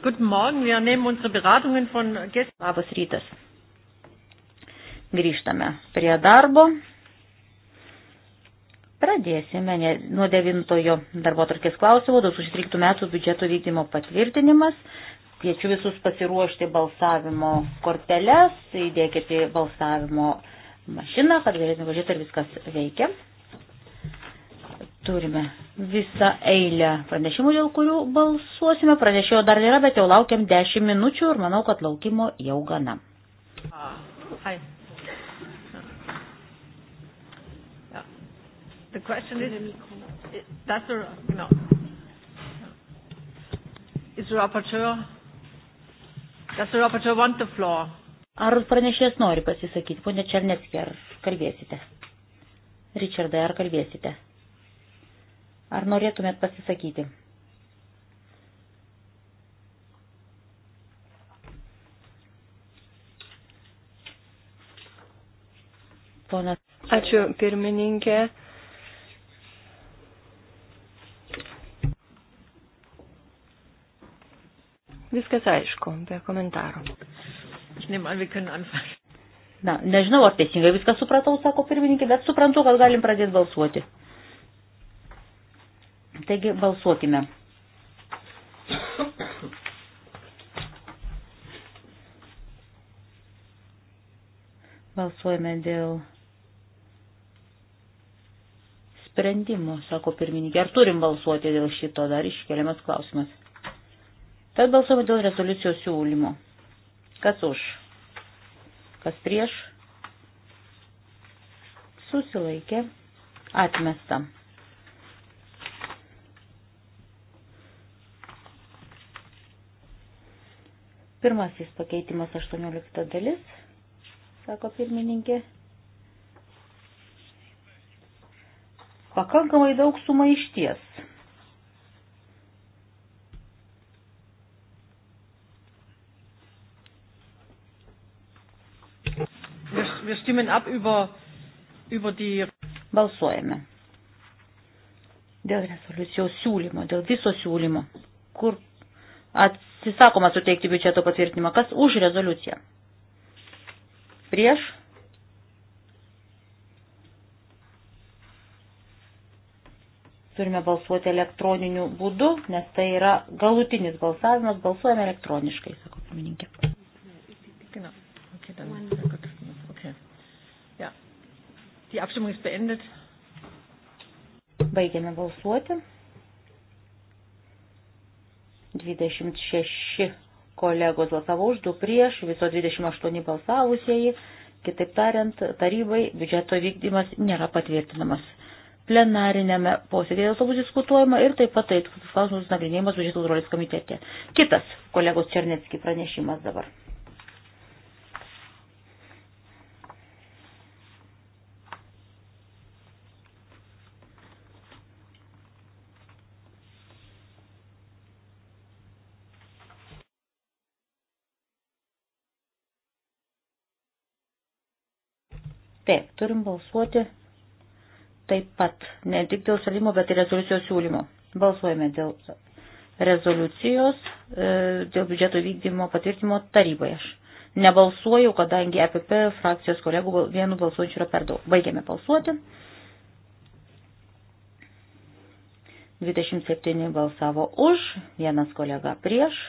Guten Morgen, wir nehmen unsere Beratungen von gestern. Labas rytas. Grįžtame prie darbo. Pradėsime ne, nuo devintojo darbo tarkės klausimo, 2013 metų biudžeto vykdymo patvirtinimas. Kviečiu visus pasiruošti balsavimo korteles, įdėkite balsavimo mašiną, kad galėtume važiuoti, ar viskas veikia. Turime visą eilę pranešimų, dėl kurių balsuosime. Pranešėjo dar nėra, bet jau laukiam 10 minučių ir manau, kad laukimo jau gana. Ah, hi. Yeah. The question is, that's a, no. Is the rapporteur, does the rapporteur want the floor? Ar pranešėjas nori pasisakyti, ponė Černetskė, ar kalbėsite? Richardai, ar kalbėsite? Ar norėtumėt pasisakyti? Ponas. Ačiū pirmininkė. Viskas aišku, be komentarų. Na, nežinau, ar teisingai viską supratau, sako pirmininkė, bet suprantu, kad galim pradėti balsuoti. Taigi balsuokime. Balsuojame dėl sprendimo, sako pirmininkė. Ar turim balsuoti dėl šito dar iškeliamas klausimas? Tad balsuojame dėl rezoliucijos siūlymo. Kas už? Kas prieš? Susilaikė. Atmesta. Pirmasis pakeitimas 18 dalis, sako pirmininkė. Pakankamai daug sumaišties. Wir stimmen ab über, über die. Balsuojame. Dėl rezoliucijos siūlymo, dėl viso siūlymo. Kur Atsisakoma suteikti biudžeto patvirtinimą. Kas už rezoliuciją? Prieš? Turime balsuoti elektroniniu būdu, nes tai yra galutinis balsavimas. Balsuojame elektroniškai, sako pirmininkė. Genau. Okay, dann. Okay. Ja. Die Abstimmung ist beendet. Baigiame balsuoti. 26 kolegos balsavo už, 2 prieš, viso 28 balsavusieji. Kitaip tariant, tarybai biudžeto vykdymas nėra patvirtinamas. Plenarinėme posėdėje dėl to bus diskutuojama ir taip pat tai klausimus nagrinėjimas biudžeto kontrolės komitete. Kitas kolegos Černetski pranešimas dabar. Taip, turim balsuoti taip pat, ne tik dėl sprendimo, bet ir rezoliucijos siūlymo. Balsuojame dėl rezoliucijos, e, dėl biudžeto vykdymo patvirtimo taryboje. Aš nebalsuoju, kadangi EPP frakcijos kolegų vienu balsuojančiu yra per daug. Baigiame balsuoti. 27 balsavo už, vienas kolega prieš.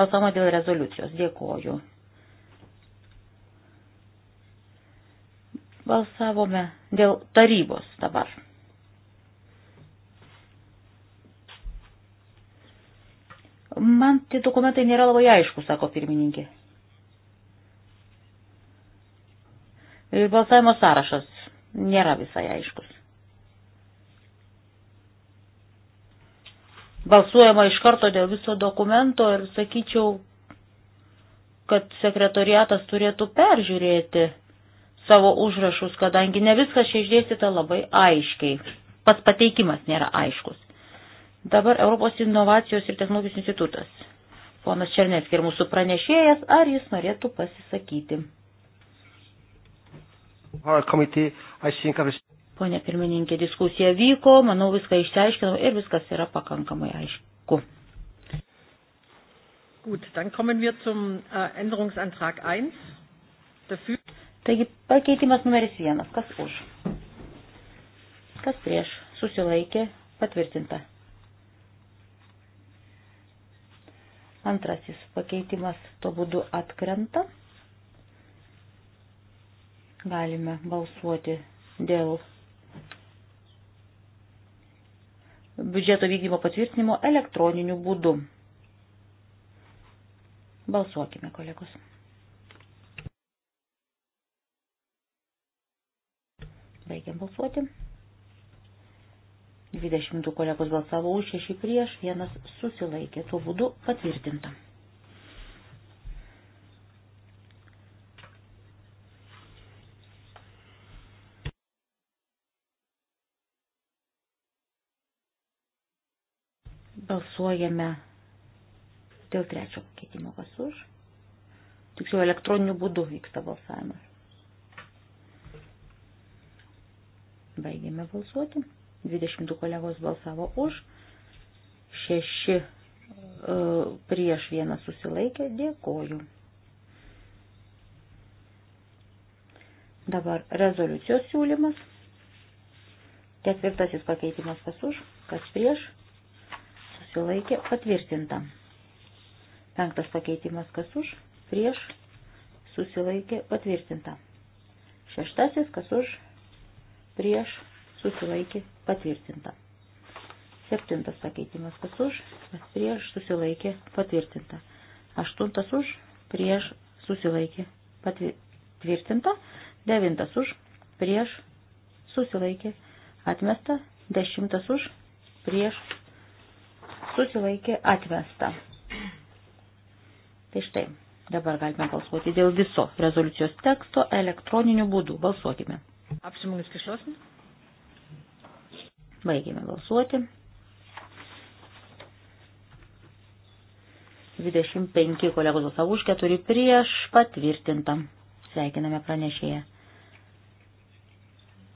Balsavimo dėl rezoliucijos. Dėkoju. Balsavome dėl tarybos dabar. Man tie dokumentai nėra labai aišku, sako pirmininkė. Balsavimo sąrašas nėra visai aiškus. Balsuojama iš karto dėl viso dokumento ir sakyčiau, kad sekretoriatas turėtų peržiūrėti savo užrašus, kadangi ne viskas čia išdėstyta labai aiškiai. Pats pateikimas nėra aiškus. Dabar Europos inovacijos ir technologijos institutas. Ponas Černetskis ir mūsų pranešėjas, ar jis norėtų pasisakyti? Pone pirmininkė, diskusija vyko, manau viską išsiaiškinau ir viskas yra pakankamai aišku. Gut, dann kommen wir zum äh, Änderungsantrag 1. Dafür Taigi pakeitimas numeris vienas. Kas už? Kas prieš? Susilaikė. Patvirtinta. Antrasis pakeitimas to būdu atkrenta. Galime balsuoti dėl biudžeto vykdymo patvirtinimo elektroniniu būdu. Balsuokime, kolegos. Baigiam balsuoti. 22 kolegos balsavo už, 6 prieš, 1 susilaikė. Tuo būdu patvirtinta. Balsuojame dėl trečio keitimo kas už. Tiksliau elektroniniu būdu vyksta balsavimas. Baigėme balsuoti. 22 kolegos balsavo už, 6 uh, e, prieš vieną susilaikė. Dėkoju. Dabar rezoliucijos siūlymas. Ketvirtasis pakeitimas kas už, kas prieš, susilaikė patvirtinta. Penktas pakeitimas kas už, prieš, susilaikė patvirtinta. Šeštasis kas už, prieš susilaikė patvirtinta. Septintas pakeitimas kas už, kas prieš susilaikė patvirtinta. Aštuntas už, prieš susilaikė patvirtinta. Devintas už, prieš susilaikė atmesta. Dešimtas už, prieš susilaikė atmesta. Tai štai, dabar galime balsuoti dėl viso rezoliucijos teksto elektroniniu būdu. Balsuokime. Apsimungas kišlosim. Baigėme balsuoti. 25 kolegos balsavo už, 4 prieš patvirtintą. Sveikiname pranešėją.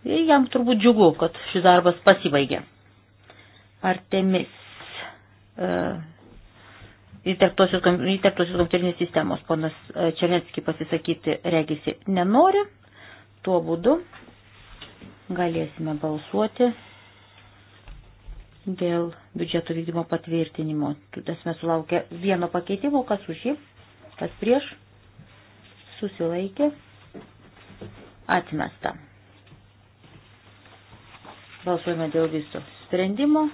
Ir jam turbūt džiugu, kad šis darbas pasibaigė. Artemis. Uh, e, Įterptosios kompiuterinės sistemos ponas e, Černetski pasisakyti regisi nenori. Tuo būdu Galėsime balsuoti dėl biudžeto vykdymo patvirtinimo. Mes sulaukia vieno pakeitimo, kas už jį, kas prieš, susilaikė, atmesta. Balsuojame dėl viso sprendimo.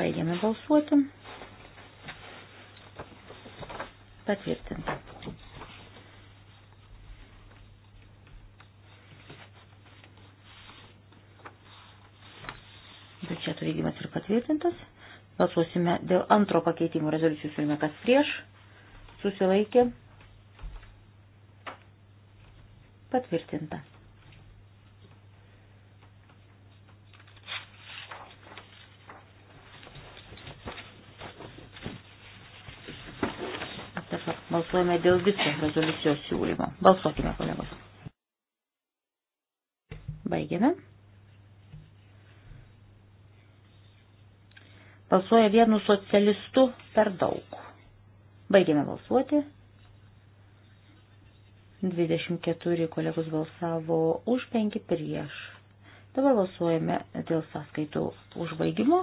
Baigiame balsuoti. Patvirtinta. vykdymas yra patvirtintas. Balsuosime dėl antro pakeitimo rezoliucijų siūlyme, kas prieš, susilaikė, patvirtinta. Dabar balsuojame dėl viso rezoliucijos siūlymo. Balsuokime, kolegos. Baigiame. Balsuoja vienu socialistu per daug. Baigėme balsuoti. 24 kolegos balsavo už 5 prieš. Dabar balsuojame dėl sąskaitų užbaigimo.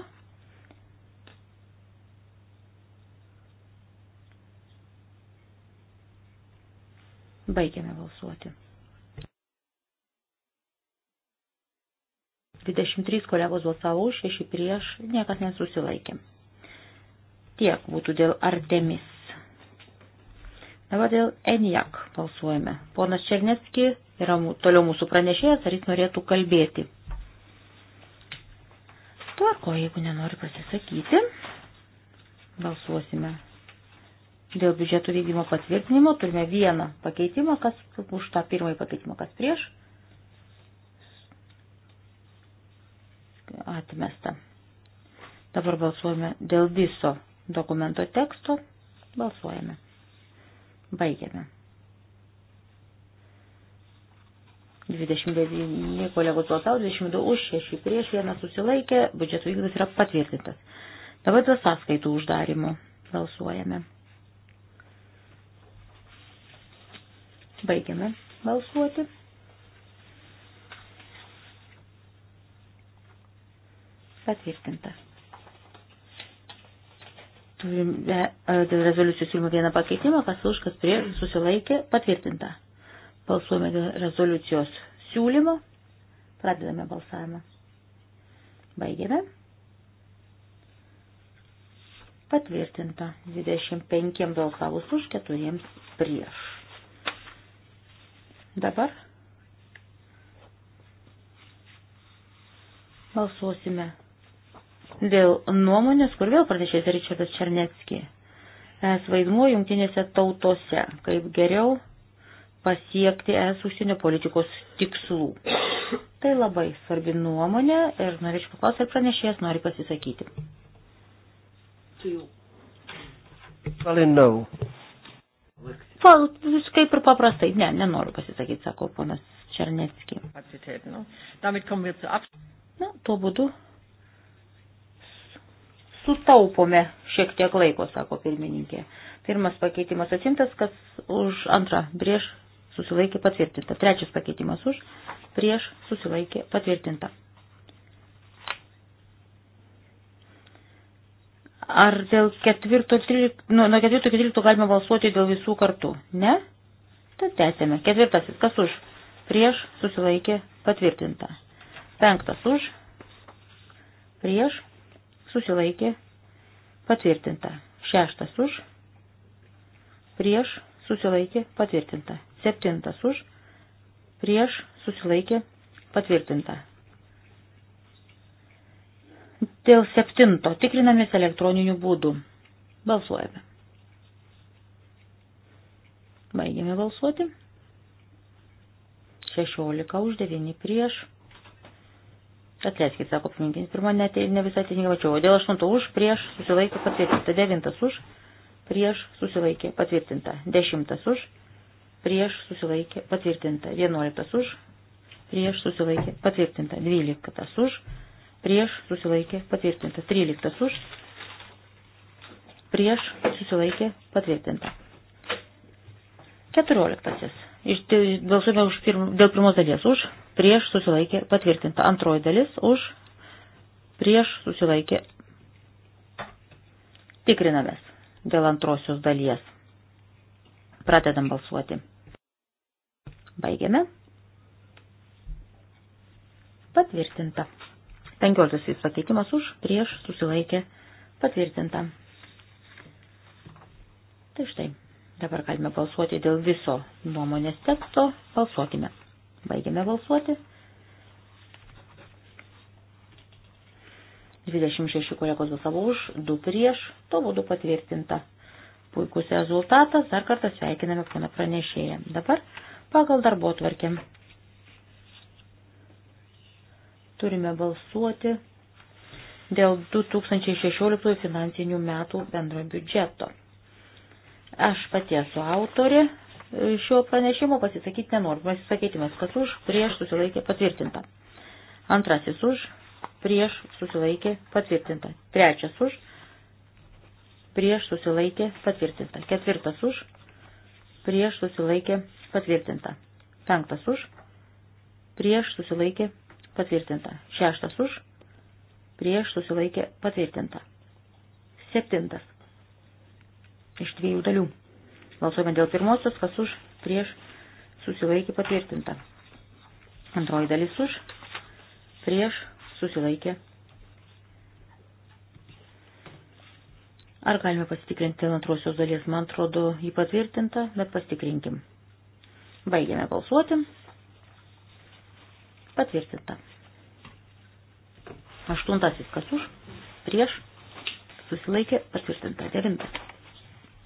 Baigėme balsuoti. 23 kolegos balsavo už, 6 prieš, niekas nesusilaikė. Tiek būtų dėl Artemis. Dabar dėl Enijak balsuojame. Ponas Černetski yra toliau mūsų pranešėjas, ar jis norėtų kalbėti. Tvarko, jeigu nenori pasisakyti, balsuosime. Dėl biudžeto vykdymo patvirtinimo turime vieną pakeitimą, kas už tą pirmąjį pakeitimą, kas prieš atmesta. Dabar balsuojame dėl viso dokumento teksto. Balsuojame. Baigiame. 29 kolegos balsavo, 22 už, 6 prieš, 1 susilaikė, biudžeto vykdymas yra patvirtintas. Dabar dėl sąskaitų uždarimo balsuojame. Baigiame balsuoti. Patvirtinta. Turime e, dėl rezoliucijų siūlymų vieną pakeitimą, kas už, kas prie, susilaikė, patvirtinta. Balsuojame dėl rezoliucijos siūlymo. Pradedame balsavimą. Baigėme. Patvirtinta 25 balsavus už 4 prieš. Dabar balsuosime dėl nuomonės, kur vėl pranešės Ričardas Černetski. Es vaidmuo jungtinėse tautose, kaip geriau pasiekti es užsienio politikos tikslų. Tai labai svarbi nuomonė ir norėčiau paklausti, ar pranešėjas nori pasisakyti. Well, no. Val, kaip ir paprastai, ne, nenoriu pasisakyti, sako ponas Černetski. Na, tuo būdu sutaupome šiek tiek laiko, sako pirmininkė. Pirmas pakeitimas atsimtas, kas už antrą prieš susilaikė patvirtinta. Trečias pakeitimas už prieš susilaikė patvirtinta. Ar dėl ketvirto, nuo, nuo ketvirto iki trylikto galima balsuoti dėl visų kartų? Ne? Tad tęsėme. Ketvirtasis, kas už? Prieš susilaikė patvirtinta. Penktas už. Prieš susilaikė, patvirtinta. Šeštas už, prieš, susilaikė, patvirtinta. Septintas už, prieš, susilaikė, patvirtinta. Dėl septinto tikrinamės elektroniniu būdu. Balsuojame. Baigėme balsuoti. 16 už 9 prieš Atleiskit, sako aplinkinis, pirmą net ne visai teisingai mačiau. Dėl aštunto už, prieš, susilaikė, patvirtinta. Devintas už, prieš, susilaikė, patvirtinta. Dešimtas už, prieš, susilaikė, patvirtinta. Vienuoliktas už, prieš, susilaikė, patvirtinta. Dvyliktas už, prieš, susilaikė, patvirtinta. Tryliktas už, prieš, susilaikė, patvirtinta. Keturioliktasis. Balsuojame pirm, dėl pirmos dalies už, prieš susilaikė patvirtinta. Antroji dalis už prieš susilaikė tikrinamės dėl antrosios dalies. Pradedam balsuoti. Baigiame. Patvirtinta. 15 pakeitimas už prieš susilaikė patvirtinta. Tai štai, dabar galime balsuoti dėl viso nuomonės teksto. Balsuokime. Baigiame balsuoti. 26 kolegos balsavo už, 2 prieš, to būdu patvirtinta. Puikus rezultatas, dar kartą sveikiname pana pranešėją. Dabar pagal darbo tvarkę. Turime balsuoti dėl 2016 finansinių metų bendro biudžeto. Aš pati esu autorė, šio pranešimo pasisakyti nenorime. Pasisakyti mes, kas už, prieš susilaikė patvirtinta. Antrasis už, prieš susilaikė patvirtinta. Trečias už, prieš susilaikė patvirtinta. Ketvirtas už, prieš susilaikė patvirtinta. Penktas už, prieš susilaikė patvirtinta. Šeštas už, prieš susilaikė patvirtinta. Septintas. Iš dviejų dalių. Balsuojame dėl pirmosios, kas už, prieš, susilaikė patvirtinta. Antroji dalis už, prieš, susilaikė. Ar galime pasitikrinti antrosios dalies, man atrodo, jį patvirtinta, bet pasitikrinkim. Baigiame balsuoti. Patvirtinta. Aštuntasis kas už, prieš, susilaikė, patvirtinta. Devintas.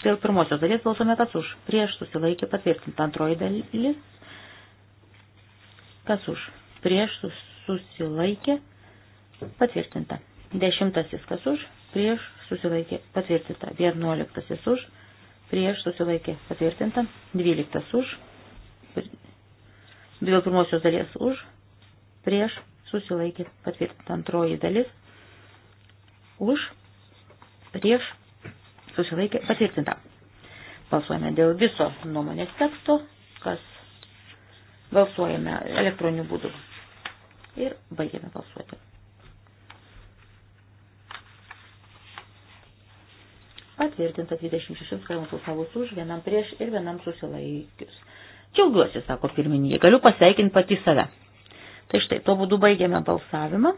Dėl pirmosios dalies balsuome kas už. Prieš susilaikė patvirtinta antroji dalis. Kas už. Prieš susilaikė patvirtinta. Dešimtasis kas už. Prieš susilaikė patvirtinta. Vienuoliktasis už. Prieš susilaikė patvirtinta. Dvyliktas už. Dėl pirmosios dalies už. Prieš susilaikė patvirtinta antroji dalis. Už. Prieš susilaikė patvirtinta. Balsuojame dėl viso nuomonės teksto, kas balsuojame elektroniniu būdu. Ir baigiame balsuoti. Patvirtinta 26 kaimų balsavus už, vienam prieš ir vienam susilaikius. Džiaugiuosi, sako pirmininkė, galiu pasveikinti pati save. Tai štai, tuo būdu baigiame balsavimą.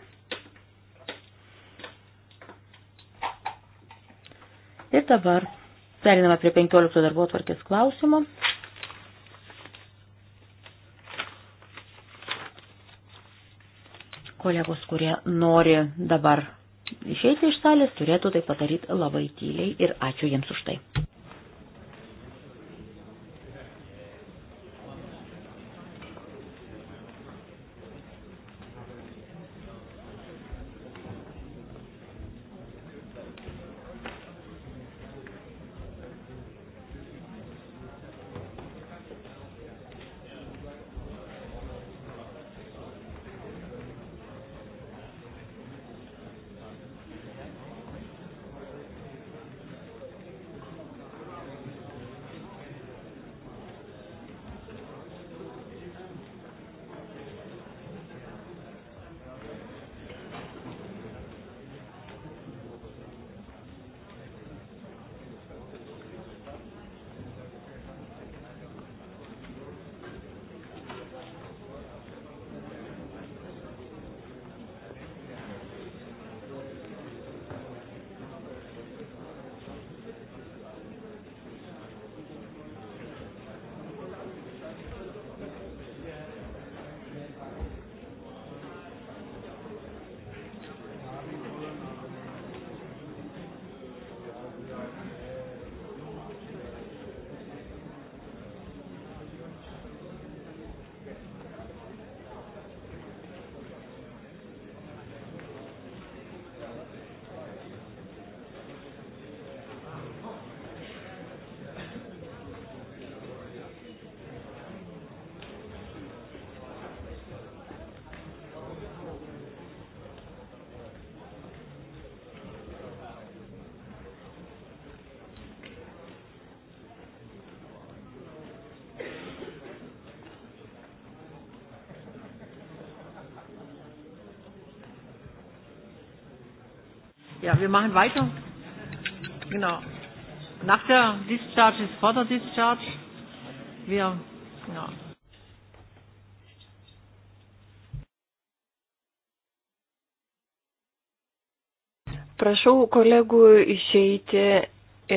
Ir dabar periname prie 15 darbo atvarkės klausimo. Kolegos, kurie nori dabar išeiti iš salės, turėtų tai padaryti labai tyliai ir ačiū jiems už tai. Ja, wir machen weiter. Genau. Nach der Discharge ist vor der Discharge. Wir, ja. Prašau kolegų išeiti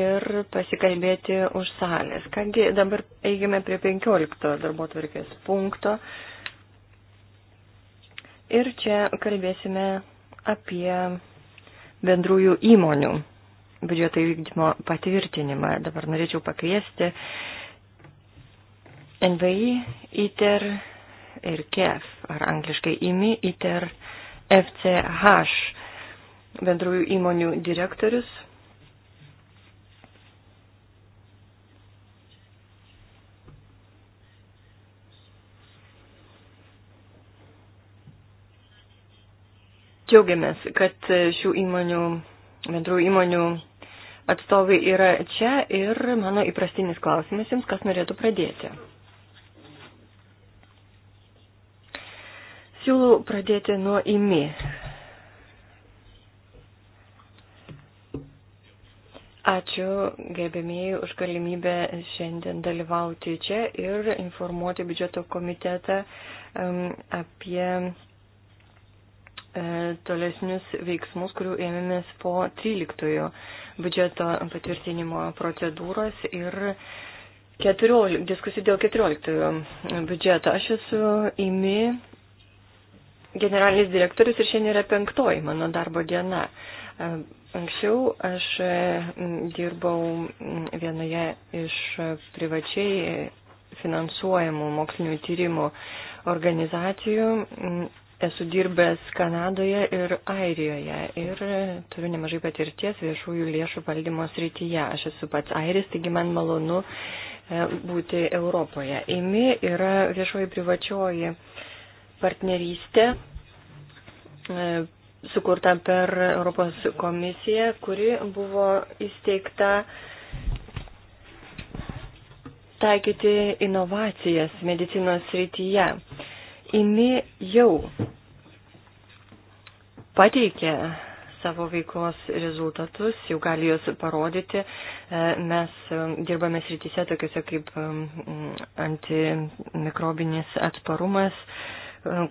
ir pasikalbėti už salės. Kągi, dabar eigime prie 15 darbo tvarkės punkto. Ir čia kalbėsime apie bendrųjų įmonių biudžeto įvykdymo patvirtinimą. Dabar norėčiau pakviesti NVI, ITER ir KEF, ar angliškai IMI, ITER, FCH, bendrųjų įmonių direktorius Džiaugiamės, kad šių įmonių, bendrų įmonių atstovai yra čia ir mano įprastinis klausimas jums, kas norėtų pradėti. Siūlau pradėti nuo įmi. Ačiū gerbėmiai už galimybę šiandien dalyvauti čia ir informuoti biudžeto komitetą um, apie E, tolesnius veiksmus, kurių ėmėmės po 13 biudžeto patvirtinimo procedūros ir 14, diskusijų dėl 14 biudžeto. Aš esu įmi generalinis direktorius ir šiandien yra penktoji mano darbo diena. E, anksčiau aš e, dirbau vienoje iš privačiai finansuojamų mokslinių tyrimų organizacijų Esu dirbęs Kanadoje ir Airijoje ir turiu nemažai patirties viešųjų lėšų valdymo srityje. Aš esu pats airis, taigi man malonu e, būti Europoje. IMI yra viešoji privačioji partnerystė e, sukurta per Europos komisiją, kuri buvo įsteigta taikyti inovacijas medicinos srityje jinai jau pateikė savo veiklos rezultatus, jau gali juos parodyti. E, mes e, dirbame srityse tokiuose kaip e, antimikrobinis atsparumas,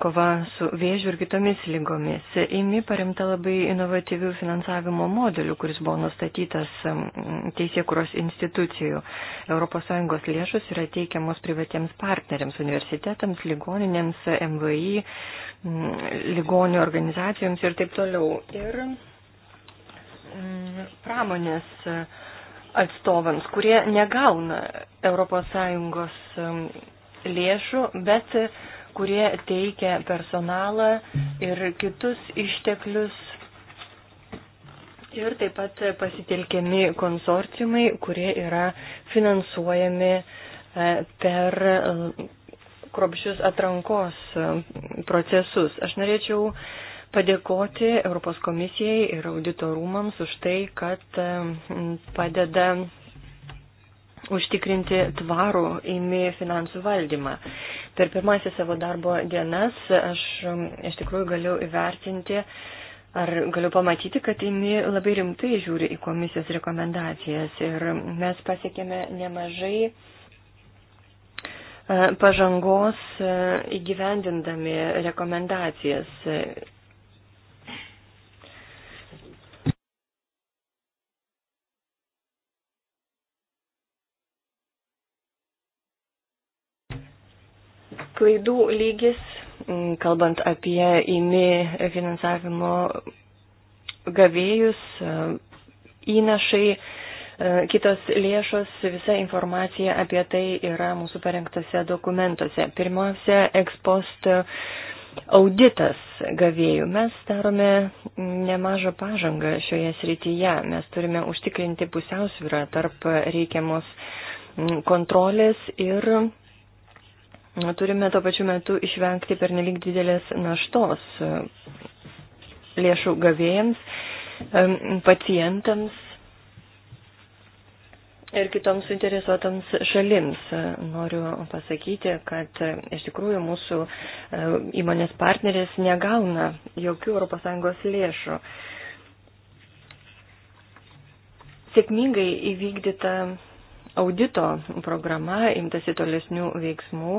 kova su vėžiu ir kitomis lygomis. Įmi paremta labai inovatyvių finansavimo modelių, kuris buvo nustatytas teisėkuros institucijų. ES lėšus yra teikiamos privatiems partneriams, universitetams, ligoninėms, MVI, ligonių organizacijoms ir taip toliau. Ir pramonės atstovams, kurie negauna ES lėšų, bet kurie teikia personalą ir kitus išteklius. Ir taip pat pasitelkiami konsorciumai, kurie yra finansuojami e, per e, kropščius atrankos e, procesus. Aš norėčiau padėkoti Europos komisijai ir auditorumams už tai, kad padeda užtikrinti tvarų įmi finansų valdymą. Per pirmasis savo darbo dienas aš iš tikrųjų galiu įvertinti, ar galiu pamatyti, kad įmi labai rimtai žiūri į komisijos rekomendacijas ir mes pasiekėme nemažai e, pažangos e, įgyvendindami rekomendacijas Klaidų lygis, mm, kalbant apie įmi finansavimo gavėjus, e, įnašai, e, kitos lėšos, visa informacija apie tai yra mūsų parengtose dokumentuose. Pirmiausia, ekspost auditas gavėjų. Mes darome nemažą pažangą šioje srityje. Mes turime užtikrinti pusiausvyrą tarp reikiamos mm, kontrolės ir turime tuo pačiu metu išvengti pernelik didelės naštos e, lėšų gavėjams, e, pacientams ir kitoms suinteresuotams šalims. E, noriu pasakyti, kad iš tikrųjų mūsų įmonės partnerės negauna jokių ES lėšų. Sėkmingai įvykdyta audito programa imtasi tolesnių veiksmų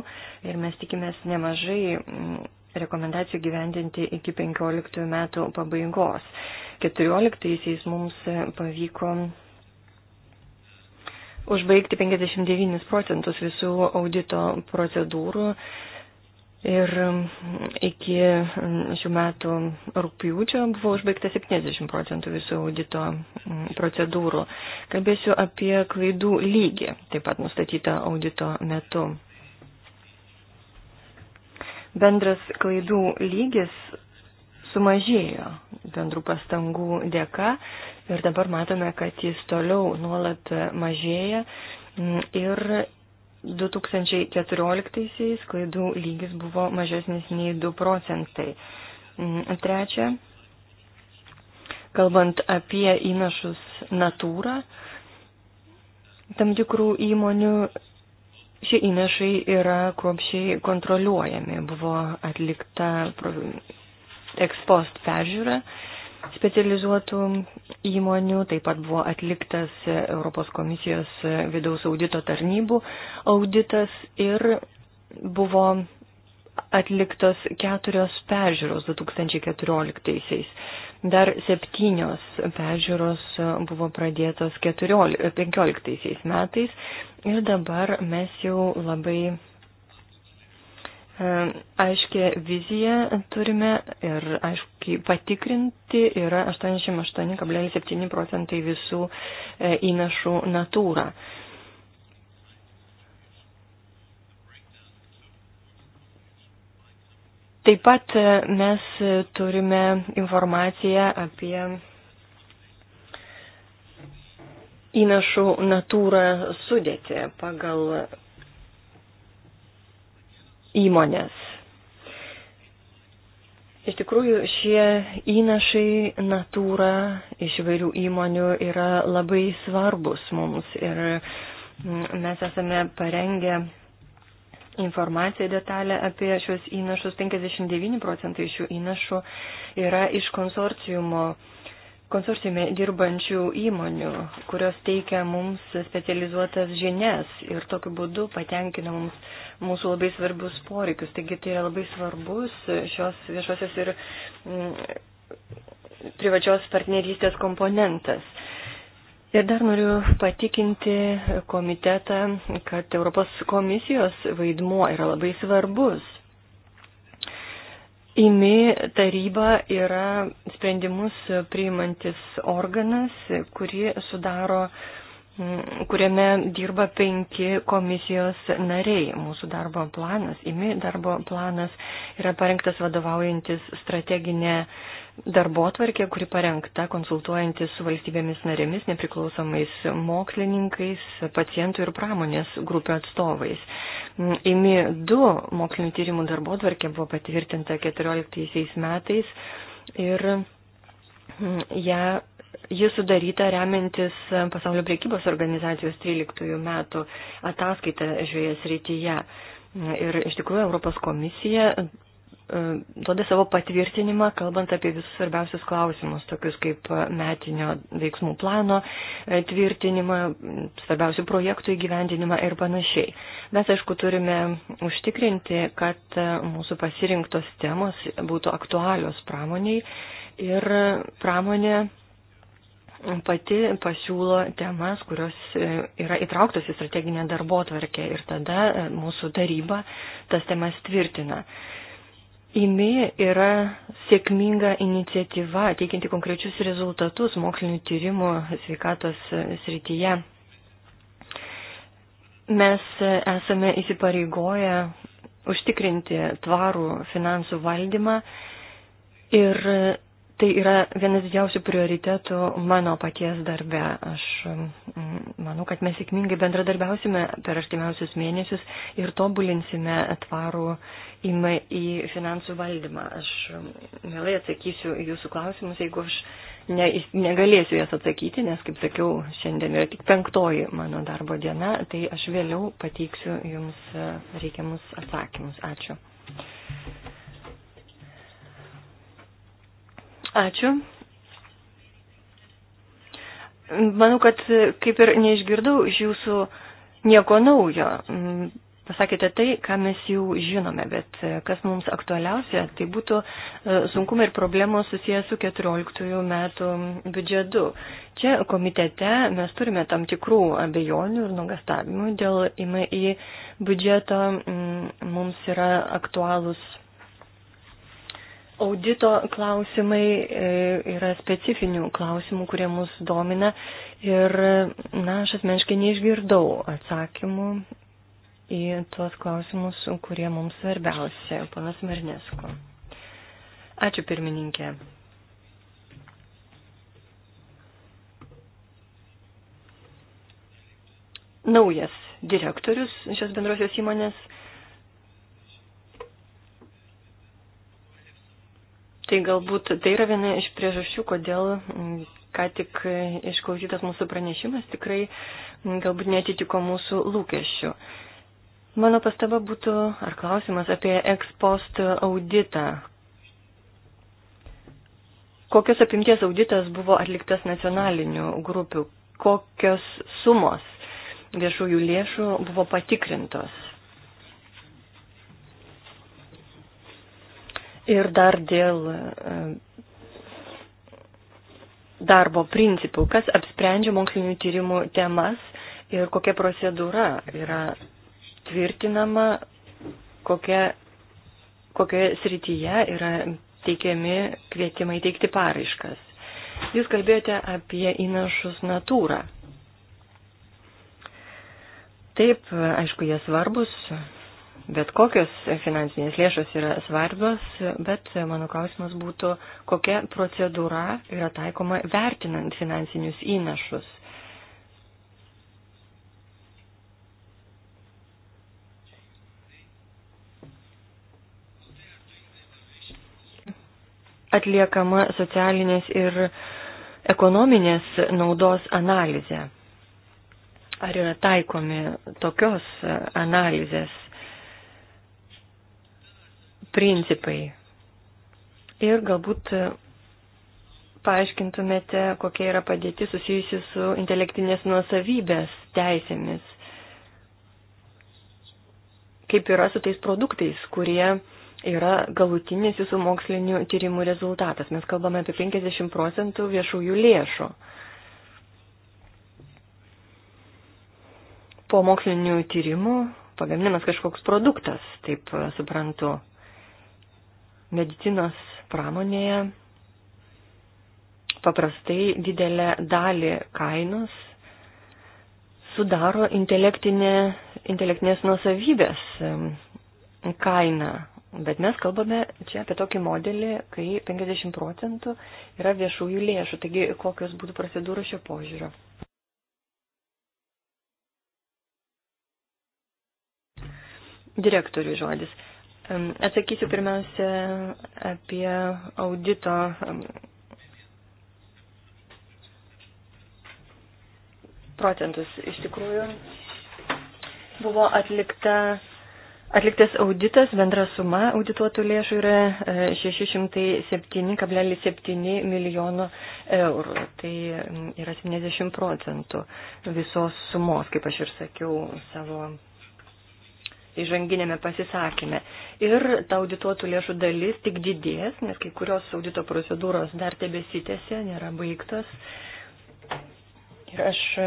ir mes tikimės nemažai mm, rekomendacijų gyvendinti iki 15 metų pabaigos. 14 mums pavyko užbaigti 59 procentus visų audito procedūrų Ir mm, iki mm, šių metų rūpjūčio buvo užbaigta 70 procentų visų audito mm, procedūrų. Kalbėsiu apie klaidų lygį, taip pat nustatytą audito metu. Bendras klaidų lygis sumažėjo bendrų pastangų dėka ir dabar matome, kad jis toliau nuolat mažėja ir 2014 klaidų lygis buvo mažesnis nei 2 procentai. Mm, trečia, kalbant apie įnašus natūrą, tam tikrų įmonių šie įnašai yra kruopšiai kontroliuojami. Buvo atlikta ekspost peržiūra specializuotų įmonių, taip pat buvo atliktas Europos komisijos vidaus audito tarnybų auditas ir buvo atliktos keturios peržiūros 2014-aisiais. Dar septynios peržiūros buvo pradėtos 15-aisiais metais ir dabar mes jau labai E, aiškę viziją turime ir aiškiai patikrinti yra 88,7 procentai visų e, įnašų natūra. Taip pat e, mes turime informaciją apie įnašų natūrą sudėti pagal įmonės. Iš tikrųjų, šie įnašai natūra iš įvairių įmonių yra labai svarbus mums ir mm, mes esame parengę informaciją detalę apie šios įnašus. 59 procentai šių įnašų yra iš konsorciumo konsorciume dirbančių įmonių, kurios teikia mums specializuotas žinias ir tokiu būdu patenkina mums mūsų labai svarbius poreikius. Taigi tai yra labai svarbus šios viešosios ir mm, privačios partnerystės komponentas. Ir dar noriu patikinti komitetą, kad Europos komisijos vaidmuo yra labai svarbus IMI taryba yra sprendimus priimantis organas, kuri sudaro, mm, kuriame dirba penki komisijos nariai. Mūsų darbo planas, IMI darbo planas yra parengtas vadovaujantis strateginė darbo tvarkė, kuri parengta konsultuojantis su valstybėmis narėmis, nepriklausomais mokslininkais, pacientų ir pramonės grupių atstovais. Mm, IMI 2 mokslinio tyrimų darbo tvarkė buvo patvirtinta 14 metais ir mm, ją Ji sudaryta remiantis pasaulio priekybos organizacijos 13 metų ataskaitą šioje srityje. Mm, ir iš tikrųjų Europos komisija E, duoda savo patvirtinimą, kalbant apie visus svarbiausius klausimus, tokius kaip metinio veiksmų plano e, tvirtinimą, svarbiausių projektų įgyvendinimą ir panašiai. Mes, aišku, turime užtikrinti, kad e, mūsų pasirinktos temos būtų aktualios pramoniai ir pramonė pati pasiūlo temas, kurios yra įtrauktos į strateginę darbo tvarkę ir tada mūsų taryba tas temas tvirtina. IMI yra sėkminga iniciatyva, teikianti konkrečius rezultatus mokslinių tyrimų sveikatos e, srityje. Mes e, esame įsipareigoję užtikrinti tvarų finansų valdymą ir e, tai yra vienas didžiausių prioritetų mano paties darbe. Aš manau, kad mes sėkmingai bendradarbiausime per artimiausius mėnesius ir tobulinsime tvarų finansų valdymą ima į finansų valdymą. Aš um, mielai atsakysiu jūsų klausimus, jeigu aš ne, negalėsiu jas atsakyti, nes, kaip sakiau, šiandien yra tik penktoji mano darbo diena, tai aš vėliau pateiksiu jums e, reikiamus atsakymus. Ačiū. Ačiū. Manau, kad e, kaip ir neišgirdau iš jūsų nieko naujo. Mm, pasakėte tai, ką mes jau žinome, bet e, kas mums aktualiausia, tai būtų e, sunkumai ir problemos susijęs su 14 metų biudžetu. Čia komitete mes turime tam tikrų abejonių ir nugastavimų dėl IMI biudžeto. Mm, mums yra aktualūs audito klausimai e, yra specifinių klausimų, kurie mus domina. Ir, na, aš asmeniškai neišgirdau atsakymų į tuos klausimus, kurie mums svarbiausia. Panas Marnesko. Ačiū pirmininkė. Naujas direktorius šios bendrosios įmonės. Tai galbūt tai yra viena iš priežasčių, kodėl mm, ką tik išklausytas mūsų pranešimas tikrai mm, galbūt netitiko mūsų lūkesčių. Mano pastaba būtų, ar klausimas apie ekspost auditą. Kokios apimties auditas buvo atliktas nacionalinių grupių? Kokios sumos viešųjų lėšų buvo patikrintos? Ir dar dėl e, darbo principų, kas apsprendžia mokslinių tyrimų temas ir kokia procedūra yra tvirtinama, kokia, kokioje srityje yra teikiami kvietimai teikti paraiškas. Jūs kalbėjote apie įnašus natūrą. Taip, aišku, jie svarbus, bet kokios finansinės lėšos yra svarbios, bet mano klausimas būtų, kokia procedūra yra taikoma vertinant finansinius įnašus. atliekama socialinės ir ekonominės naudos analizė. Ar yra taikomi tokios analizės principai? Ir galbūt paaiškintumėte, kokia yra padėti susijusi su intelektinės nuosavybės teisėmis. Kaip yra su tais produktais, kurie yra galutinis jūsų mokslinių tyrimų rezultatas. Mes kalbame apie 50 procentų viešųjų lėšų. Po mokslinių tyrimų pagaminamas kažkoks produktas, taip suprantu, medicinos pramonėje paprastai didelę dalį kainos sudaro intelektinės nuosavybės kaina, Bet mes kalbame čia apie tokį modelį, kai 50 procentų yra viešųjų lėšų. Taigi, kokios būtų procedūros šio požiūrio? Direktorių žodis. Atsakysiu pirmiausia apie audito procentus. Iš tikrųjų, buvo atlikta Atliktas auditas, bendra suma audituotų lėšų yra 607,7 e, milijono eurų. Tai yra 70 procentų visos sumos, kaip aš ir sakiau savo įžanginėme pasisakymė. Ir ta audituotų lėšų dalis tik didės, nes kai kurios audito procedūros dar tebesitėse, nėra baigtos. Ir aš e,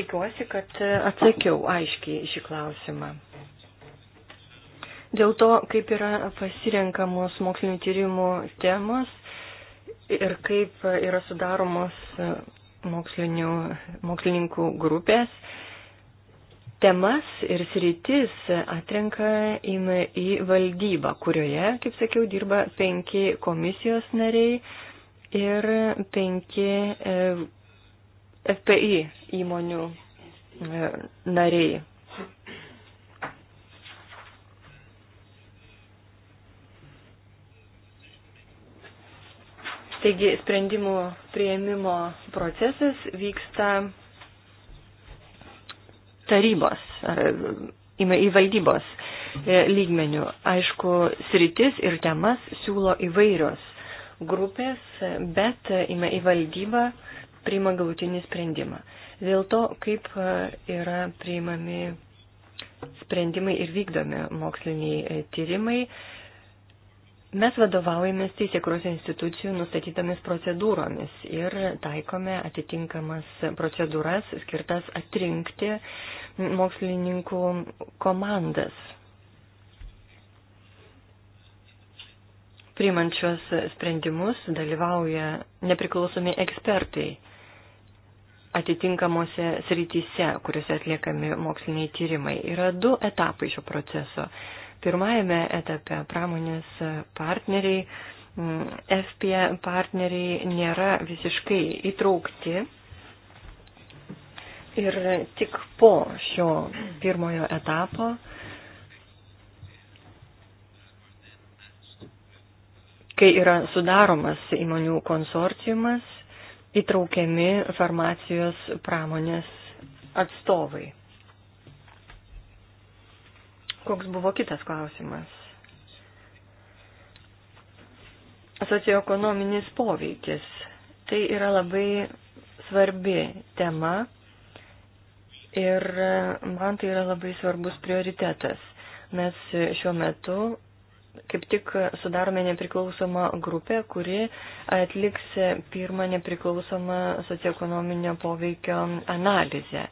tikiuosi, kad e, atsakiau aiškiai šį klausimą. Dėl to, kaip yra pasirenkamos mokslinio tyrimų temos ir kaip yra sudaromos mokslininkų grupės, temas ir sritis atrenka į valdybą, kurioje, kaip sakiau, dirba penki komisijos nariai ir penki e, FPI įmonių e, nariai. Taigi sprendimų prieimimo procesas vyksta tarybos ar į valdybos e, lygmenių. Aišku, sritis ir temas siūlo įvairios grupės, bet įme į valdybą priima galutinį sprendimą. Dėl to, kaip e, yra priimami sprendimai ir vykdomi moksliniai e, tyrimai, Mes vadovaujamės teisėkros institucijų nustatytomis procedūromis ir taikome atitinkamas procedūras skirtas atrinkti mokslininkų komandas, priimant šios sprendimus dalyvauja nepriklausomi ekspertai atitinkamuose srityse, kuriuose atliekami moksliniai tyrimai. Yra du etapai šio proceso. Pirmajame etape pramonės partneriai, mm, FP partneriai nėra visiškai įtraukti. Ir tik po šio pirmojo etapo kai yra sudaromas įmonių konsorciumas, įtraukiami farmacijos pramonės atstovai. Koks buvo kitas klausimas? Socioekonominis poveikis. Tai yra labai svarbi tema ir man tai yra labai svarbus prioritetas. Mes šiuo metu kaip tik sudarome nepriklausomą grupę, kuri atliks pirmą nepriklausomą socioekonominio poveikio analizę.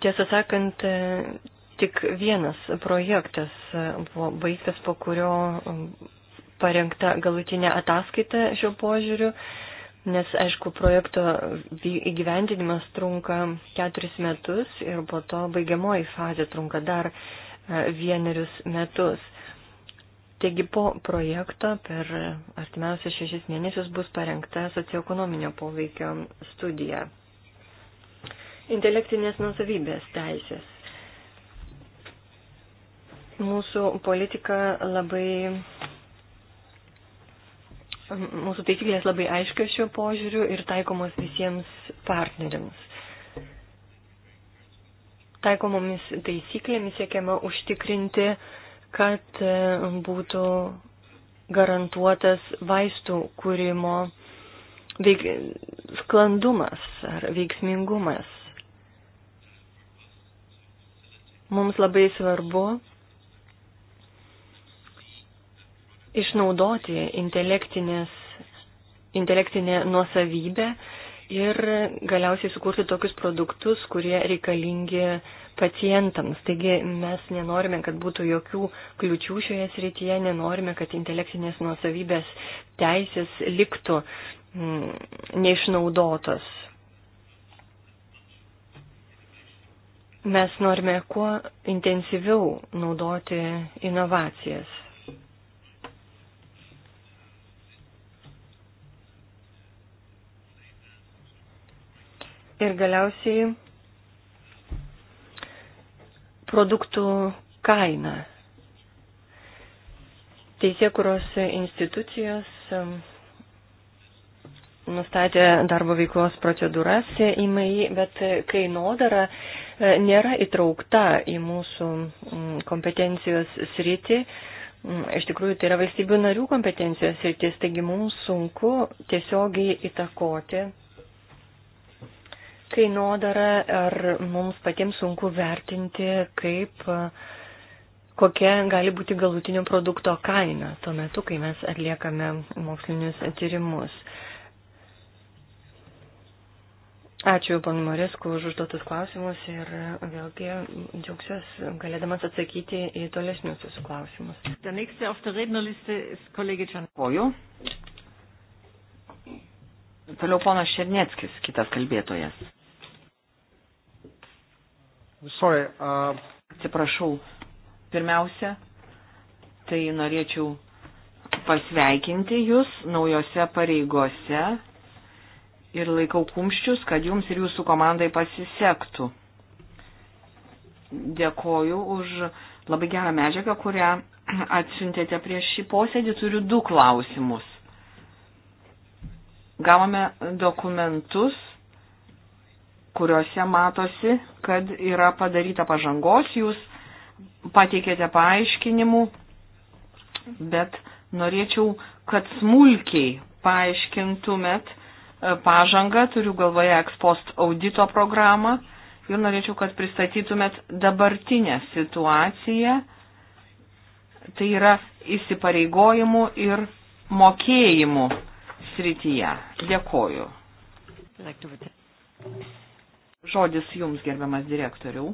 Tiesą sakant, e, tik vienas projektas e, buvo baigtas, po kurio e, parengta galutinė ataskaita šio požiūriu, nes, aišku, projekto įgyvendinimas trunka keturis metus ir po to baigiamoji fazė trunka dar vienerius metus. Taigi po projekto per artimiausius šešis mėnesius bus parengta socioekonominio poveikio studija intelektinės nusavybės teisės. Mūsų politika labai, mūsų taisyklės labai aiškios šiuo požiūriu ir taikomos visiems partneriams. Taikomomis taisyklėmis siekiama užtikrinti, kad e, būtų garantuotas vaistų kūrimo veik, sklandumas ar veiksmingumas. Mums labai svarbu išnaudoti intelektinę nuosavybę ir galiausiai sukurti tokius produktus, kurie reikalingi pacientams. Taigi mes nenorime, kad būtų jokių kliučių šioje srityje, nenorime, kad intelektinės nuosavybės teisės liktų mm, neišnaudotos. Mes norime kuo intensyviau naudoti inovacijas. Ir galiausiai produktų kaina. Teisėkuros institucijos um, nustatė darbo veiklos procedūras įmai, bet kainodara e, nėra įtraukta į mūsų mm, kompetencijos sritį. Mm, iš tikrųjų, tai yra valstybių narių kompetencijos sritis, taigi mums sunku tiesiogiai įtakoti kainodarą, ar mums patiems sunku vertinti, kaip e, kokia gali būti galutinio produkto kaina tuo metu, kai mes atliekame mokslinius tyrimus. Ačiū, pan Morisku, už užduotus klausimus ir vėlgi džiaugsiuos galėdamas atsakyti į tolesnius jūsų klausimus. Dėkoju. Toliau ponas Šernieckis, kitas kalbėtojas. Sorry, uh... Atsiprašau. Pirmiausia, tai norėčiau pasveikinti jūs naujose pareigose ir laikau kumščius, kad jums ir jūsų komandai pasisektų. Dėkoju už labai gerą medžiagą, kurią atsiuntėte prieš šį posėdį. Turiu du klausimus. Gavome dokumentus, kuriuose matosi, kad yra padaryta pažangos, jūs pateikėte paaiškinimų, bet norėčiau, kad smulkiai paaiškintumėt, pažangą, turiu galvoje ekspost audito programą ir norėčiau, kad pristatytumėt dabartinę situaciją, tai yra įsipareigojimų ir mokėjimų srityje. Dėkoju. Žodis jums, gerbiamas direktoriau.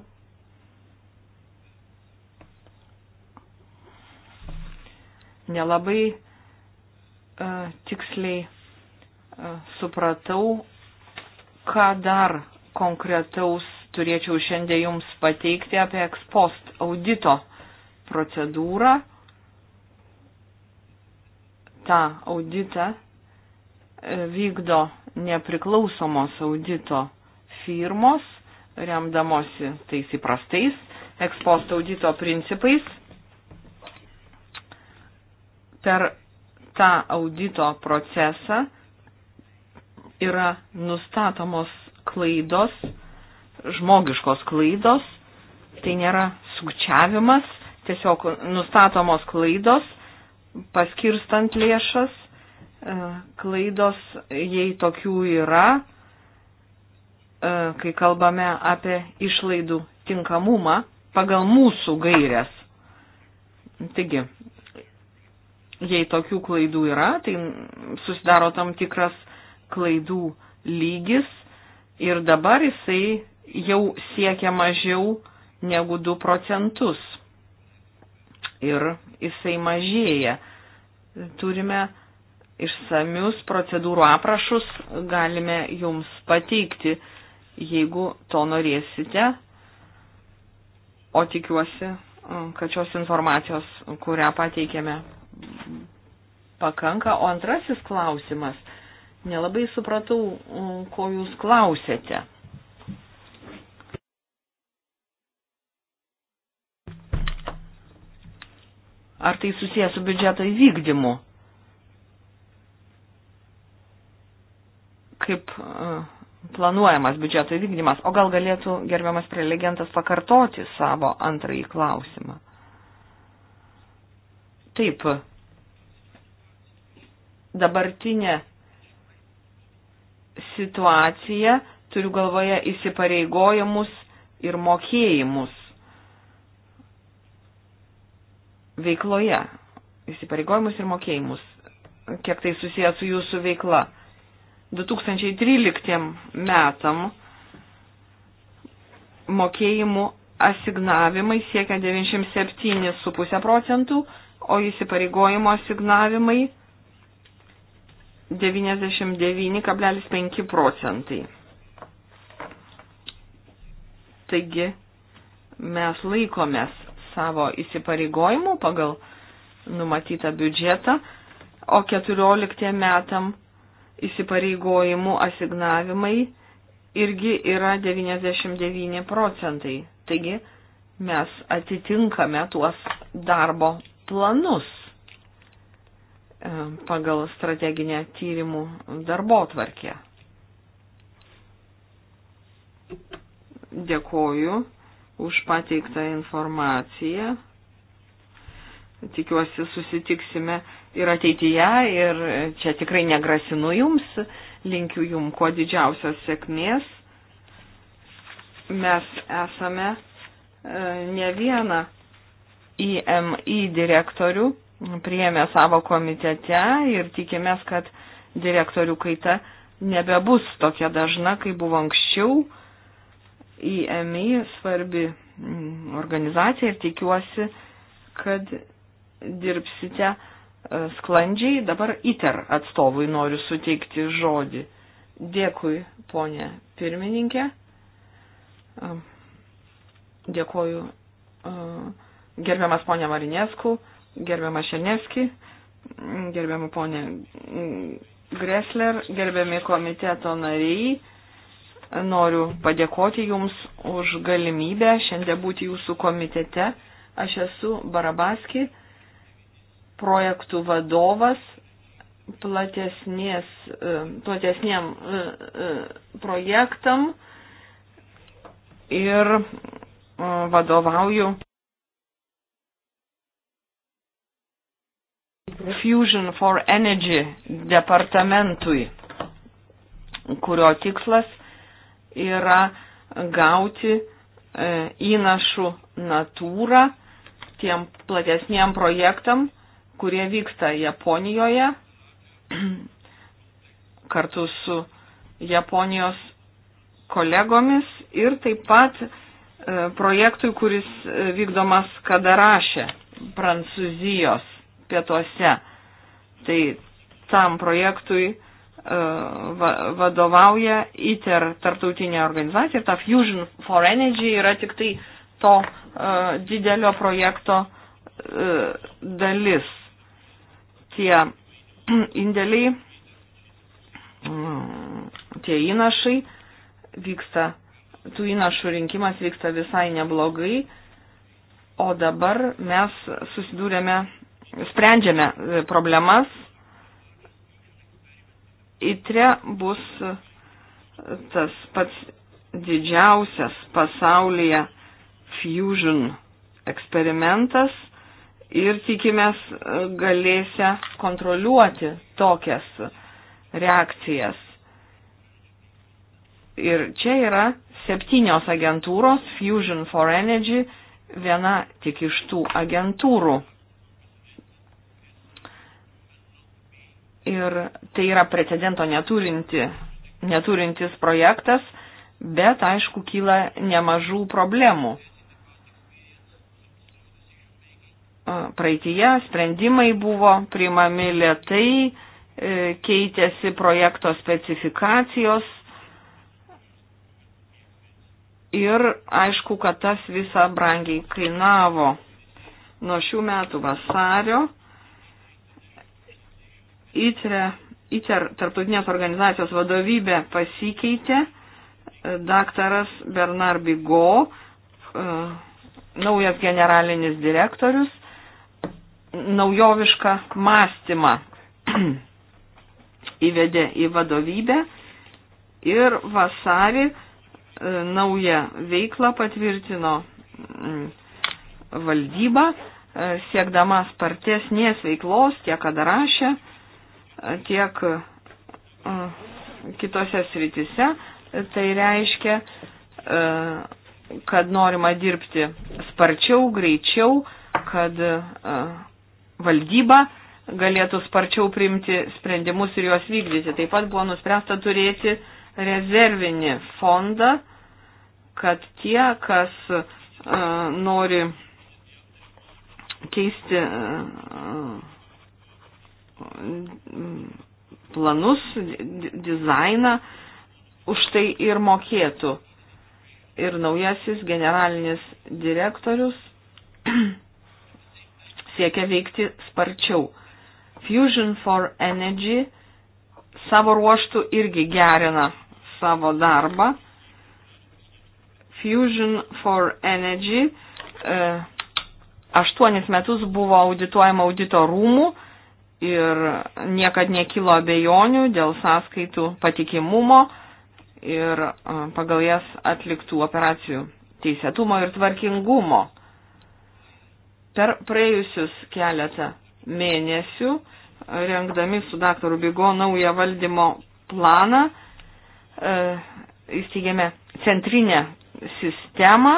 Nelabai uh, tiksliai supratau, ką dar konkretaus turėčiau šiandien jums pateikti apie ekspost audito procedūrą. Ta audita e, vykdo nepriklausomos audito firmos, remdamosi tais įprastais ekspost audito principais. Per tą audito procesą yra nustatomos klaidos, žmogiškos klaidos, tai nėra sukčiavimas, tiesiog nustatomos klaidos, paskirstant lėšas, e, klaidos, jei tokių yra, e, kai kalbame apie išlaidų tinkamumą pagal mūsų gairias. Taigi, jei tokių klaidų yra, tai susidaro tam tikras klaidų lygis ir dabar jisai jau siekia mažiau negu 2 procentus. Ir jisai mažėja. Turime išsamius procedūrų aprašus, galime jums pateikti, jeigu to norėsite. O tikiuosi, kad šios informacijos, kurią pateikėme, pakanka. O antrasis klausimas Nelabai supratau, mm, ko jūs klausėte. Ar tai susijęs su biudžeto įvykdymu? Kaip mm, planuojamas biudžeto įvykdymas? O gal galėtų gerbiamas prelegentas pakartoti savo antrąjį klausimą? Taip. Dabartinė situaciją, turiu galvoje įsipareigojimus ir mokėjimus veikloje. Įsipareigojimus ir mokėjimus, kiek tai susijęs su jūsų veikla. 2013 metam mokėjimų asignavimai siekia 97,5 procentų, o įsipareigojimo asignavimai 99,5 procentai. Taigi mes laikomės savo įsipareigojimų pagal numatytą biudžetą, o 14 metam įsipareigojimų asignavimai irgi yra 99 procentai. Taigi mes atitinkame tuos darbo planus. E, pagal strateginę tyrimų darbo tvarkę. Dėkoju už pateiktą informaciją. Tikiuosi susitiksime ir ateityje ir čia tikrai negrasinu jums, linkiu jum kuo didžiausios sėkmės. Mes esame e, ne vieną IMI e direktorių priėmė savo komitete ir tikimės, kad direktorių kaita nebebus tokia dažna, kaip buvo anksčiau. IMI e svarbi mm, organizacija ir tikiuosi, kad dirbsite e, sklandžiai. Dabar ITER atstovui noriu suteikti žodį. Dėkui, ponė pirmininkė. E, dėkoju gerbiamas ponė Marinesku gerbiamą Šenevskį, gerbiamą ponę Gresler, gerbiami komiteto nariai. Noriu padėkoti Jums už galimybę šiandien būti Jūsų komitete. Aš esu Barabaski, projektų vadovas platesnės, e, platesniem e, e, projektam ir vadovauju Fusion for Energy departamentui, kurio tikslas yra gauti e, įnašų natūrą tiem platesniem projektam, kurie vyksta Japonijoje kartu su Japonijos kolegomis ir taip pat e, projektui, kuris e, vykdomas Kadarašė, Prancūzijos pietuose. Tai tam projektui e, va, vadovauja ITER tarptautinė organizacija ir ta Fusion for Energy yra tik tai to uh, didelio projekto uh, dalis. Tie indėliai, um, tie įnašai vyksta, tų įnašų rinkimas vyksta visai neblogai, o dabar mes susidūrėme sprendžiame e, problemas. ITRE bus e, tas pats didžiausias pasaulyje fusion eksperimentas ir tikimės e, galėsia kontroliuoti tokias reakcijas. Ir čia yra septynios agentūros, Fusion for Energy, viena tik iš tų agentūrų. ir tai yra precedento neturinti, neturintis projektas, bet aišku kyla nemažų problemų. E, praeitie sprendimai buvo priimami lietai, e, keitėsi projekto specifikacijos ir aišku, kad tas visa brangiai kainavo. Nuo šių metų vasario ICRE, ICER tarptautinės organizacijos vadovybė pasikeitė, daktaras Bernard Bigo, e, naujas generalinis direktorius, naujovišką mąstymą įvedė į vadovybę ir vasarį e, naują veiklą patvirtino mm, valdyba, e, siekdama spartesnės veiklos tiek Adarašė, tiek mm, kitose sritise. Tai reiškia, e, kad norima dirbti sparčiau, greičiau, kad e, valdyba galėtų sparčiau priimti sprendimus ir juos vykdyti. Taip pat buvo nuspręsta turėti rezervinį fondą, kad tie, kas uh, nori keisti uh, planus, dizainą, už tai ir mokėtų. Ir naujasis generalinis direktorius siekia veikti sparčiau. Fusion for Energy savo ruoštų irgi gerina savo darbą. Fusion for Energy e, aštuonis metus buvo audituojama audito rūmų ir niekad nekilo abejonių dėl sąskaitų patikimumo ir pagal jas atliktų operacijų teisėtumo ir tvarkingumo. Per praėjusius keletą mėnesių, rengdami su daktaru Bigo naują valdymo planą, įsteigėme centrinę sistemą,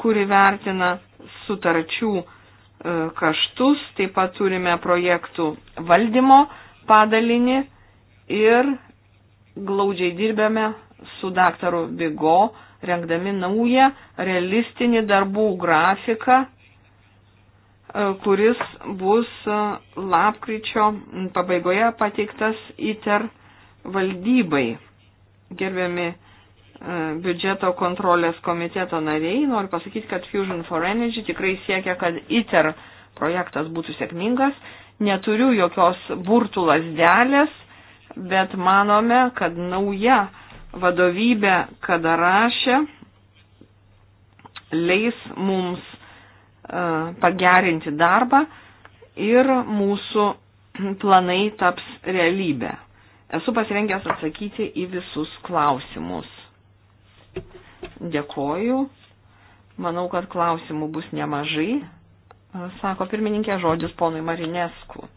kuri vertina sutarčių kaštus, taip pat turime projektų valdymo padalinį ir glaudžiai dirbėme su daktaru Bigo, rengdami naują realistinį darbų grafiką, e, kuris bus e, lapkričio pabaigoje pateiktas ITER valdybai. Gerbiami biudžeto kontrolės komiteto nariai, noriu pasakyti, kad Fusion for Energy tikrai siekia, kad ITER projektas būtų sėkmingas. Neturiu jokios burtų lasdelės, bet manome, kad nauja vadovybė Kadarašė leis mums e, pagerinti darbą ir mūsų planai taps realybė. Esu pasirengęs atsakyti į visus klausimus. Dėkoju. Manau, kad klausimų bus nemažai, sako pirmininkė žodis ponui Marinesku.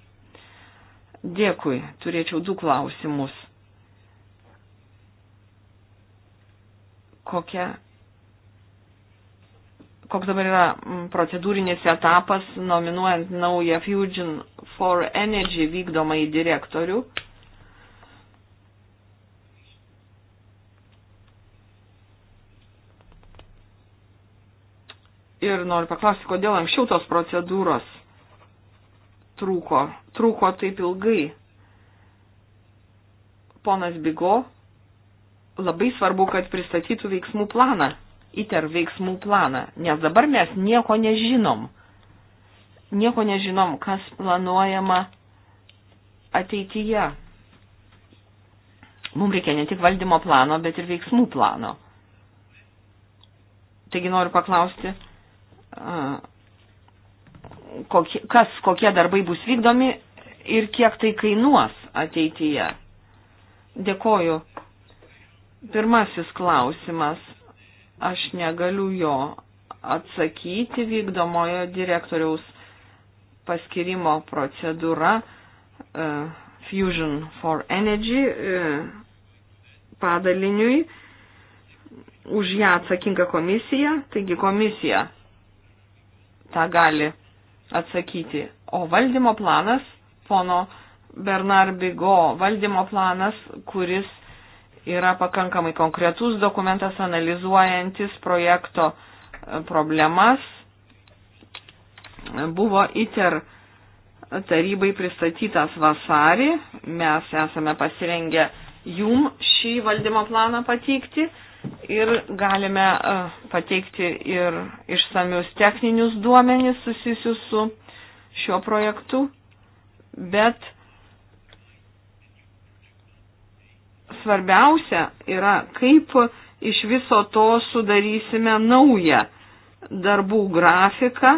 Dėkui, turėčiau du klausimus. Kokia, koks dabar yra mm, procedūrinis etapas nominuojant naują Fusion for Energy vykdomą į direktorių? Ir noriu paklausti, kodėl anksčiau tos procedūros trūko, trūko taip ilgai. Ponas Bigo, labai svarbu, kad pristatytų veiksmų planą, įter veiksmų planą, nes dabar mes nieko nežinom. Nieko nežinom, kas planuojama ateityje. Mums reikia ne tik valdymo plano, bet ir veiksmų plano. Taigi noriu paklausti, kokie, kas, kokie darbai bus vykdomi ir kiek tai kainuos ateityje. Dėkoju. Pirmasis klausimas. Aš negaliu jo atsakyti vykdomojo direktoriaus paskirimo procedūra uh, Fusion for Energy uh, padaliniui. Už ją atsakinga komisija, taigi komisija tą gali atsakyti. O valdymo planas, pono Bernard Bigo valdymo planas, kuris yra pakankamai konkretus dokumentas analizuojantis projekto e, problemas, buvo ITER tarybai pristatytas vasarį. Mes esame pasirengę jum šį valdymo planą pateikti ir galime e, pateikti ir išsamius techninius duomenys susijusius su šiuo projektu, bet svarbiausia yra, kaip iš viso to sudarysime naują darbų grafiką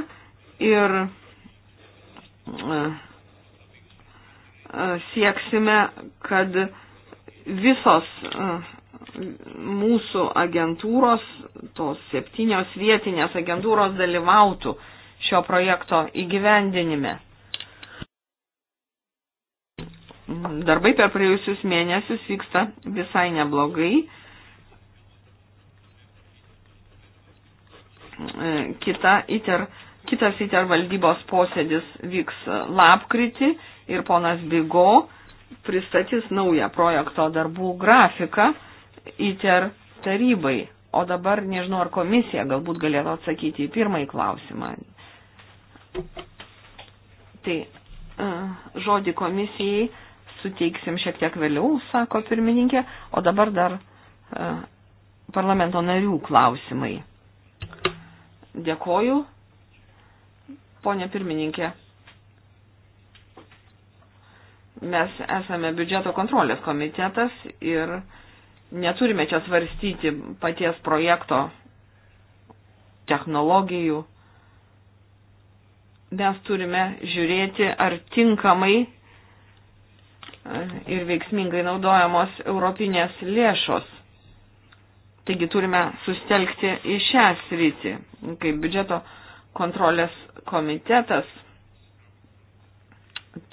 ir e, e, sieksime, kad visos mūsų agentūros, tos septynios vietinės agentūros dalyvautų šio projekto įgyvendinime. Darbai per praėjusius mėnesius vyksta visai neblogai. Kita ITER, kitas ITER valdybos posėdis vyks lapkritį ir ponas Bigo pristatys naują projekto darbų grafiką ITER tarybai. O dabar nežinau, ar komisija galbūt galėtų atsakyti į pirmąjį klausimą. Tai e, žodį komisijai suteiksim šiek tiek vėliau, sako pirmininkė, o dabar dar e, parlamento narių klausimai. Dėkoju, ponė pirmininkė. Mes esame biudžeto kontrolės komitetas ir uh, neturime čia svarstyti paties projekto technologijų. Mes turime žiūrėti, ar tinkamai e, ir veiksmingai naudojamos europinės lėšos. Taigi turime sustelkti į šią sritį, kaip biudžeto kontrolės komitetas.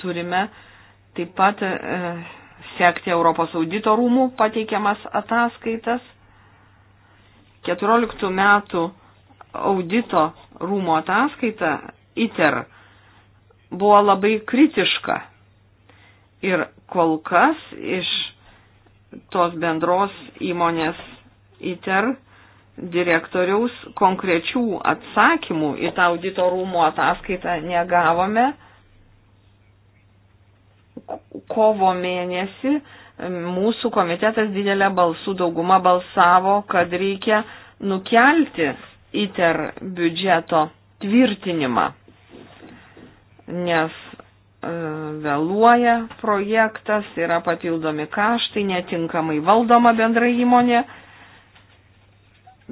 Turime taip pat e, sekti Europos audito rūmų pateikiamas ataskaitas. 14 metų audito rūmo ataskaita ITER buvo labai kritiška. Ir kol kas iš tos bendros įmonės ITER direktoriaus konkrečių atsakymų į tą audito rūmo ataskaitą negavome kovo mėnesį mūsų komitetas didelę balsų daugumą balsavo, kad reikia nukelti ITER biudžeto tvirtinimą, nes e, vėluoja projektas, yra papildomi kaštai, netinkamai valdoma bendra įmonė,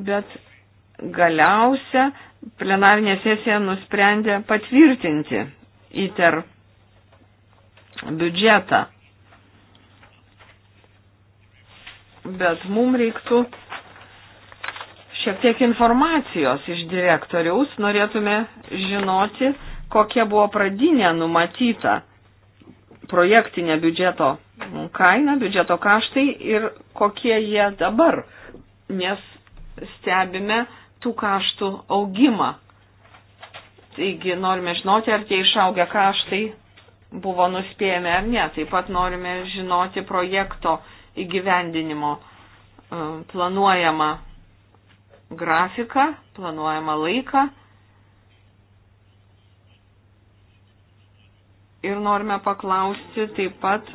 bet galiausia plenarinė sesija nusprendė patvirtinti ITER biudžetą biudžetą. Bet mums reiktų šiek tiek informacijos iš direktoriaus, norėtume žinoti, kokia buvo pradinė numatyta projektinė biudžeto kaina, biudžeto kaštai ir kokie jie dabar, nes stebime tų kaštų augimą. Taigi norime žinoti, ar tie išaugę kaštai buvo nuspėjami ar ne. Taip pat norime žinoti projekto įgyvendinimo e, planuojamą grafiką, planuojamą laiką. Ir norime paklausti taip pat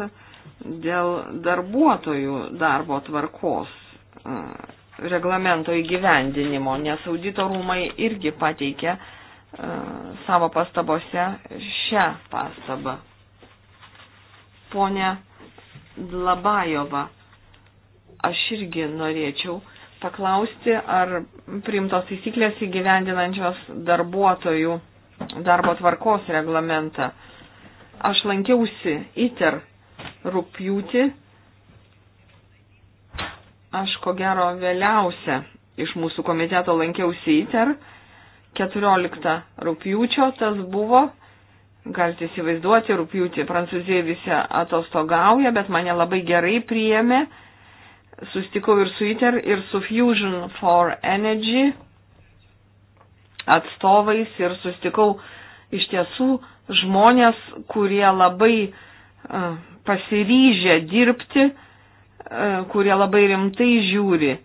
dėl darbuotojų darbo tvarkos e, reglamento įgyvendinimo, nes audito rūmai irgi pateikė savo pastabose šią pastabą. Pone Dlabajova, aš irgi norėčiau paklausti, ar primtos taisyklės įgyvendinančios darbuotojų darbo tvarkos reglamentą. Aš lankiausi ITER rūpjūti, aš ko gero vėliausia iš mūsų komiteto lankiausi ITER 14 rūpjūčio tas buvo. Galite įsivaizduoti, rūpjūtį Prancūzijai visi atostogauja, bet mane labai gerai priėmė. Sustikau ir su ITER, ir su Fusion for Energy atstovais ir sustikau iš tiesų žmonės, kurie labai uh, pasiryžę dirbti, uh, kurie labai rimtai žiūri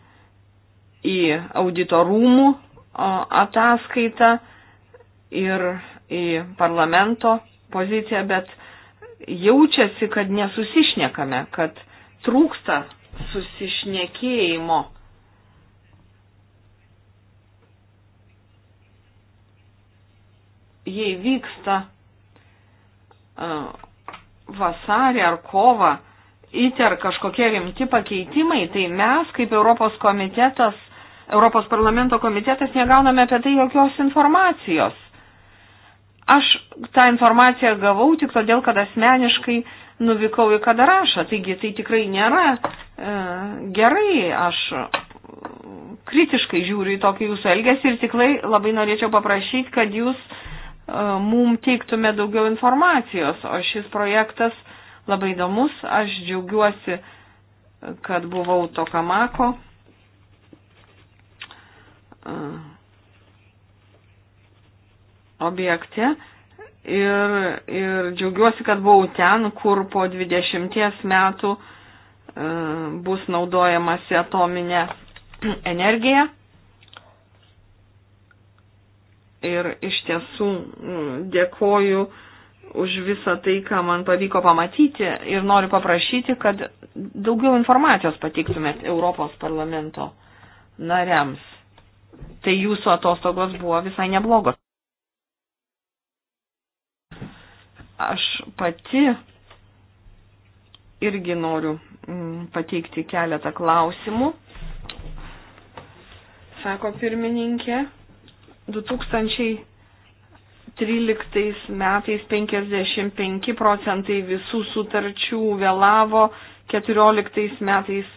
į auditorumų ataskaitą ir į parlamento poziciją, bet jaučiasi, kad nesusišnekame, kad trūksta susišnekėjimo. Jei vyksta vasarį ar kovą įter kažkokie rimti pakeitimai, tai mes kaip Europos komitetas Europos parlamento komitetas negauname apie tai jokios informacijos. Aš tą informaciją gavau tik todėl, kad asmeniškai nuvykau į Kadarašą, taigi tai tikrai nėra e, gerai, aš kritiškai žiūriu į tokį jūsų elgesį ir tikrai labai norėčiau paprašyti, kad jūs e, mum teiktume daugiau informacijos, o šis projektas labai įdomus, aš džiaugiuosi, kad buvau Tokamako objekte ir, ir džiaugiuosi, kad buvau ten, kur po 20 metų bus naudojamasi atominė energija. Ir iš tiesų dėkoju už visą tai, ką man pavyko pamatyti ir noriu paprašyti, kad daugiau informacijos patiktumėt Europos parlamento nariams tai jūsų atostogos buvo visai neblogos. Aš pati irgi noriu mm, pateikti keletą klausimų. Sako pirmininkė, 2013 metais 55 procentai visų sutarčių vėlavo, 2014 metais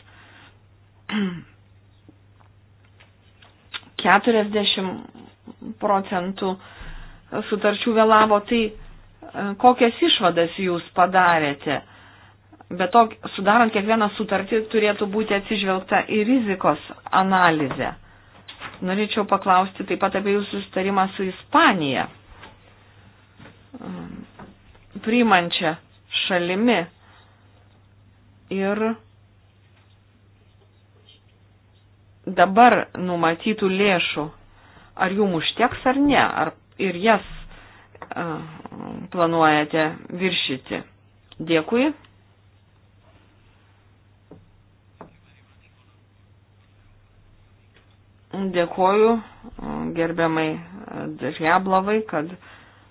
40 procentų sutarčių vėlavo, tai e, kokias išvadas jūs padarėte? Be to, sudarant kiekvieną sutartį turėtų būti atsižvelgta į rizikos analizę. Norėčiau paklausti taip pat apie jūsų sustarimą su Ispanija, priimančia šalimi ir dabar numatytų lėšų, ar jum užteks ar ne, ar ir jas planuojate viršyti. Dėkui. Dėkoju gerbiamai Džiablavai, kad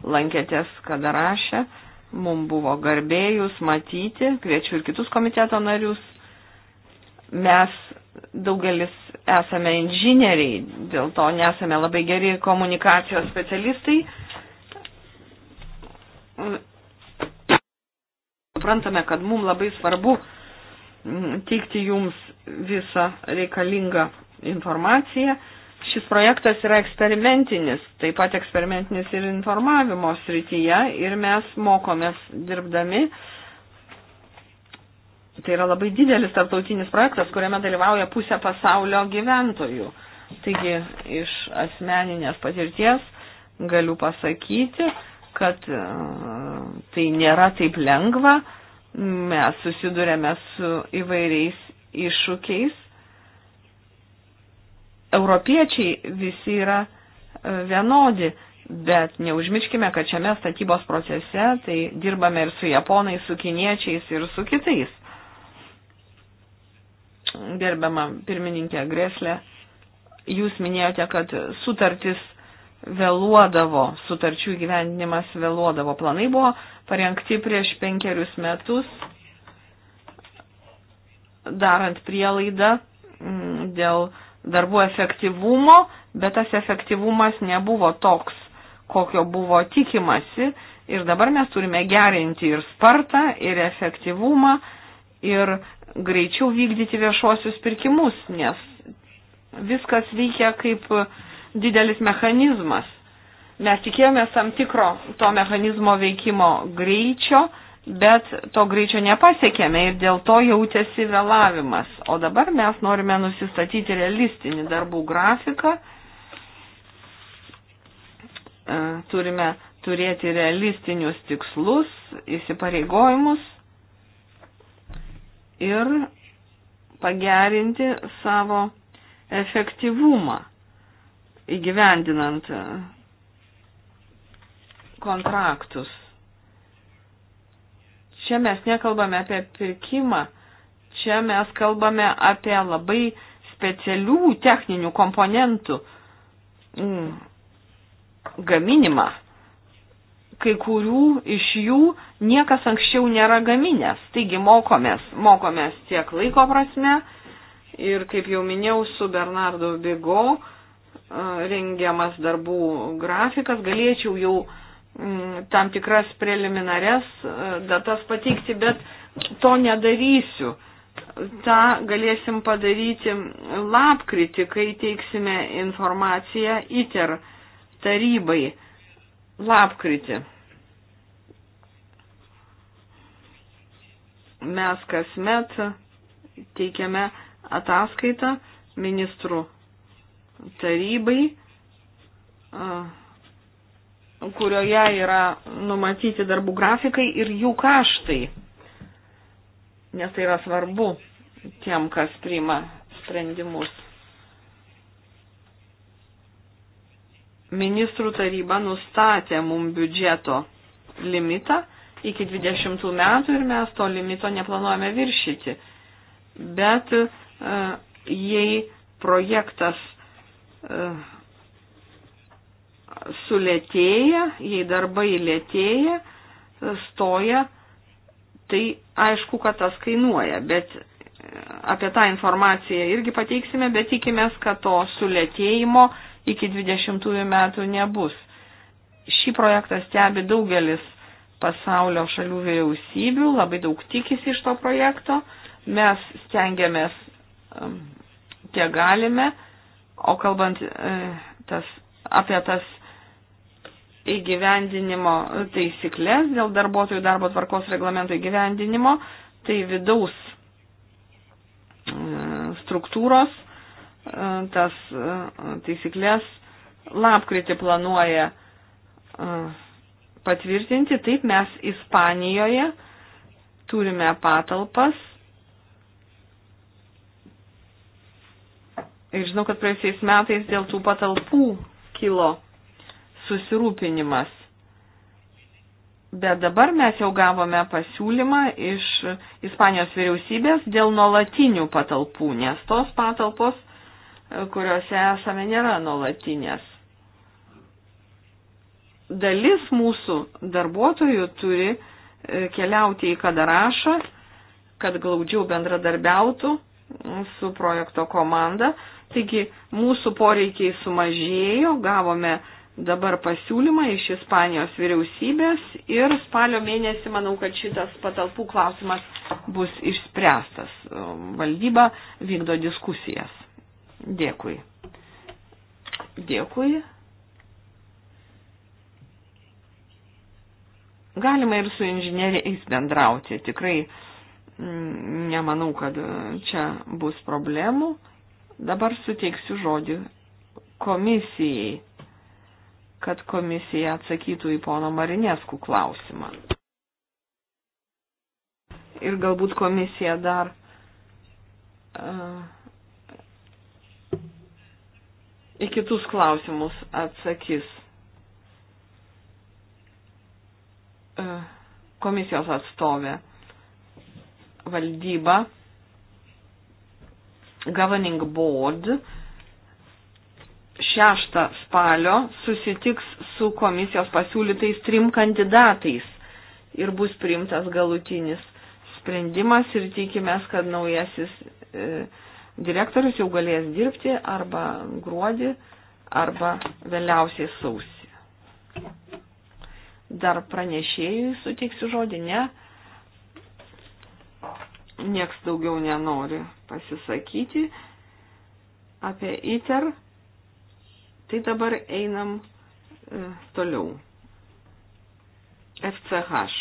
lankėtės Kadarašę. Mums buvo garbėjus matyti, kviečiu ir kitus komiteto narius. Mes daugelis esame inžinieriai, dėl to nesame labai geri komunikacijos specialistai. Suprantame, kad mums labai svarbu mm, teikti jums visą reikalingą informaciją. Šis projektas yra eksperimentinis, taip pat eksperimentinis ir informavimo srityje ir mes mokomės dirbdami. Uh, Tai yra labai didelis tarptautinis projektas, kuriame dalyvauja pusė pasaulio gyventojų. Taigi iš asmeninės patirties galiu pasakyti, kad e, tai nėra taip lengva. Mes susidurėme su įvairiais iššūkiais. Europiečiai visi yra e, vienodi, bet neužmirškime, kad šiame statybos procese tai dirbame ir su japonais, su kiniečiais ir su kitais gerbiama pirmininkė Greslė, jūs minėjote, kad sutartis vėluodavo, sutarčių gyvendinimas vėluodavo. Planai buvo parengti prieš penkerius metus, darant prielaidą mm, dėl darbų efektyvumo, bet tas efektyvumas nebuvo toks, kokio buvo tikimasi. Ir dabar mes turime gerinti ir spartą, ir efektyvumą, ir greičiau vykdyti viešuosius pirkimus, nes viskas veikia kaip didelis mechanizmas. Mes tikėjomės tam tikro to mechanizmo veikimo greičio, bet to greičio nepasiekėme ir dėl to jautėsi vėlavimas. O dabar mes norime nusistatyti realistinį darbų grafiką. E, turime turėti realistinius tikslus, įsipareigojimus ir pagerinti savo efektyvumą įgyvendinant kontraktus. Čia mes nekalbame apie pirkimą, čia mes kalbame apie labai specialių techninių komponentų mm, gaminimą kai kurių iš jų niekas anksčiau nėra gaminęs. Taigi mokomės, mokomės tiek laiko prasme ir, kaip jau minėjau, su Bernardu Bigo rengiamas darbų grafikas. Galėčiau jau m, mm, tam tikras preliminarias datas pateikti, bet to nedarysiu. Ta galėsim padaryti lapkritį, kai teiksime informaciją ITER tarybai lapkritį. Mes kasmet teikiame ataskaitą ministrų tarybai, kurioje yra numatyti darbų grafikai ir jų kaštai, nes tai yra svarbu tiem, kas priima sprendimus. Ministrų taryba nustatė mum biudžeto limitą iki 20 metų ir mes to limito neplanuojame viršyti. Bet e, jei projektas e, sulėtėja, jei darbai lėtėja, e, stoja, tai aišku, kad tas kainuoja, bet apie tą informaciją irgi pateiksime, bet tikimės, kad to sulėtėjimo iki 20 metų nebus. Šį projektą stebi daugelis pasaulio šalių vyriausybių, labai daug tikisi iš to projekto. Mes stengiamės, um, kiek galime, o kalbant e, tas, apie tas įgyvendinimo taisyklės dėl darbuotojų darbo tvarkos reglamento įgyvendinimo, tai vidaus e, struktūros tas e, taisyklės lapkritį planuoja e, patvirtinti. Taip mes Ispanijoje turime patalpas. Ir žinau, kad praėjusiais metais dėl tų patalpų kilo susirūpinimas. Bet dabar mes jau gavome pasiūlymą iš Ispanijos vyriausybės dėl nuolatinių patalpų, nes tos patalpos kuriuose esame, nėra nuolatinės. Dalis mūsų darbuotojų turi e, keliauti į Kadarašą, kad glaudžiau bendradarbiautų mm, su projekto komanda. Taigi mūsų poreikiai sumažėjo, gavome dabar pasiūlymą iš Ispanijos vyriausybės ir spalio mėnesį manau, kad šitas patalpų klausimas bus išspręstas. E, valdyba vykdo diskusijas. Dėkui. Dėkui. Galima ir su inžinieriais bendrauti. Tikrai mm, nemanau, kad e, čia bus problemų. Dabar suteiksiu žodį komisijai, kad komisija atsakytų į pono Marineskų klausimą. Ir galbūt komisija dar. Uh, į kitus klausimus atsakys e, komisijos atstovė valdyba, governing board, 6 spalio susitiks su komisijos pasiūlytais trim kandidatais ir bus priimtas galutinis sprendimas ir tikimės, kad naujasis e, direktorius jau galės dirbti arba gruodį, arba vėliausiai sausį. Dar pranešėjui suteiksiu žodį, ne? Niekas daugiau nenori pasisakyti apie ITER. Tai dabar einam e, toliau. FCH.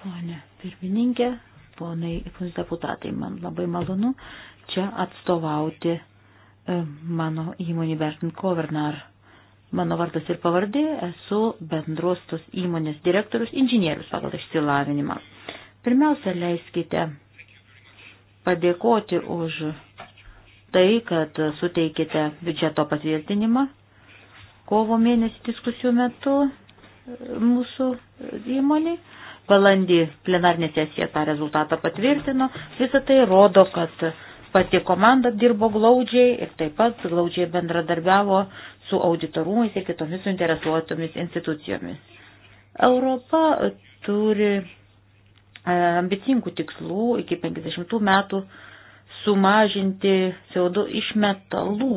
Pone pirmininkė, ponai ir deputatai. Man labai malonu čia atstovauti e, mano įmonį Bertin Kovernar. Mano vardas ir pavardė, esu bendros tos įmonės direktorius, inžinierius pagal išsilavinimą. Pirmiausia, leiskite padėkoti už tai, kad suteikite biudžeto patvirtinimą kovo mėnesį diskusijų metu e, mūsų įmoniai. Balandį plenarnė sesija tą rezultatą patvirtino. Visą tai rodo, kad pati komanda dirbo glaudžiai ir taip pat glaudžiai bendradarbiavo su auditorumais ir kitomis suinteresuotomis institucijomis. Europa turi e, ambicingų tikslų iki 50 metų sumažinti CO2 iš metalų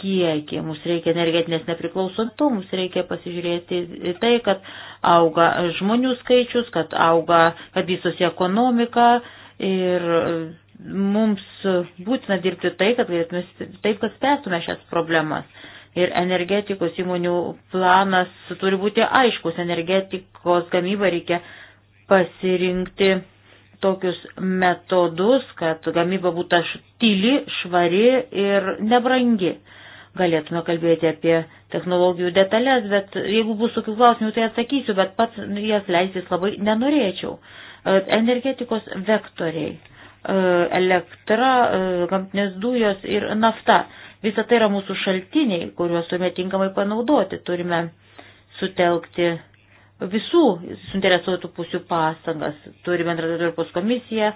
kiekį, mums reikia energetinės nepriklausomto, mums reikia pasižiūrėti į tai, kad auga žmonių skaičius, kad auga, kad vystosi ekonomika ir mums būtina dirbti tai, kad galėtume taip, kad spręstume šias problemas. Ir energetikos įmonių planas turi būti aiškus, energetikos gamybą reikia pasirinkti tokius metodus, kad gamyba būtų tyli, švari ir nebrangi galėtume kalbėti apie technologijų detalės, bet jeigu bus tokių klausimų, tai atsakysiu, bet pats jas leistis labai nenorėčiau. E, energetikos vektoriai e, - elektra, e, gamtinės dujos ir nafta. Visa tai yra mūsų šaltiniai, kuriuos turime tinkamai panaudoti. Turime sutelkti visų suinteresuotų pusių pastangas. Turi bendradarbiauti Europos komisija,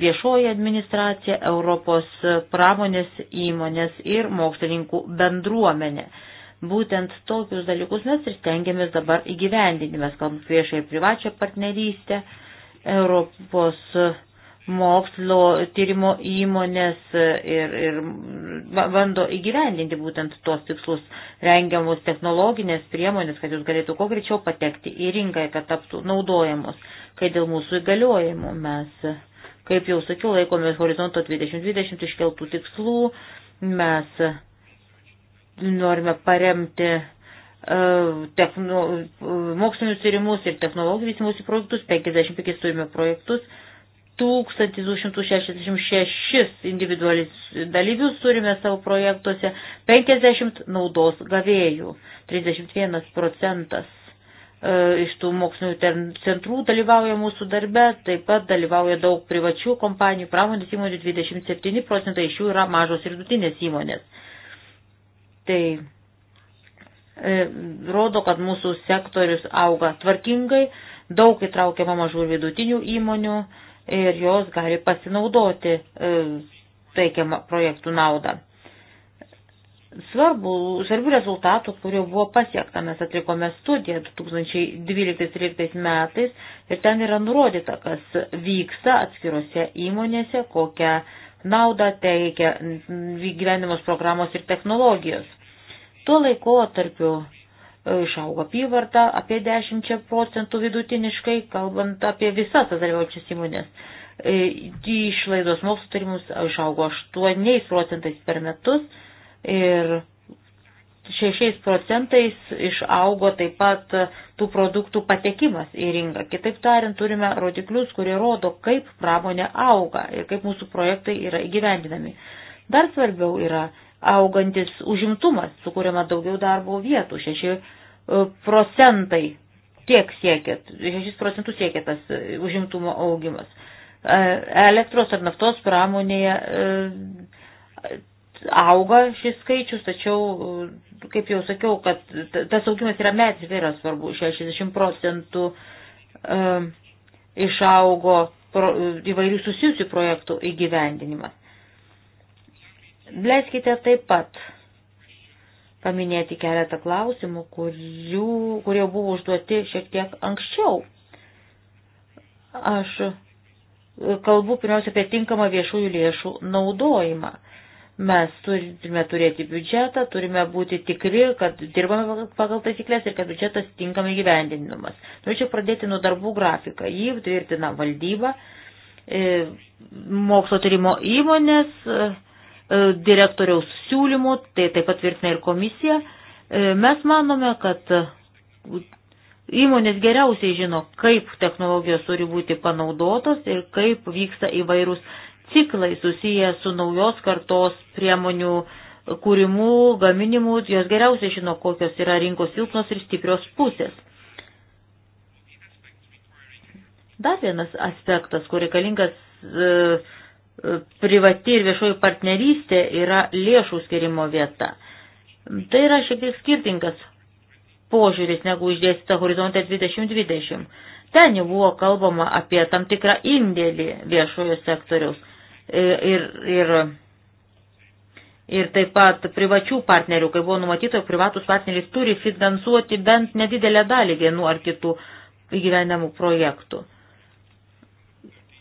viešoji administracija, Europos pramonės įmonės ir mokslininkų bendruomenė. Būtent tokius dalykus mes ir stengiamės dabar įgyvendinti. Mes kalbame viešai ir privačią partnerystę, Europos mokslo tyrimo įmonės ir, ir bando įgyvendinti būtent tuos tikslus rengiamus technologinės priemonės, kad jūs galėtų kuo greičiau patekti į rinką, kad taptų naudojamos, kai dėl mūsų įgaliojimų mes, kaip jau sakiau, laikomės horizonto 2020 iškeltų tikslų, mes norime paremti e, techno, e, mokslinius tyrimus ir technologijų vystimus į projektus, 55 turime projektus, 1266 individualis dalyvius turime savo projektuose, 50 naudos gavėjų, 31 procentas e, iš tų mokslinių centrų dalyvauja mūsų darbe, taip pat dalyvauja daug privačių kompanijų, pramonės įmonių 27 procentai iš jų yra mažos ir dutinės įmonės. Tai e, rodo, kad mūsų sektorius auga tvarkingai, daug įtraukiama mažų ir vidutinių įmonių, ir jos gali pasinaudoti e, teikiamą projektų naudą. Svarbu, svarbių rezultatų, kurio buvo pasiekta, mes atlikome studiją 2012-2013 metais ir ten yra nurodyta, kas vyksta atskirose įmonėse, kokią naudą teikia gyvenimas programos ir technologijos. Tuo laikotarpiu išaugo apyvarta apie 10 procentų vidutiniškai, kalbant apie visas tas dalyvaujančias įmonės. E, išlaidos mokslo tyrimus išaugo 8 procentais per metus ir 6 procentais išaugo taip pat tų produktų patekimas į rinką. Kitaip tariant, turime rodiklius, kurie rodo, kaip pramonė auga ir kaip mūsų projektai yra įgyvendinami. Dar svarbiau yra augantis užimtumas, sukūrėma daugiau darbo vietų, 6 e, procentai tiek siekėt, 6 procentų siekė tas e, užimtumo augimas. E, elektros ar naftos pramonėje auga šis skaičius, tačiau, kaip jau sakiau, kad tas augimas yra metis, yra svarbu, 60 procentų išaugo įvairių susijusių projektų įgyvendinimas. Leiskite taip pat paminėti keletą klausimų, kurių, kurie buvo užduoti šiek tiek anksčiau. Aš kalbu pirmiausia apie tinkamą viešųjų lėšų naudojimą. Mes turime turėti biudžetą, turime būti tikri, kad dirbame pagal taisyklės ir kad biudžetas tinkamai gyvendinimas. Norėčiau pradėti nuo darbų grafiką. Jį tvirtina valdyba, e, mokslo tyrimo įmonės, E, direktoriaus siūlymų, tai taip pat tvirtina ir komisija. E, mes manome, kad įmonės geriausiai žino, kaip technologijos turi būti panaudotos ir kaip vyksta įvairūs ciklai susiję su naujos kartos priemonių kūrimu, gaminimu, jos geriausiai žino, kokios yra rinkos silpnos ir stiprios pusės. Dar vienas aspektas, kur reikalingas e, privati ir viešoji partnerystė yra lėšų skirimo vieta. Tai yra šiek tiek skirtingas požiūris negu išdėstyta horizonte 2020. Ten jau buvo kalbama apie tam tikrą indėlį viešojo sektoriaus e, ir, ir, ir taip pat privačių partnerių, kai buvo numatyta, jog privatus partneris turi finansuoti bent nedidelę dalį vienų ar kitų įgyvenamų projektų.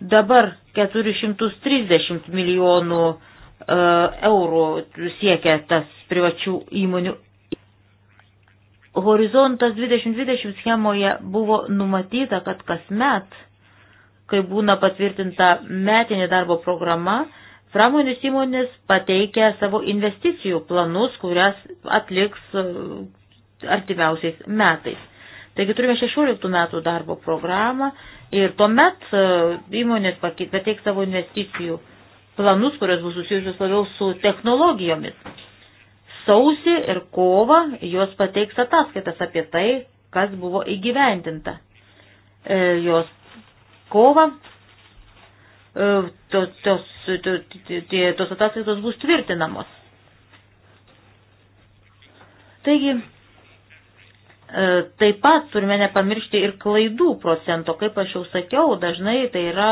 Dabar 430 milijonų e, eurų siekia tas privačių įmonių. Horizontas 2020 schemoje buvo numatyta, kad kasmet, kai būna patvirtinta metinė darbo programa, pramonės įmonės pateikia savo investicijų planus, kurias atliks e, artimiausiais metais. Taigi turime 16 metų darbo programą Ir tuomet e, įmonės pateiks savo investicijų planus, kurios bus susijusios labiau su technologijomis. Sausi ir kova jos pateiks ataskaitas apie tai, kas buvo įgyvendinta. E, jos kova, e, tos, tos, tos ataskaitos bus tvirtinamos. Taigi, E, taip pat turime nepamiršti ir klaidų procento, kaip aš jau sakiau, dažnai tai yra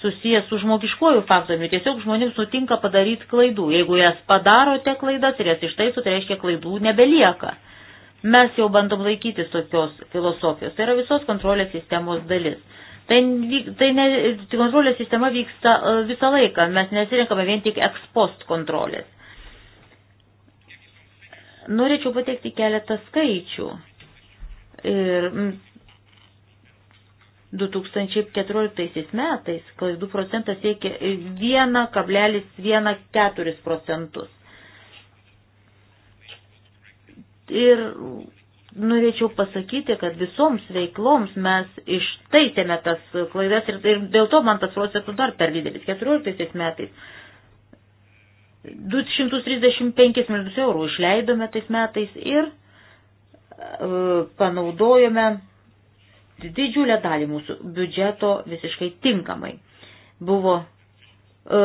susijęs su žmogiškuoju faktoriumi. Tiesiog žmonėms nutinka padaryti klaidų. Jeigu jas padarote klaidas ir jas ištaisote, tai reiškia klaidų nebelieka. Mes jau bandom laikytis tokios filosofijos. Tai yra visos kontrolės sistemos dalis. Tai, tai ne, kontrolės sistema vyksta e, visą laiką. Mes nesirinkame vien tik ekspost kontrolės. Norėčiau pateikti keletą skaičių Ir 2014 mm, metais klaidų procentas siekia 1,14 procentus. Ir norėčiau pasakyti, kad visoms veikloms mes ištaitėme tas klaidas ir, ir dėl to man tas procentas dar per didelis. 14 metais 235 milijonus eurų išleidome tais metais ir panaudojome didžiulę dalį mūsų biudžeto visiškai tinkamai. Buvo e,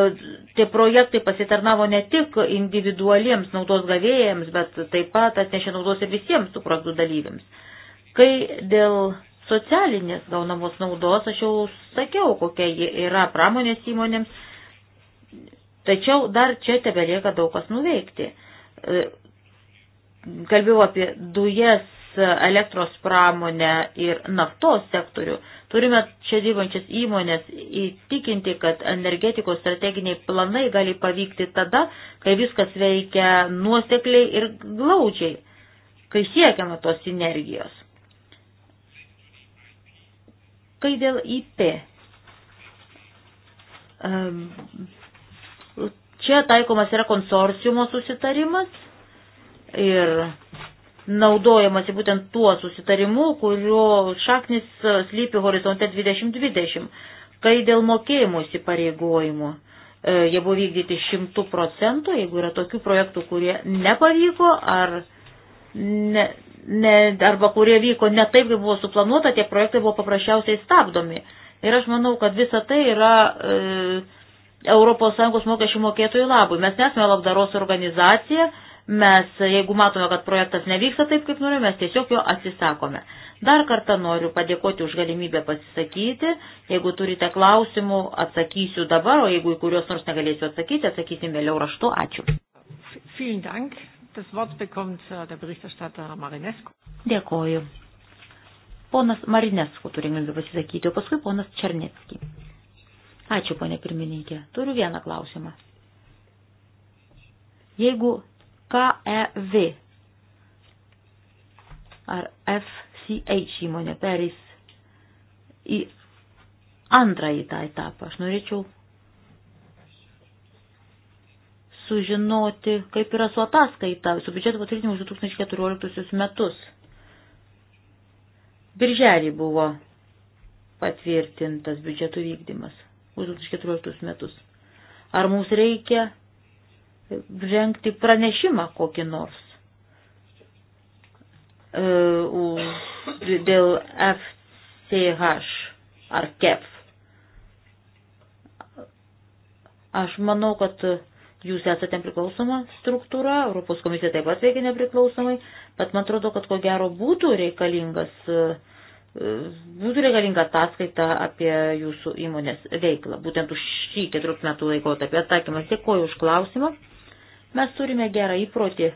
tie projektai pasitarnavo ne tik individualiems naudos gavėjams, bet taip pat atnešė naudos ir visiems tų projektų dalyviams. Kai dėl socialinės gaunamos naudos, aš jau sakiau, kokia ji yra pramonės įmonėms, tačiau dar čia tebelieka daug kas nuveikti. E, kalbėjau apie dujas, elektros pramonę ir naftos sektorių, turime čia dirbančias įmonės įtikinti, kad energetikos strateginiai planai gali pavykti tada, kai viskas veikia nuosekliai ir glaudžiai, kai siekiama tos sinergijos. Kai dėl IP. Čia taikomas yra konsorciumo susitarimas ir naudojamasi būtent tuo susitarimu, kurio šaknis slypi horizonte 2020, kai dėl mokėjimų įsipareigojimų. E, jie buvo vykdyti šimtų procentų, jeigu yra tokių projektų, kurie nepavyko ar ne, ne, arba kurie vyko ne taip, kaip buvo suplanuota, tie projektai buvo paprasčiausiai stabdomi. Ir aš manau, kad visa tai yra e, ES mokesčių mokėtojų labui. Mes nesame labdaros organizacija, Mes, jeigu matome, kad projektas nevyksta taip, kaip norime, mes tiesiog jo atsisakome. Dar kartą noriu padėkoti už galimybę pasisakyti. Jeigu turite klausimų, atsakysiu dabar, o jeigu į kuriuos nors negalėsiu atsakyti, atsakysiu vėliau raštu. Ačiū. Vielen Dank. Das Wort bekommt äh, der Berichterstatter Marinescu. Dėkoju. Ponas Marinescu turi galimybę pasisakyti, o paskui ponas Černetski. Ačiū, ponė pirmininkė. Turiu vieną klausimą. Jeigu KEV ar FCH įmonė pereis į antrąjį tą etapą. Aš norėčiau sužinoti, kaip yra su ataskaita, su biudžeto patvirtinimu už 2014 metus. Birželį buvo patvirtintas biudžeto vykdymas už 2014 metus. Ar mums reikia žengti pranešimą kokį nors e, dėl FCH ar KEF. Aš manau, kad jūs esate nepriklausoma struktūra, Europos komisija taip pat veikia nepriklausomai, bet man atrodo, kad ko gero būtų reikalingas, e, būtų reikalinga ataskaita apie jūsų įmonės veiklą, būtent už šį keturių metų laikotarpį. Atsakymas, dėkoju už klausimą. Mes turime gerą įprotį.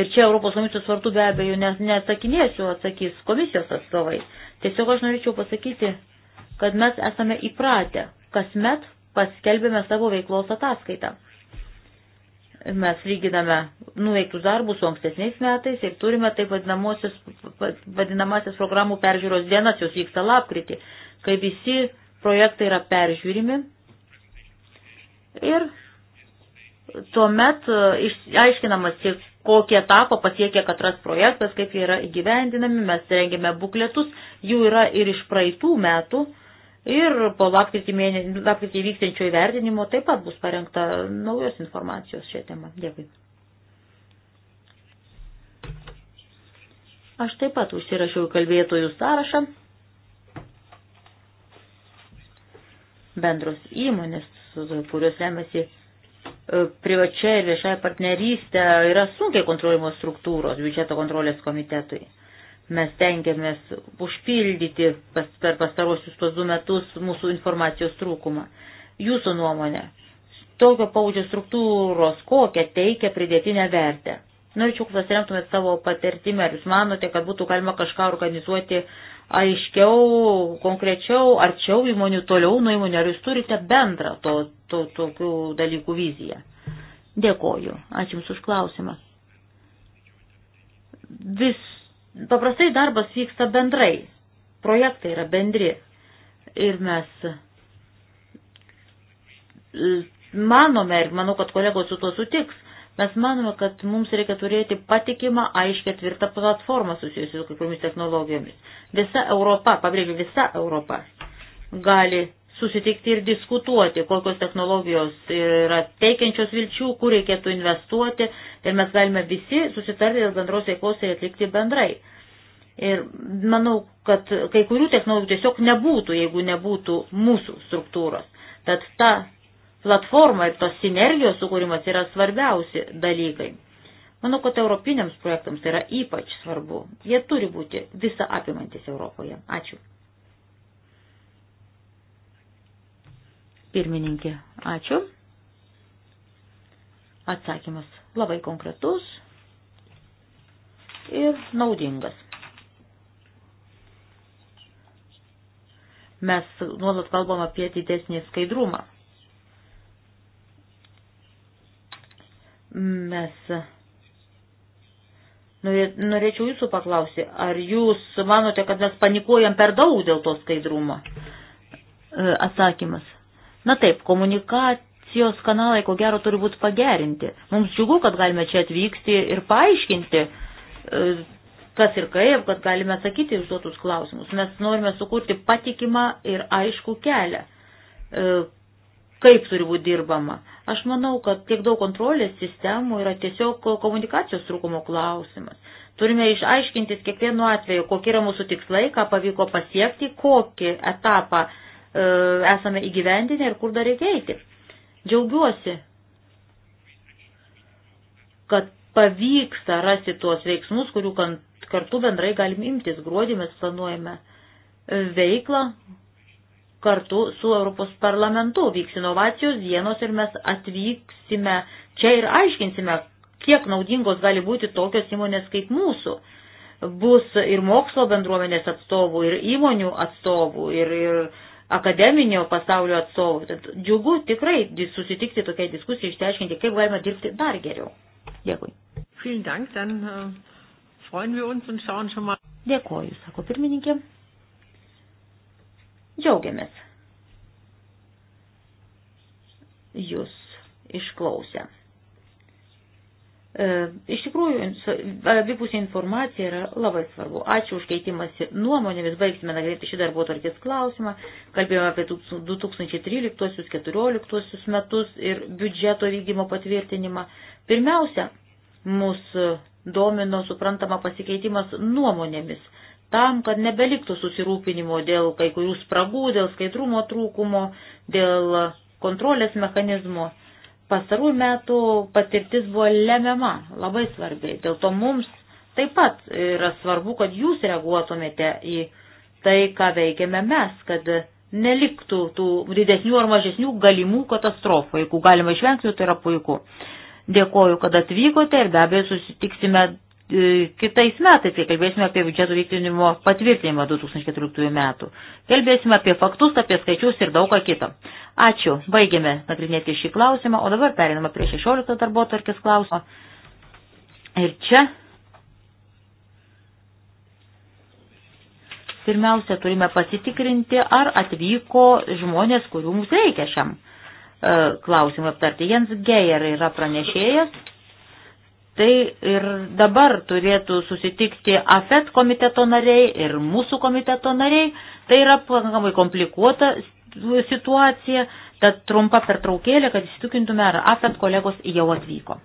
Ir čia Europos komisijos vartų be abejo neatsakinėsiu, atsakys komisijos atstovai. Tiesiog aš norėčiau pasakyti, kad mes esame įpratę. Kasmet paskelbėme savo veiklos ataskaitą. Mes lyginame nuveiktus darbus su ankstesniais metais ir turime taip vadinamasis programų peržiūros dienas, jos vyksta lapkritį, kai visi projektai yra peržiūrimi ir Tuomet e, aiškinamasi, kokį etapą pasiekia katras projektas, kaip jie yra įgyvendinami, mes rengiame bukletus, jų yra ir iš praeitų metų. Ir po lapkritį, mėnesį, lapkritį vykstančio įvertinimo taip pat bus parengta naujos informacijos šią temą. Dėkui. Aš taip pat užsirašiau kalbėtojų sąrašą. Bendros įmonės, kurios remiasi E, privačia ir viešaja partnerystė yra sunkiai kontroliuojamos struktūros biudžeto kontrolės komitetui. Mes tengiamės užpildyti pas, per pastarosius tuos du metus mūsų informacijos trūkumą. Jūsų nuomonė, tokio paudžio struktūros kokią teikia pridėtinę vertę? Norėčiau, kad pasiremtumėt savo patirtimą, ar jūs manote, kad būtų galima kažką organizuoti uh, aiškiau, konkrečiau, arčiau įmonių, toliau nuo įmonių, ar jūs turite bendrą to, to, tokių dalykų viziją. Dėkoju. Ačiū Jums už klausimą. Vis, paprastai darbas vyksta bendrai. Projektai yra bendri. Ir mes manome, ir manau, kad kolegos su tuo sutiks, Mes manome, kad mums reikia turėti patikimą, aiškę, tvirtą platformą susijusiu su kiekvienomis technologijomis. Visa Europa, pabrėžiu, visa Europa gali susitikti ir diskutuoti, kokios technologijos yra teikiančios vilčių, kur reikėtų investuoti ir mes galime visi susitarti dėl bendros veiklos ir atlikti bendrai. Ir manau, kad kai kurių technologijų tiesiog nebūtų, jeigu nebūtų mūsų struktūros. Tad ta platforma ir tos sinergijos sukūrimas yra svarbiausi dalykai. Manau, kad europiniams projektams tai yra ypač svarbu. Jie turi būti visą apimantis Europoje. Ačiū. Pirmininkė, ačiū. Atsakymas labai konkretus ir naudingas. Mes nuolat kalbam apie didesnį skaidrumą. Mes norėčiau jūsų paklausti, ar jūs manote, kad mes panikuojam per daug dėl to skaidrumo? E, atsakymas. Na taip, komunikacijos kanalai ko gero turi būti pagerinti. Mums džiugu, kad galime čia atvykti ir paaiškinti, e, kas ir kaip, kad galime atsakyti užduotus klausimus. Mes norime sukurti patikimą ir aišku kelią, e, kaip turi būti dirbama. Aš manau, kad tiek daug kontrolės sistemų yra tiesiog komunikacijos trūkumo klausimas. Turime išaiškintis kiekvienu atveju, kokie yra mūsų tikslai, ką pavyko pasiekti, kokį etapą e, esame įgyvendinę ir kur dar reikia eiti. Džiaugiuosi, kad pavyksta rasti tuos veiksmus, kurių kartu bendrai galim imtis. Gruodį mes planuojame veiklą, kartu su Europos parlamentu vyks inovacijos dienos ir mes atvyksime čia ir aiškinsime, kiek naudingos gali būti tokios įmonės kaip mūsų. Bus ir mokslo bendruomenės atstovų, ir įmonių atstovų, ir, ir akademinio pasaulio atstovų. Tad džiugu tikrai susitikti tokiai diskusijai, išteiškinti, kaip galima dirbti dar geriau. Dėkui. Vielen Dank, dann äh, freuen wir uns und schauen schon mal. Dėkoju, sako pirmininkė. Džiaugiamės. Jūs išklausę. E, iš tikrųjų, abipusė informacija yra labai svarbu. Ačiū už keitimąsi nuomonėmis. Baigsime nagrinėti šį darbo tvarkės klausimą. Kalbėjome apie 2013-2014 metus ir biudžeto vykdymo patvirtinimą. Pirmiausia, mus domino suprantama pasikeitimas nuomonėmis tam, kad nebeliktų susirūpinimo dėl kai kurių spragų, dėl skaidrumo trūkumo, dėl kontrolės mechanizmo. Pastarųjų metų patirtis buvo lemiama, labai svarbi. Dėl to mums taip pat yra svarbu, kad jūs reaguotumėte į tai, ką veikiame mes, kad neliktų tų didesnių ar mažesnių galimų katastrofų. Jeigu galima išvengti, tai yra puiku. Dėkoju, kad atvykote ir be abejo susitiksime kitais metais, kai kalbėsime apie biudžeto vykdymo patvirtinimą 2014 metų. Kalbėsime apie faktus, apie skaičius ir daug ką kito. Ačiū. Baigėme nagrinėti šį klausimą, o dabar periname prie 16 darbo tarkės klausimo. Ir čia pirmiausia turime pasitikrinti, ar atvyko žmonės, kurių mums reikia šiam e, klausimui aptarti. Jens Geijer yra pranešėjas Tai ir dabar turėtų susitikti AFET komiteto nariai ir mūsų komiteto nariai. Tai yra pakankamai komplikuota situacija, tad trumpa pertraukėlė, kad įsitikintume, ar AFET kolegos jau atvyko.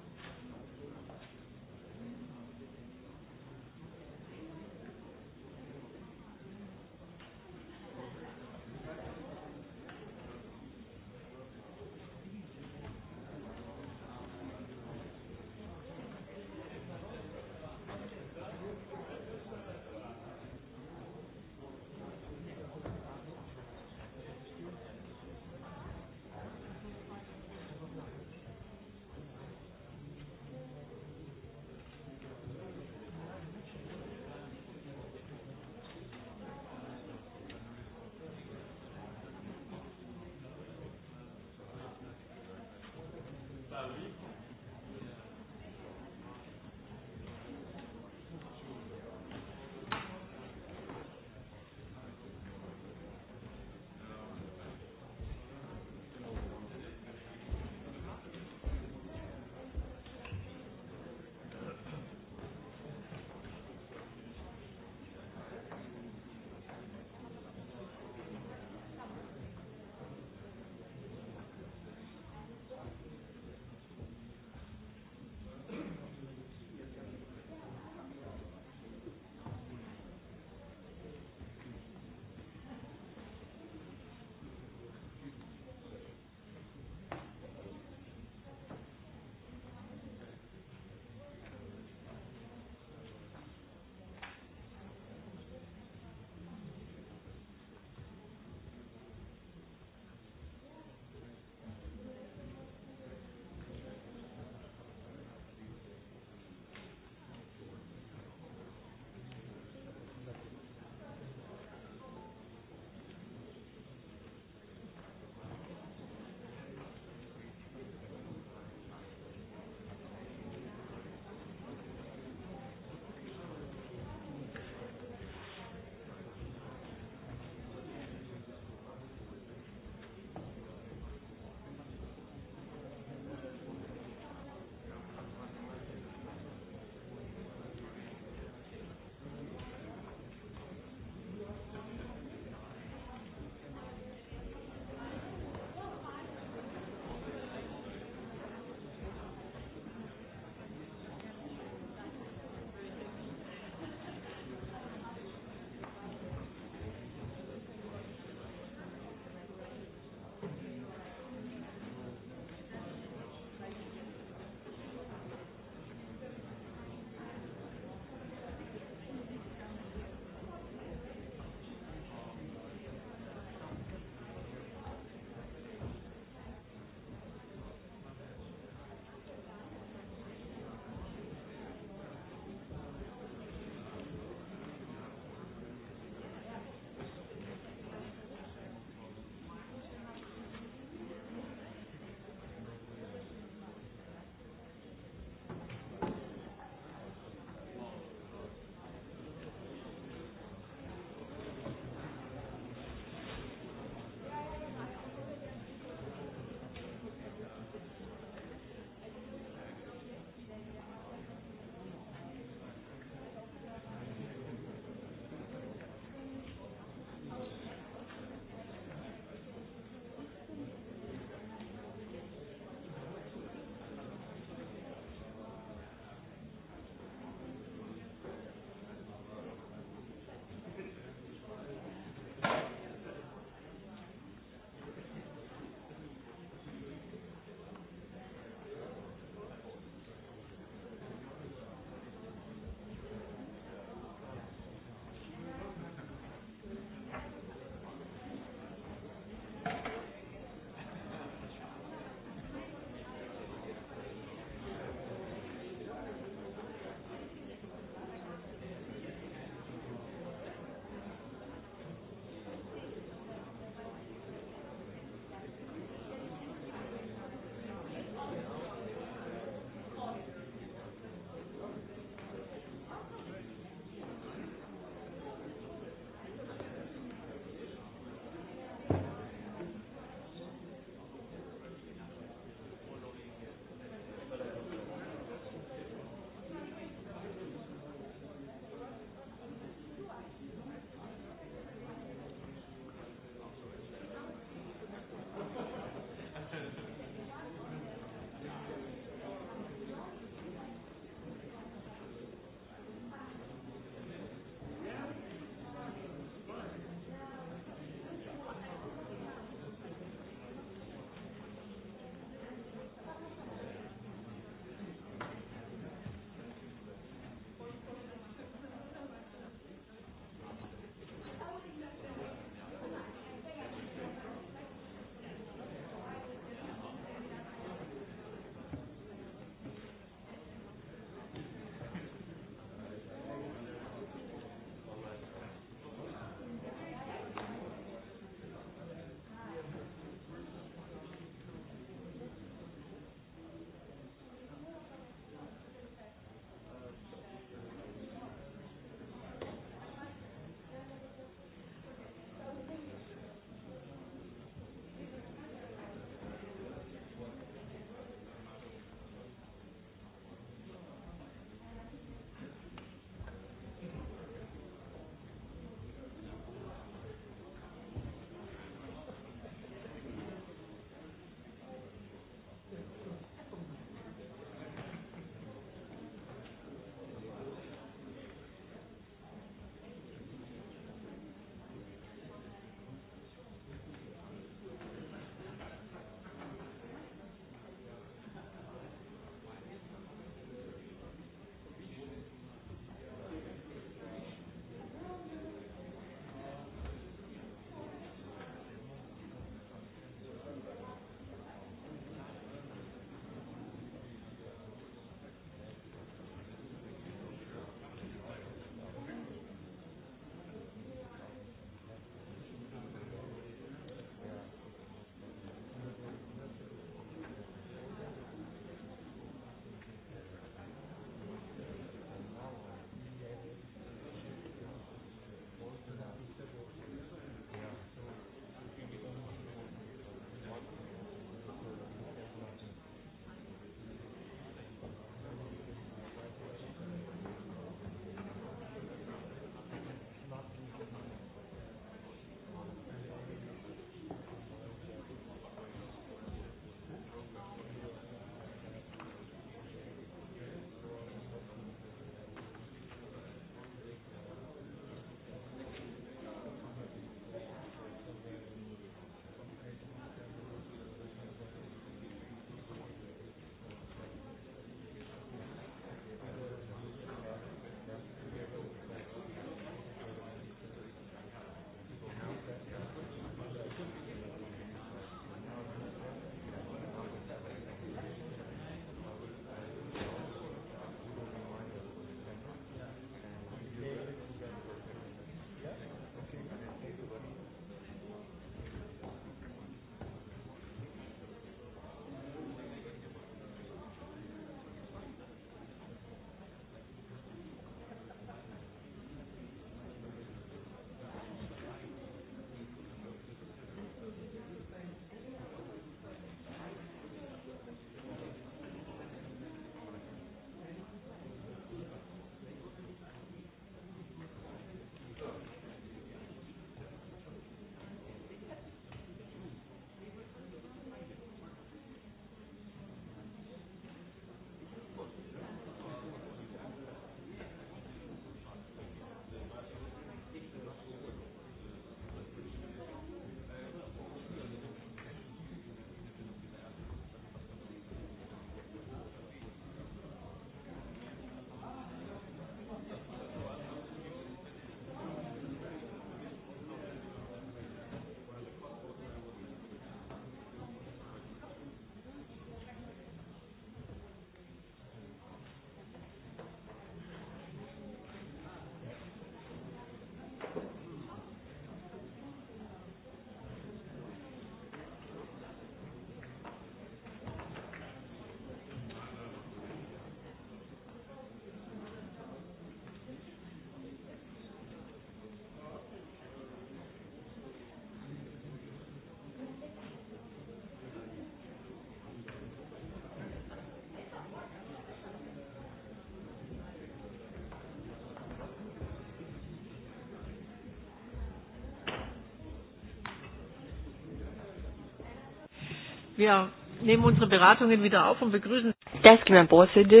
Wir nehmen unsere Beratungen wieder auf und begrüßen. Tęskime posėdį.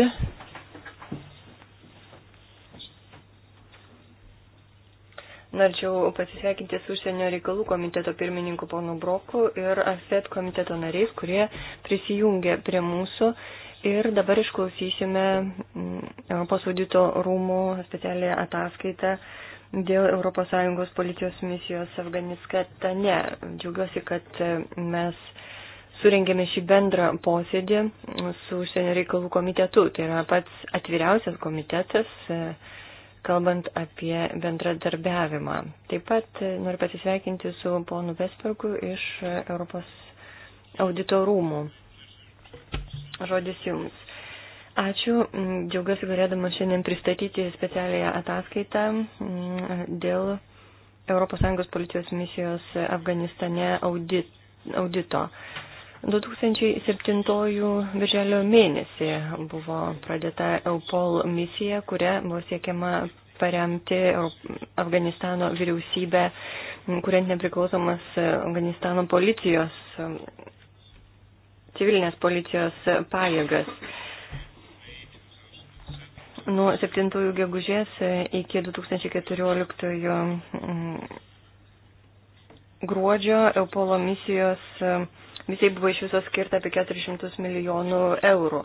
Norėčiau pasisveikinti su užsienio reikalų komiteto pirmininku ponu Broku ir AFET komiteto nariais, kurie prisijungė prie mūsų. Ir dabar išklausysime mm, Europos audito rūmų specialią ataskaitą dėl ES policijos misijos Afganistane. Džiaugiuosi, kad mes surengėme šį bendrą posėdį su užsienio reikalų komitetu. Tai yra pats atviriausias komitetas, e, kalbant apie bendradarbiavimą. Taip pat e, noriu pasisveikinti su ponu Vesperku iš Europos auditorumų. Žodis jums. Ačiū, mm, džiaugiuosi galėdama šiandien pristatyti specialiąją ataskaitą mm, dėl ES policijos misijos Afganistane audit, audito. 2007 birželio mėnesį buvo pradėta EUPOL misija, kuria buvo siekiama paremti Afganistano vyriausybę, kuriant nepriklausomas Afganistano policijos, civilinės policijos pajėgas. Nuo 7 gegužės iki 2014 gruodžio Eupolo misijos misijai buvo iš viso skirta apie 400 milijonų eurų.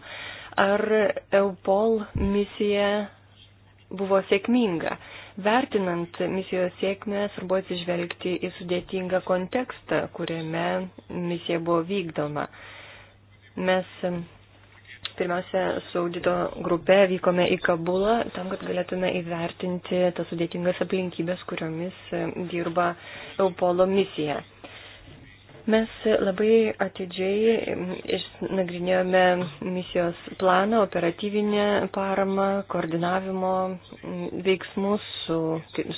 Ar Eupol misija buvo sėkminga? Vertinant misijos sėkmę, svarbu atsižvelgti į sudėtingą kontekstą, kuriame misija buvo vykdoma. Mes Pirmiausia, su audito grupe vykome į Kabulą tam, kad galėtume įvertinti tas sudėtingas aplinkybės, kuriomis e, dirba Eupolo misija. Mes labai atidžiai išnagrinėjome misijos planą, operatyvinę paramą, koordinavimo veiksmus su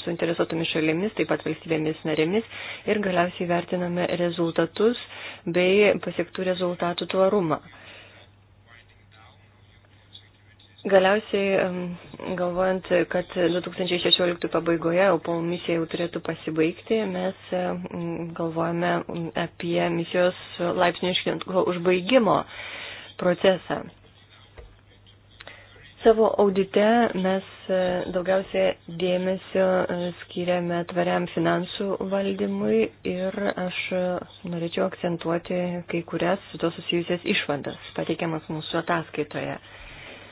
suinteresuotomis šalimis, taip pat valstybėmis narėmis ir galiausiai vertiname rezultatus bei pasiektų rezultatų tvarumą. Galiausiai, galvojant, kad 2016 pabaigoje UPOL misija jau turėtų pasibaigti, mes galvojame apie misijos laipsniškai užbaigimo procesą. Savo audite mes e, daugiausia dėmesio e, skiriame tvariam finansų valdymui ir aš norėčiau akcentuoti kai kurias su to susijusias išvadas pateikiamas mūsų ataskaitoje.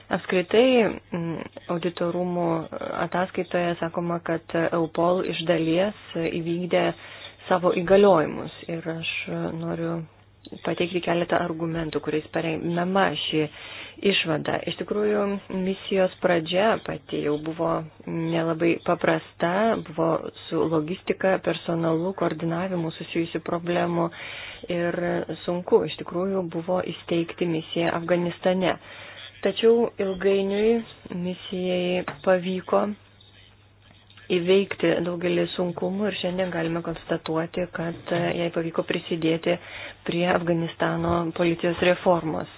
Apskritai, mm, auditorumų ataskaitoje sakoma, kad EUPOL iš dalies įvykdė savo įgaliojimus ir aš noriu pateikti keletą argumentų, kuriais pareinama ši išvada. Iš tikrųjų, misijos pradžia pati jau buvo nelabai paprasta, buvo su logistika, personalu, koordinavimu susijusių problemų ir sunku iš tikrųjų buvo įsteigti misiją Afganistane. Tačiau ilgainiui misijai pavyko įveikti daugelį sunkumų ir šiandien galime konstatuoti, kad jai pavyko prisidėti prie Afganistano policijos reformos.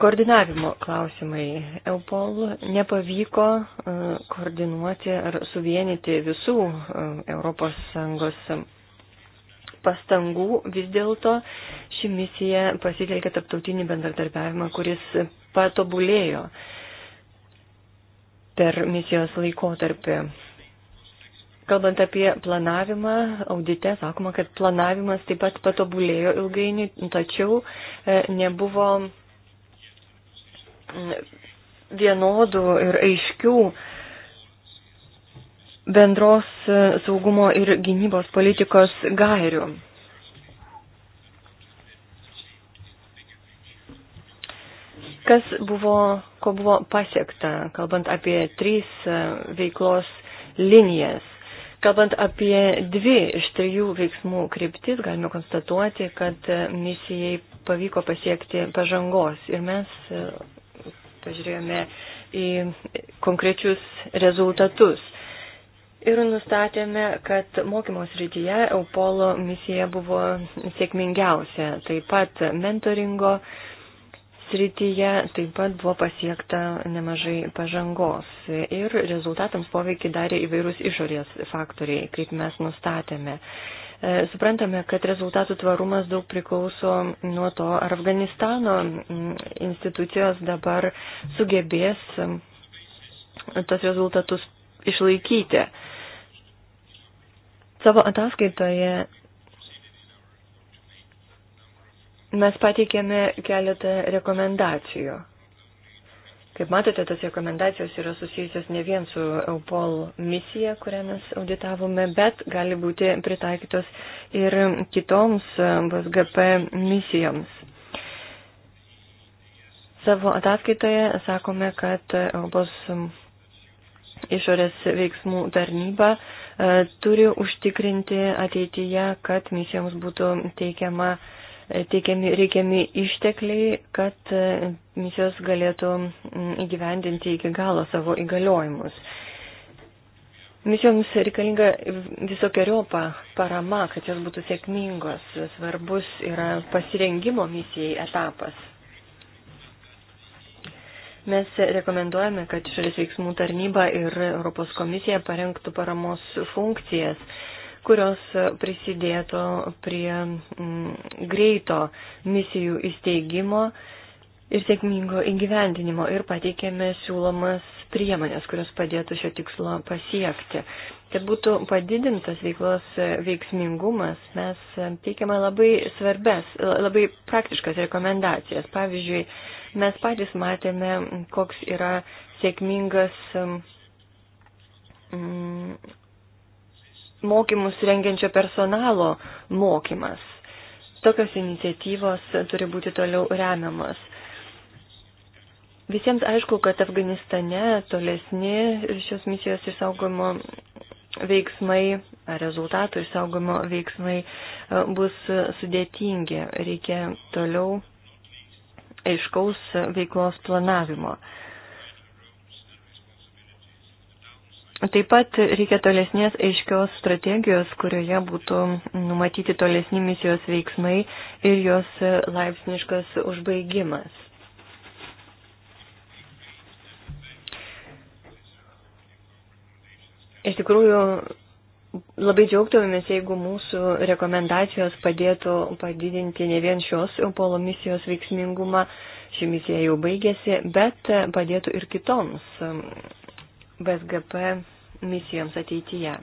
Koordinavimo klausimai. EUPOL nepavyko e, koordinuoti ar suvienyti visų ES pastangų vis dėlto ši misija pasitelkė taptautinį bendradarbiavimą, kuris patobulėjo per misijos laikotarpį. Kalbant apie planavimą, audite sakoma, kad planavimas taip pat patobulėjo ilgainiui, tačiau e, nebuvo vienodų ir aiškių bendros e, saugumo ir gynybos politikos gairių. Kas buvo, ko buvo pasiekta, kalbant apie trys e, veiklos linijas. Kalbant apie dvi iš trijų veiksmų kryptis, galime konstatuoti, kad e, misijai pavyko pasiekti pažangos ir mes pažiūrėjome į konkrečius rezultatus. Ir nustatėme, kad mokymo srityje Eupolo misija buvo sėkmingiausia. Taip pat mentoringo srityje taip pat buvo pasiekta nemažai pažangos. Ir rezultatams poveikį darė įvairūs išorės faktoriai, kaip mes nustatėme. E, suprantame, kad rezultatų tvarumas daug priklauso nuo to, ar Afganistano mm, institucijos dabar sugebės mm, tos rezultatus išlaikyti. Savo ataskaitoje mes pateikėme keletą rekomendacijų. Kaip matote, tas rekomendacijos yra susijusios ne vien su EUPOL misija, kurią mes auditavome, bet gali būti pritaikytos ir kitoms BSGP misijoms. Savo ataskaitoje sakome, kad EUPOLS išorės veiksmų tarnyba e, turi užtikrinti ateityje, kad misijoms būtų teikiama, e, teikiami reikiami ištekliai, kad e, misijos galėtų įgyvendinti iki galo savo įgaliojimus. Misijoms reikalinga visokiojopa parama, kad jos būtų sėkmingos. Svarbus yra pasirengimo misijai etapas. Mes rekomenduojame, kad šalies veiksmų tarnyba ir Europos komisija parengtų paramos funkcijas, kurios prisidėtų prie m, mm, greito misijų įsteigimo ir sėkmingo įgyvendinimo ir pateikėme siūlomas priemonės, kurios padėtų šio tikslo pasiekti. Kad būtų padidintas veiklos veiksmingumas, mes teikiame labai svarbes, labai praktiškas rekomendacijas. Pavyzdžiui, Mes patys matėme, koks yra sėkmingas mokymus rengiančio personalo mokymas. Tokios iniciatyvos turi būti toliau remiamas. Visiems aišku, kad Afganistane tolesni šios misijos išsaugojimo veiksmai, rezultatų išsaugojimo veiksmai e, bus sudėtingi. Reikia toliau aiškaus veiklos planavimo. Taip pat reikia tolesnės aiškios strategijos, kurioje būtų numatyti tolesni misijos veiksmai ir jos laipsniškas užbaigimas. Iš tikrųjų, Labai džiaugtumėmės, jeigu mūsų rekomendacijos padėtų padidinti ne vien šios Polo misijos veiksmingumą, ši misija jau baigėsi, bet padėtų ir kitoms BSGP um, misijoms ateityje.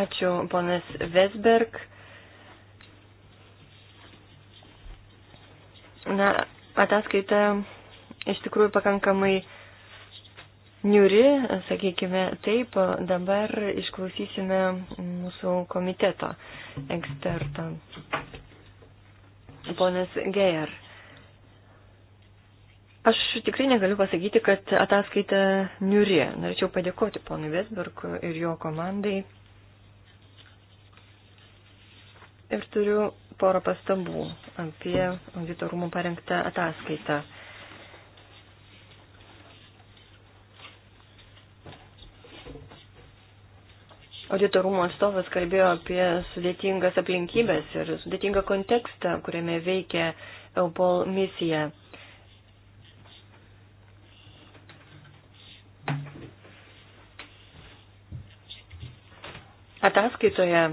Ačiū, ponas Vesberg. Na, ataskaita iš tikrųjų pakankamai niuri, sakykime taip, dabar išklausysime mūsų komiteto ekspertą. Ponas Geir. Aš tikrai negaliu pasakyti, kad ataskaita niuri. Norėčiau padėkoti ponui Vesberg ir jo komandai. Ir turiu porą pastabų apie auditorumų parengtą ataskaitą. Auditorumo atstovas kalbėjo apie sudėtingas aplinkybės ir sudėtingą kontekstą, kuriame veikia EUPOL misija. Ataskaitoje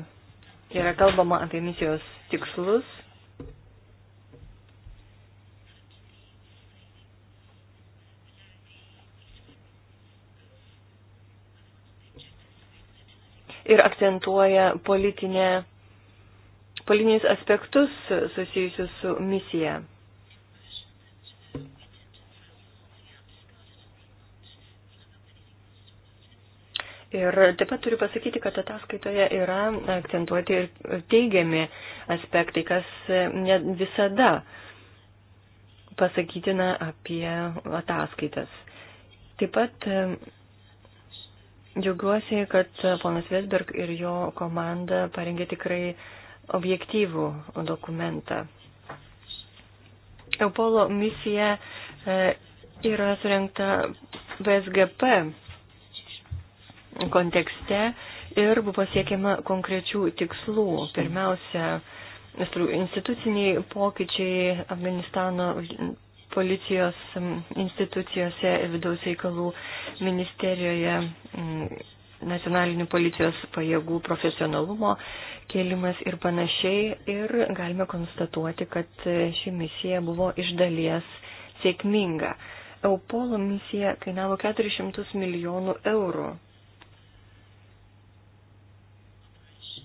yra kalbama apie misijos tikslus ir akcentuoja politinė, politiniais aspektus susijusius su misija. Ir taip pat turiu pasakyti, kad ataskaitoje yra akcentuoti ir teigiami aspektai, kas ne visada pasakytina apie ataskaitas. Taip pat Džiaugiuosi, kad ponas Vesberg ir jo komanda parengė tikrai objektyvų dokumentą. Eupolo misija e, yra surinkta VSGP kontekste ir buvo siekiama konkrečių tikslų. Pirmiausia, instituciniai pokyčiai Afganistano policijos institucijose ir vidaus reikalų ministerijoje nacionalinių policijos pajėgų profesionalumo kėlimas ir panašiai. Ir galime konstatuoti, kad ši misija buvo iš dalies sėkminga. Eupolo misija kainavo 400 milijonų eurų.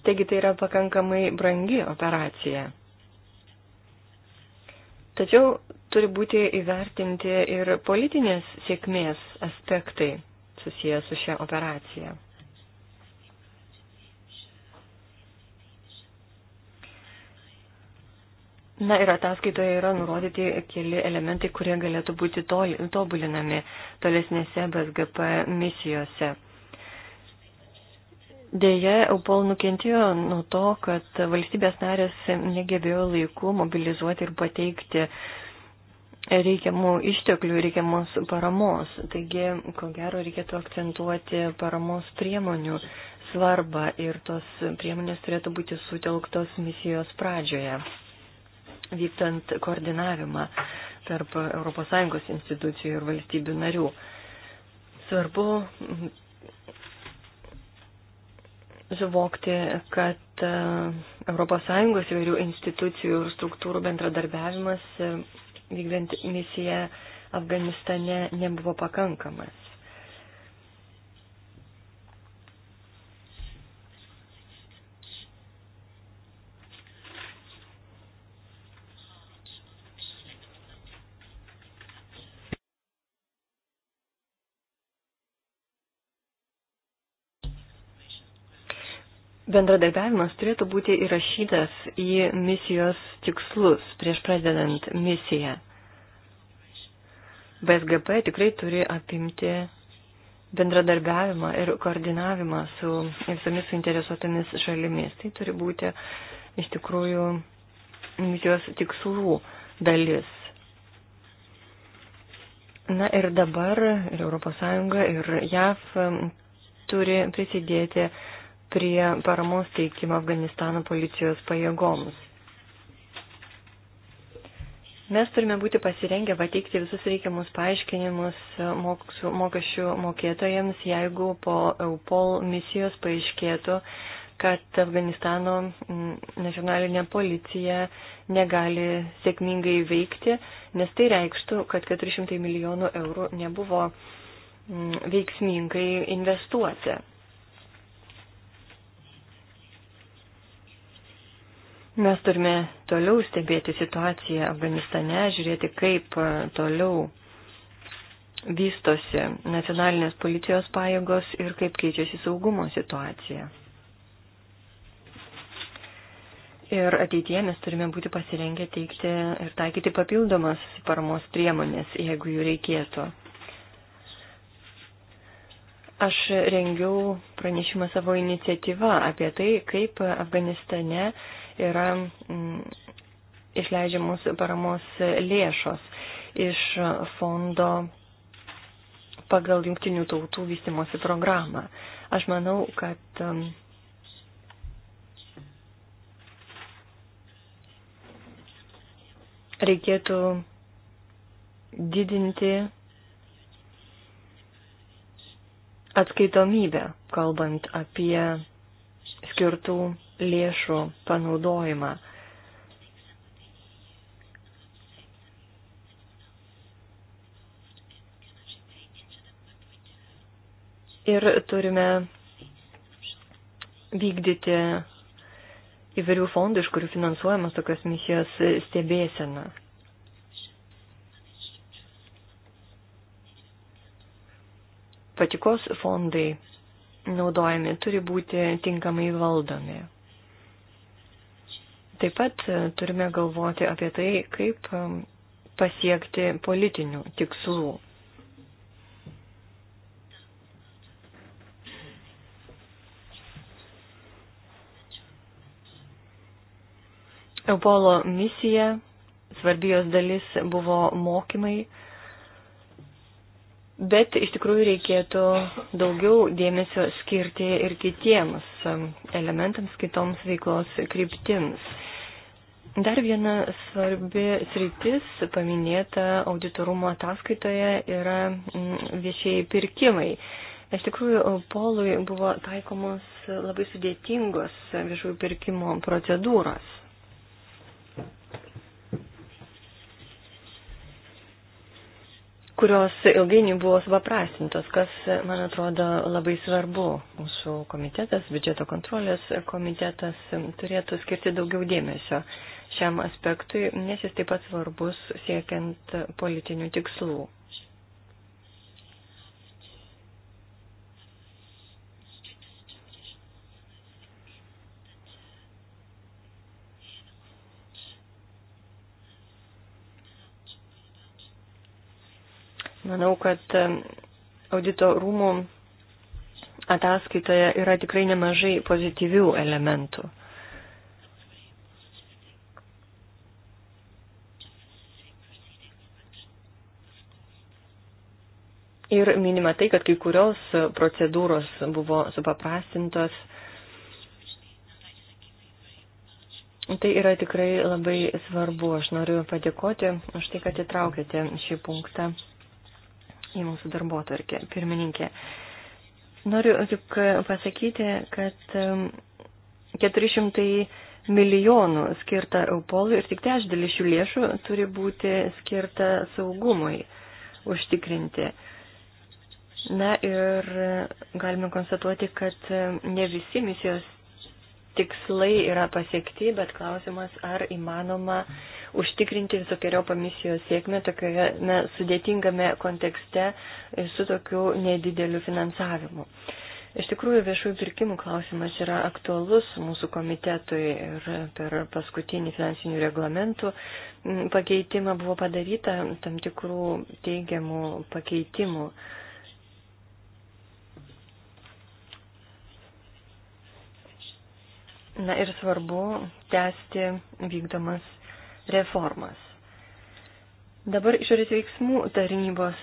Taigi tai yra pakankamai brangi operacija. Tačiau turi būti įvertinti ir politinės sėkmės aspektai susijęs su šia operacija. Na ir ataskaitoje yra nurodyti keli elementai, kurie galėtų būti tol, tobulinami tolesnėse BSGP misijose. Deja, Eupol nukentėjo nuo to, kad valstybės narės negebėjo laiku mobilizuoti ir pateikti reikiamų išteklių, reikiamos paramos. Taigi, ko gero, reikėtų akcentuoti paramos priemonių svarbą ir tos priemonės turėtų būti sutelktos misijos pradžioje, vykdant koordinavimą tarp ES institucijų ir valstybių narių. Svarbu suvokti, kad ES įvairių institucijų ir struktūrų bendradarbiavimas e, vykdant misiją Afganistane nebuvo pakankamas. Bendradarbiavimas turėtų būti įrašytas į misijos tikslus prieš pradedant misiją. BSGP tikrai turi apimti bendradarbiavimą ir koordinavimą su visomis suinteresuotomis šalimis. Tai turi būti iš tikrųjų misijos tikslų dalis. Na ir dabar ir ES, ir JAF turi prisidėti uh, prie paramos teikimo Afganistano policijos pajėgoms. Mes turime būti pasirengę pateikti visus reikiamus paaiškinimus mokesčių mokėtojams, jeigu po EUPOL misijos paaiškėtų, kad Afganistano mm, nacionalinė policija negali sėkmingai veikti, nes tai reikštų, kad 400 milijonų eurų nebuvo mm, veiksmingai investuoti. Mes turime toliau stebėti situaciją Afganistane, žiūrėti, kaip e, toliau vystosi nacionalinės policijos pajėgos ir kaip keičiasi saugumo situacija. Ir ateitie mes turime būti pasirengę teikti ir taikyti papildomas paramos priemonės, jeigu jų reikėtų. Aš rengiau pranešimą savo iniciatyvą apie tai, kaip Afganistane uh, yra mm, išleidžiamos paramos lėšos iš fondo pagal jungtinių tautų vystimosi programą. Aš manau, kad mm, reikėtų didinti atskaitomybę, kalbant apie skirtų lėšų panaudojimą. Ir turime vykdyti įvairių fondų, iš kurių finansuojamas tokios misijos stebėsena. Patikos fondai naudojami turi būti tinkamai valdomi. Taip pat e, turime galvoti apie tai, kaip e, pasiekti politinių tikslų. Eupolo misija, svarbi jos dalis buvo mokymai, bet iš tikrųjų reikėtų daugiau dėmesio skirti ir kitiems e, elementams, kitoms veiklos kryptims Dar viena svarbi sritis paminėta auditorumo ataskaitoje yra mm, viešieji pirkimai. Iš tikrųjų, Polui buvo taikomos labai sudėtingos viešųjų pirkimo procedūros. kurios ilgainiui buvo supaprastintos, kas, man atrodo, labai svarbu. Mūsų komitetas, biudžeto kontrolės komitetas turėtų skirti daugiau dėmesio šiam aspektui, nes jis taip pat svarbus siekiant politinių tikslų. Manau, kad um, audito rūmų ataskaitoje yra tikrai nemažai pozityvių elementų. Ir minima tai, kad kai kurios procedūros buvo supaprastintos. Tai yra tikrai labai svarbu. Aš noriu padėkoti už tai, kad įtraukėte šį punktą į mūsų darbo tvarkę, pirmininkė. Noriu tik pasakyti, kad 400 um, milijonų skirta Eupolui ir tik trečdalis šių lėšų turi būti skirta saugumui užtikrinti. Na ir galime konstatuoti, kad ne visi misijos tikslai yra pasiekti, bet klausimas, ar įmanoma užtikrinti visokiojopą misijos sėkmę tokioje na, sudėtingame kontekste su tokiu nedideliu finansavimu. Iš tikrųjų, viešųjų pirkimų klausimas yra aktualus mūsų komitetui ir per paskutinį finansinių reglamentų pakeitimą buvo padaryta tam tikrų teigiamų pakeitimų. Na ir svarbu tęsti vykdomas reformas. Dabar išorės veiksmų tarnybos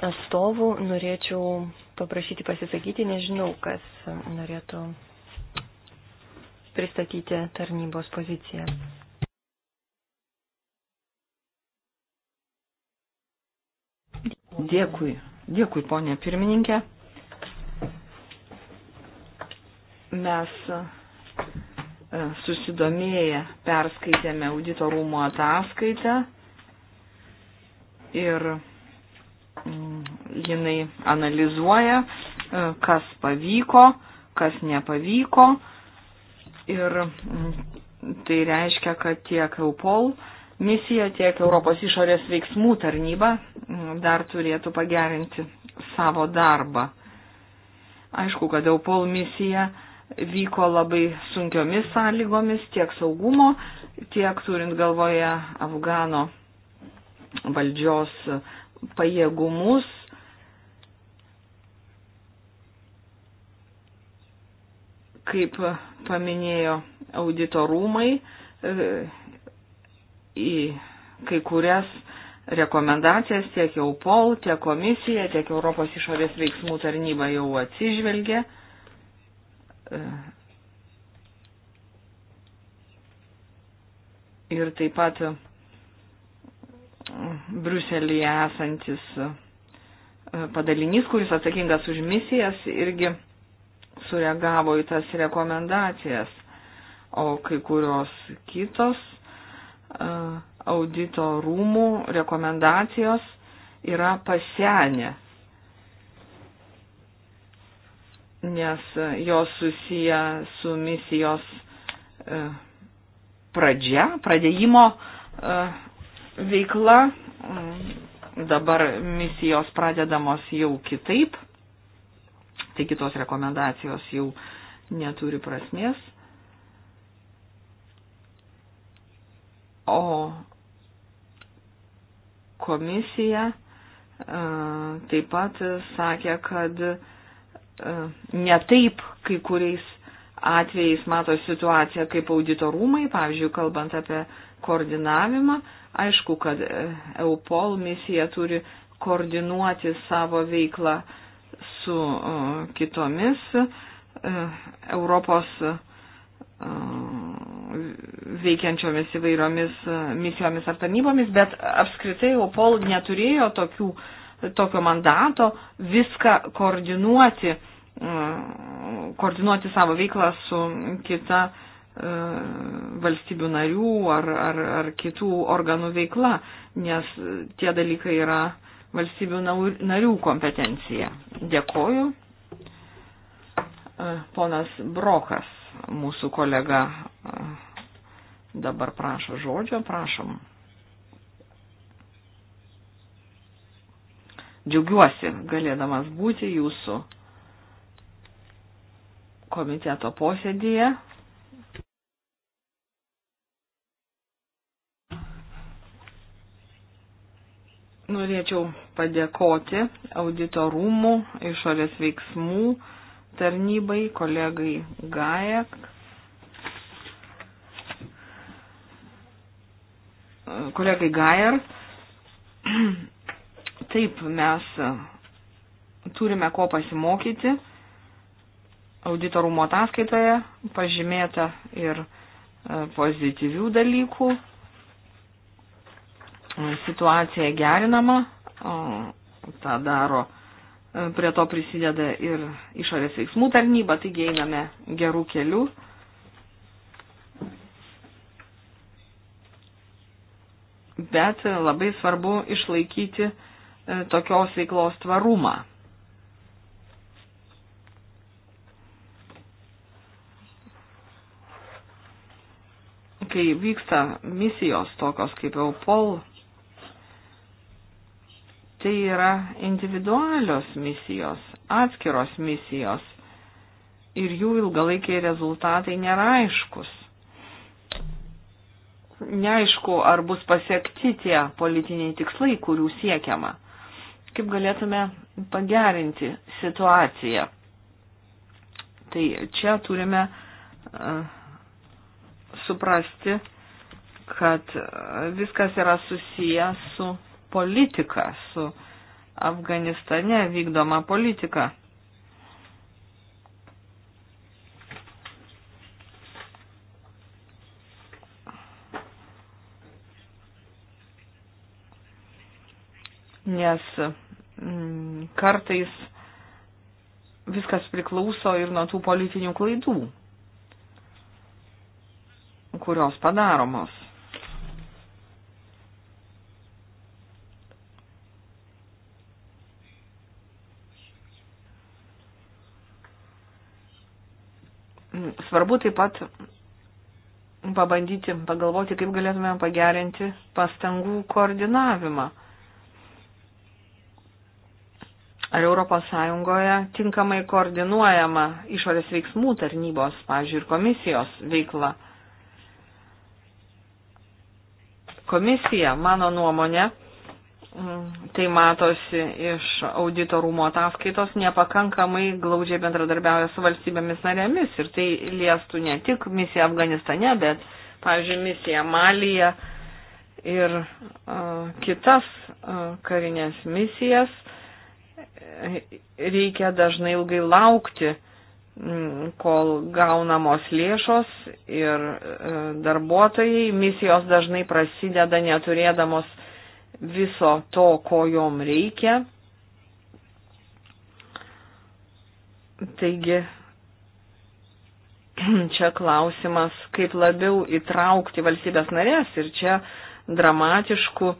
atstovų norėčiau paprašyti pasisakyti, nežinau, kas norėtų pristatyti tarnybos poziciją. Dėkui. Dėkui, ponė pirmininkė. Mes E, susidomėję perskaitėme audito rūmų ataskaitą ir mm, jinai analizuoja, e, kas pavyko, kas nepavyko ir mm, tai reiškia, kad tiek EUPOL misija, tiek Europos išorės veiksmų tarnyba mm, dar turėtų pagerinti savo darbą. Aišku, kad EUPOL misija uh, vyko labai sunkiomis sąlygomis tiek saugumo, tiek turint galvoje Afgano valdžios pajėgumus. Kaip paminėjo auditorumai, e, į kai kurias rekomendacijas tiek jau POL, tiek komisija, tiek Europos išorės veiksmų tarnyba jau atsižvelgia. E, ir taip pat e, Bruselėje esantis e, padalinys, kuris atsakingas už misijas, irgi sureagavo į tas rekomendacijas, o kai kurios kitos audito rūmų rekomendacijos yra pasenę. nes jos susiję su misijos e, pradžia, pradėjimo e, veikla. Mm, dabar misijos pradedamos jau kitaip, taigi tos rekomendacijos jau neturi prasmės. O komisija e, taip pat sakė, kad E, netaip kai kuriais atvejais mato situaciją kaip auditorumai, pavyzdžiui, kalbant apie koordinavimą. Aišku, kad e, EUPOL misija turi koordinuoti savo veiklą su e, kitomis Europos veikiančiomis įvairiomis misijomis ar tarnybomis, bet apskritai EUPOL neturėjo tokių uh, tokio mandato viską koordinuoti, mm, koordinuoti savo veiklą su kita mm, valstybių narių ar, ar, ar kitų organų veikla, nes tie dalykai yra valstybių narių kompetencija. Dėkoju. E, ponas Brokas, mūsų kolega, e, dabar prašo žodžio, prašom. džiaugiuosi galėdamas būti jūsų komiteto posėdėje. Norėčiau padėkoti auditorumų, išorės veiksmų tarnybai, kolegai Gajek, kolegai Gajer Taip mes e, turime ko pasimokyti. Auditorumo ataskaitoje pažymėta ir e, pozityvių dalykų. Situacija gerinama, tą daro, e, prie to prisideda ir išorės veiksmų tarnyba, taigi einame gerų kelių. Bet labai svarbu išlaikyti uh, E, tokios veiklos tvarumą. Kai vyksta misijos tokios kaip EUPOL, tai yra individualios misijos, atskiros misijos ir jų ilgalaikiai rezultatai nėra aiškus. Neaišku, ar bus pasiekti tie politiniai tikslai, kurių siekiama kaip galėtume pagerinti situaciją. Tai čia turime e, suprasti, kad viskas yra susiję su politika, su Afganistane vykdoma politika. nes kartais viskas priklauso ir nuo tų politinių klaidų, kurios padaromos. Svarbu taip pat pabandyti pagalvoti, kaip galėtume pagerinti pastangų koordinavimą. ar ES tinkamai koordinuojama išorės veiksmų tarnybos, pavyzdžiui, ir komisijos veikla. Komisija, mano nuomonė, mm, tai matosi iš audito rūmo ataskaitos, nepakankamai glaudžiai bendradarbiauja su valstybėmis narėmis ir tai liestų ne tik misiją Afganistane, bet, pavyzdžiui, misiją Malyje ir uh, kitas uh, karinės misijas reikia dažnai ilgai laukti, mm, kol gaunamos lėšos ir e, darbuotojai misijos dažnai prasideda neturėdamos viso to, ko jom reikia. Taigi, čia klausimas, kaip labiau įtraukti valstybės narės ir čia dramatiškų e,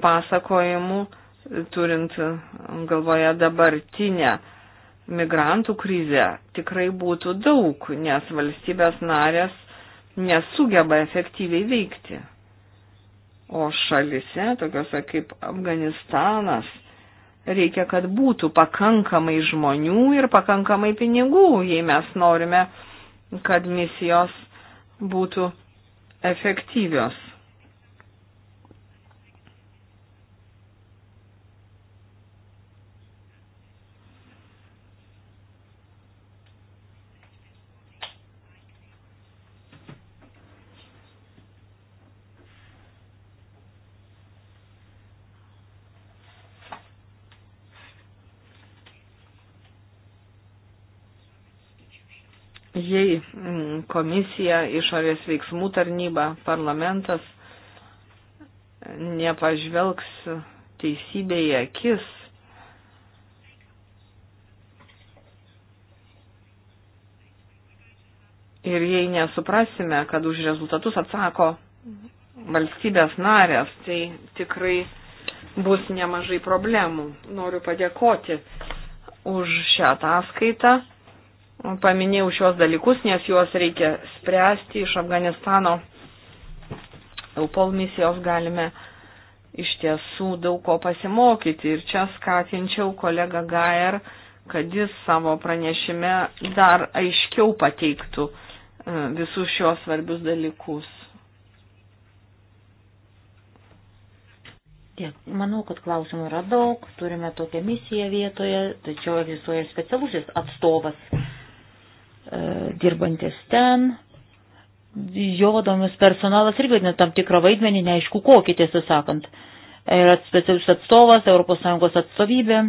pasakojimų turint galvoje dabartinę migrantų krizę, tikrai būtų daug, nes valstybės narės nesugeba efektyviai veikti. O šalise, tokiuose kaip Afganistanas, reikia, kad būtų pakankamai žmonių ir pakankamai pinigų, jei mes norime, kad misijos būtų efektyvios. jei mm, komisija, išorės veiksmų tarnyba, parlamentas nepažvelgs teisybėje akis, ir jei nesuprasime, kad už rezultatus atsako valstybės narės, tai tikrai bus nemažai problemų. Noriu padėkoti už šią ataskaitą paminėjau šios dalykus, nes juos reikia spręsti iš Afganistano. EUPOL misijos galime iš tiesų daug ko pasimokyti ir čia skatinčiau kolegą Gair, kad jis savo pranešime dar aiškiau pateiktų e, visus šios svarbius dalykus. Tiek, manau, kad klausimų yra daug, turime tokią misiją vietoje, tačiau egzistuoja specialusis atstovas E, dirbantis ten, jodomis personalas irgi vaidina tam tikrą vaidmenį, neaišku kokį, tiesą sakant. E, yra specialus atstovas, ES atstovybė.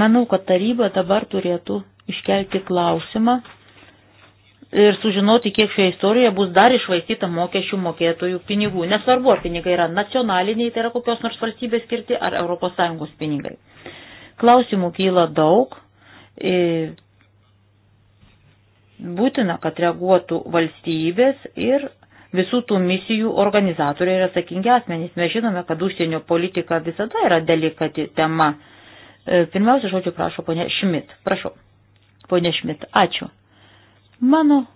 Manau, kad taryba dabar turėtų iškelti klausimą ir sužinoti, kiek šioje istorijoje bus dar išvaistyta mokesčių mokėtojų pinigų. Nesvarbu, ar pinigai yra nacionaliniai, tai yra kokios nors valstybės skirti, ar ES pinigai. Klausimų kyla daug, būtina, kad reaguotų valstybės ir visų tų misijų organizatoriai yra atsakingi asmenys. Mes žinome, kad užsienio politika visada yra delikati tema. E, pirmiausia, žodžiu, prašau, ponė Šmit. Prašau. Ponė Šmit, ačiū. Mano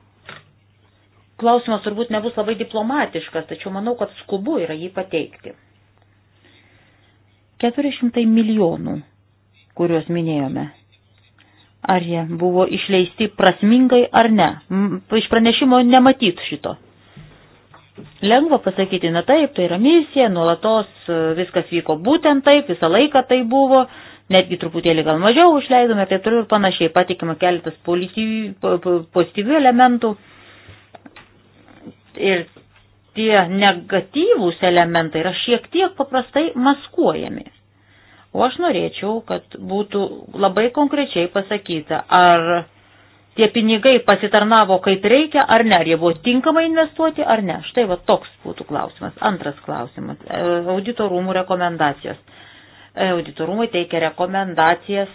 klausimas turbūt nebus labai diplomatiškas, tačiau manau, kad skubu yra jį pateikti. 400 milijonų, kuriuos minėjome, Ar jie buvo išleisti prasmingai ar ne? Iš pranešimo nematyt šito. Lengva pasakyti, na taip, tai yra misija, nuolatos e, viskas vyko būtent taip, visą laiką tai buvo, netgi truputėlį gal mažiau išleidome, tai turiu ir panašiai, patikima keletas pozityvių elementų. Ir tie negatyvūs elementai yra šiek tiek paprastai maskuojami. O aš norėčiau, kad būtų labai konkrečiai pasakyta, ar tie pinigai pasitarnavo kaip reikia ar ne, ar jie buvo tinkamai investuoti ar ne. Štai va toks būtų klausimas. Antras klausimas. E, auditorumų rekomendacijos. E, auditorumai teikia rekomendacijas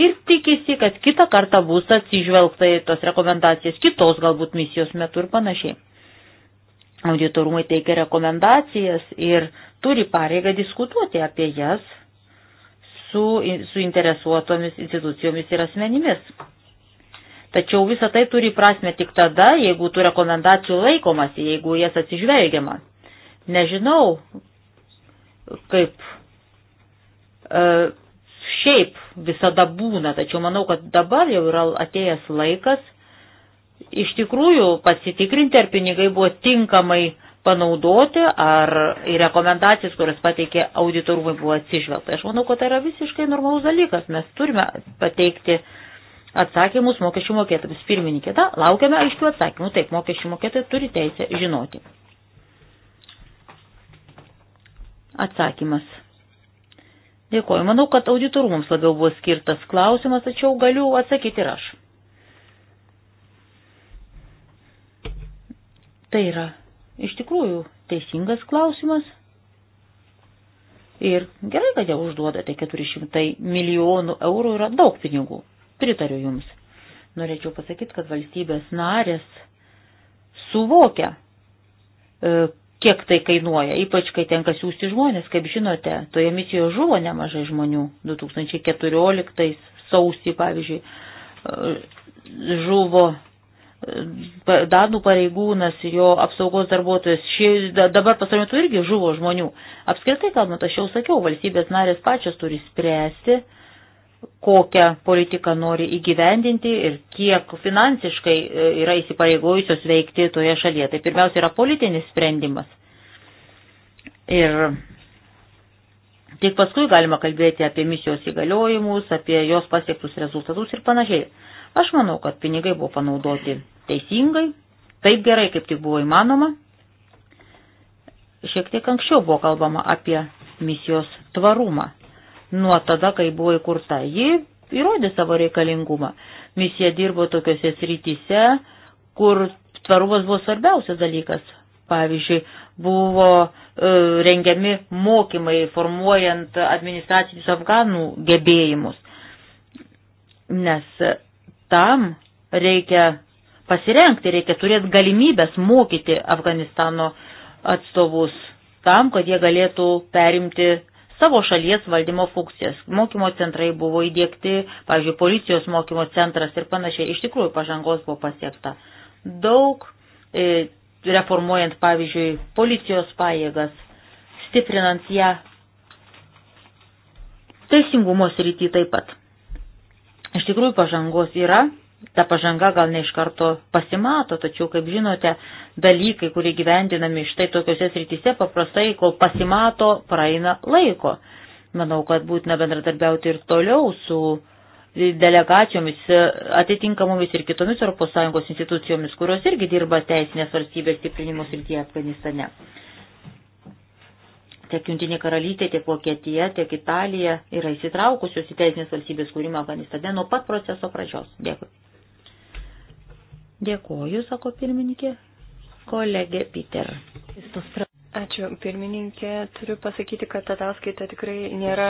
ir tikisi, kad kitą kartą bus atsižvelgta į tos rekomendacijas kitos galbūt misijos metu ir panašiai. Auditorumai teikia rekomendacijas ir turi pareigą diskutuoti apie jas su suinteresuotomis institucijomis ir asmenimis. Tačiau visa tai turi prasme tik tada, jeigu tų rekomendacijų laikomasi, jeigu jas atsižvelgiama. Nežinau, kaip e, šiaip visada būna, tačiau manau, kad dabar jau yra atėjęs laikas iš tikrųjų pasitikrinti, ar pinigai buvo tinkamai panaudoti, ar į rekomendacijas, kurias pateikė auditorumai, buvo atsižvelgta. Aš manau, kad tai yra visiškai normalus dalykas. Mes turime pateikti atsakymus mokesčių mokėtams. Pirmininkė, ta, laukiame aiškių atsakymų. Taip, mokesčių mokėtai turi teisę žinoti. Atsakymas. Dėkuoju. Manau, kad auditorumams labiau buvo skirtas klausimas, tačiau galiu atsakyti ir aš. Tai yra iš tikrųjų teisingas klausimas. Ir gerai, kad ją užduodate, 400 milijonų eurų yra daug pinigų. Pritariu Jums. Norėčiau pasakyti, kad valstybės narės suvokia, e, kiek tai kainuoja, ypač kai tenka siūsti žmonės, kaip žinote, toje misijoje žuvo nemažai žmonių. 2014 sausį, pavyzdžiui, e, žuvo danų pareigūnas, jo apsaugos darbuotojas, šie, dabar pasaulio irgi žuvo žmonių. Apskritai, kalbant, aš jau sakiau, valstybės narės pačios turi spręsti, kokią politiką nori įgyvendinti ir kiek finansiškai e, yra įsipareigojusios veikti toje šalyje. Tai pirmiausia yra politinis sprendimas. Ir tik paskui galima kalbėti apie misijos įgaliojimus, apie jos pasiektus rezultatus ir panašiai. Aš manau, kad pinigai buvo panaudoti teisingai, taip gerai, kaip tik buvo įmanoma. Šiek tiek anksčiau buvo kalbama apie misijos tvarumą. Nuo tada, kai buvo įkurta, ji įrodė savo reikalingumą. Misija dirbo tokiuose srityse, kur tvarumas buvo svarbiausias dalykas. Pavyzdžiui, buvo e, rengiami mokymai formuojant administracinius afganų gebėjimus, nes tam reikia pasirenkti, reikia turėti galimybės mokyti Afganistano atstovus tam, kad jie galėtų perimti savo šalies valdymo funkcijas. Mokymo centrai buvo įdėkti, pavyzdžiui, policijos mokymo centras ir panašiai. Iš tikrųjų, pažangos buvo pasiekta daug, e, reformuojant, pavyzdžiui, policijos pajėgas, stiprinant ją. Teisingumo srity taip pat. Iš tikrųjų pažangos yra, ta pažanga gal ne iš karto pasimato, tačiau, kaip žinote, dalykai, kurie gyvendinami štai tokiuose srityse, paprastai, kol pasimato, praeina laiko. Manau, kad būtina bendradarbiauti ir toliau su delegacijomis, atitinkamomis ir kitomis ES institucijomis, kurios irgi dirba teisinės valstybės stiprinimo srityje Afganistane. Ir Tiek Junktinė karalystė, tiek Vokietija, tiek Italija yra įsitraukusios į teisinės valstybės kūrimą Afganistane nuo pat proceso pradžios. Dėkui. Dėkoju, sako pirmininkė. Kolegė Peter. Ačiū, pirmininkė. Turiu pasakyti, kad ataskaita tikrai nėra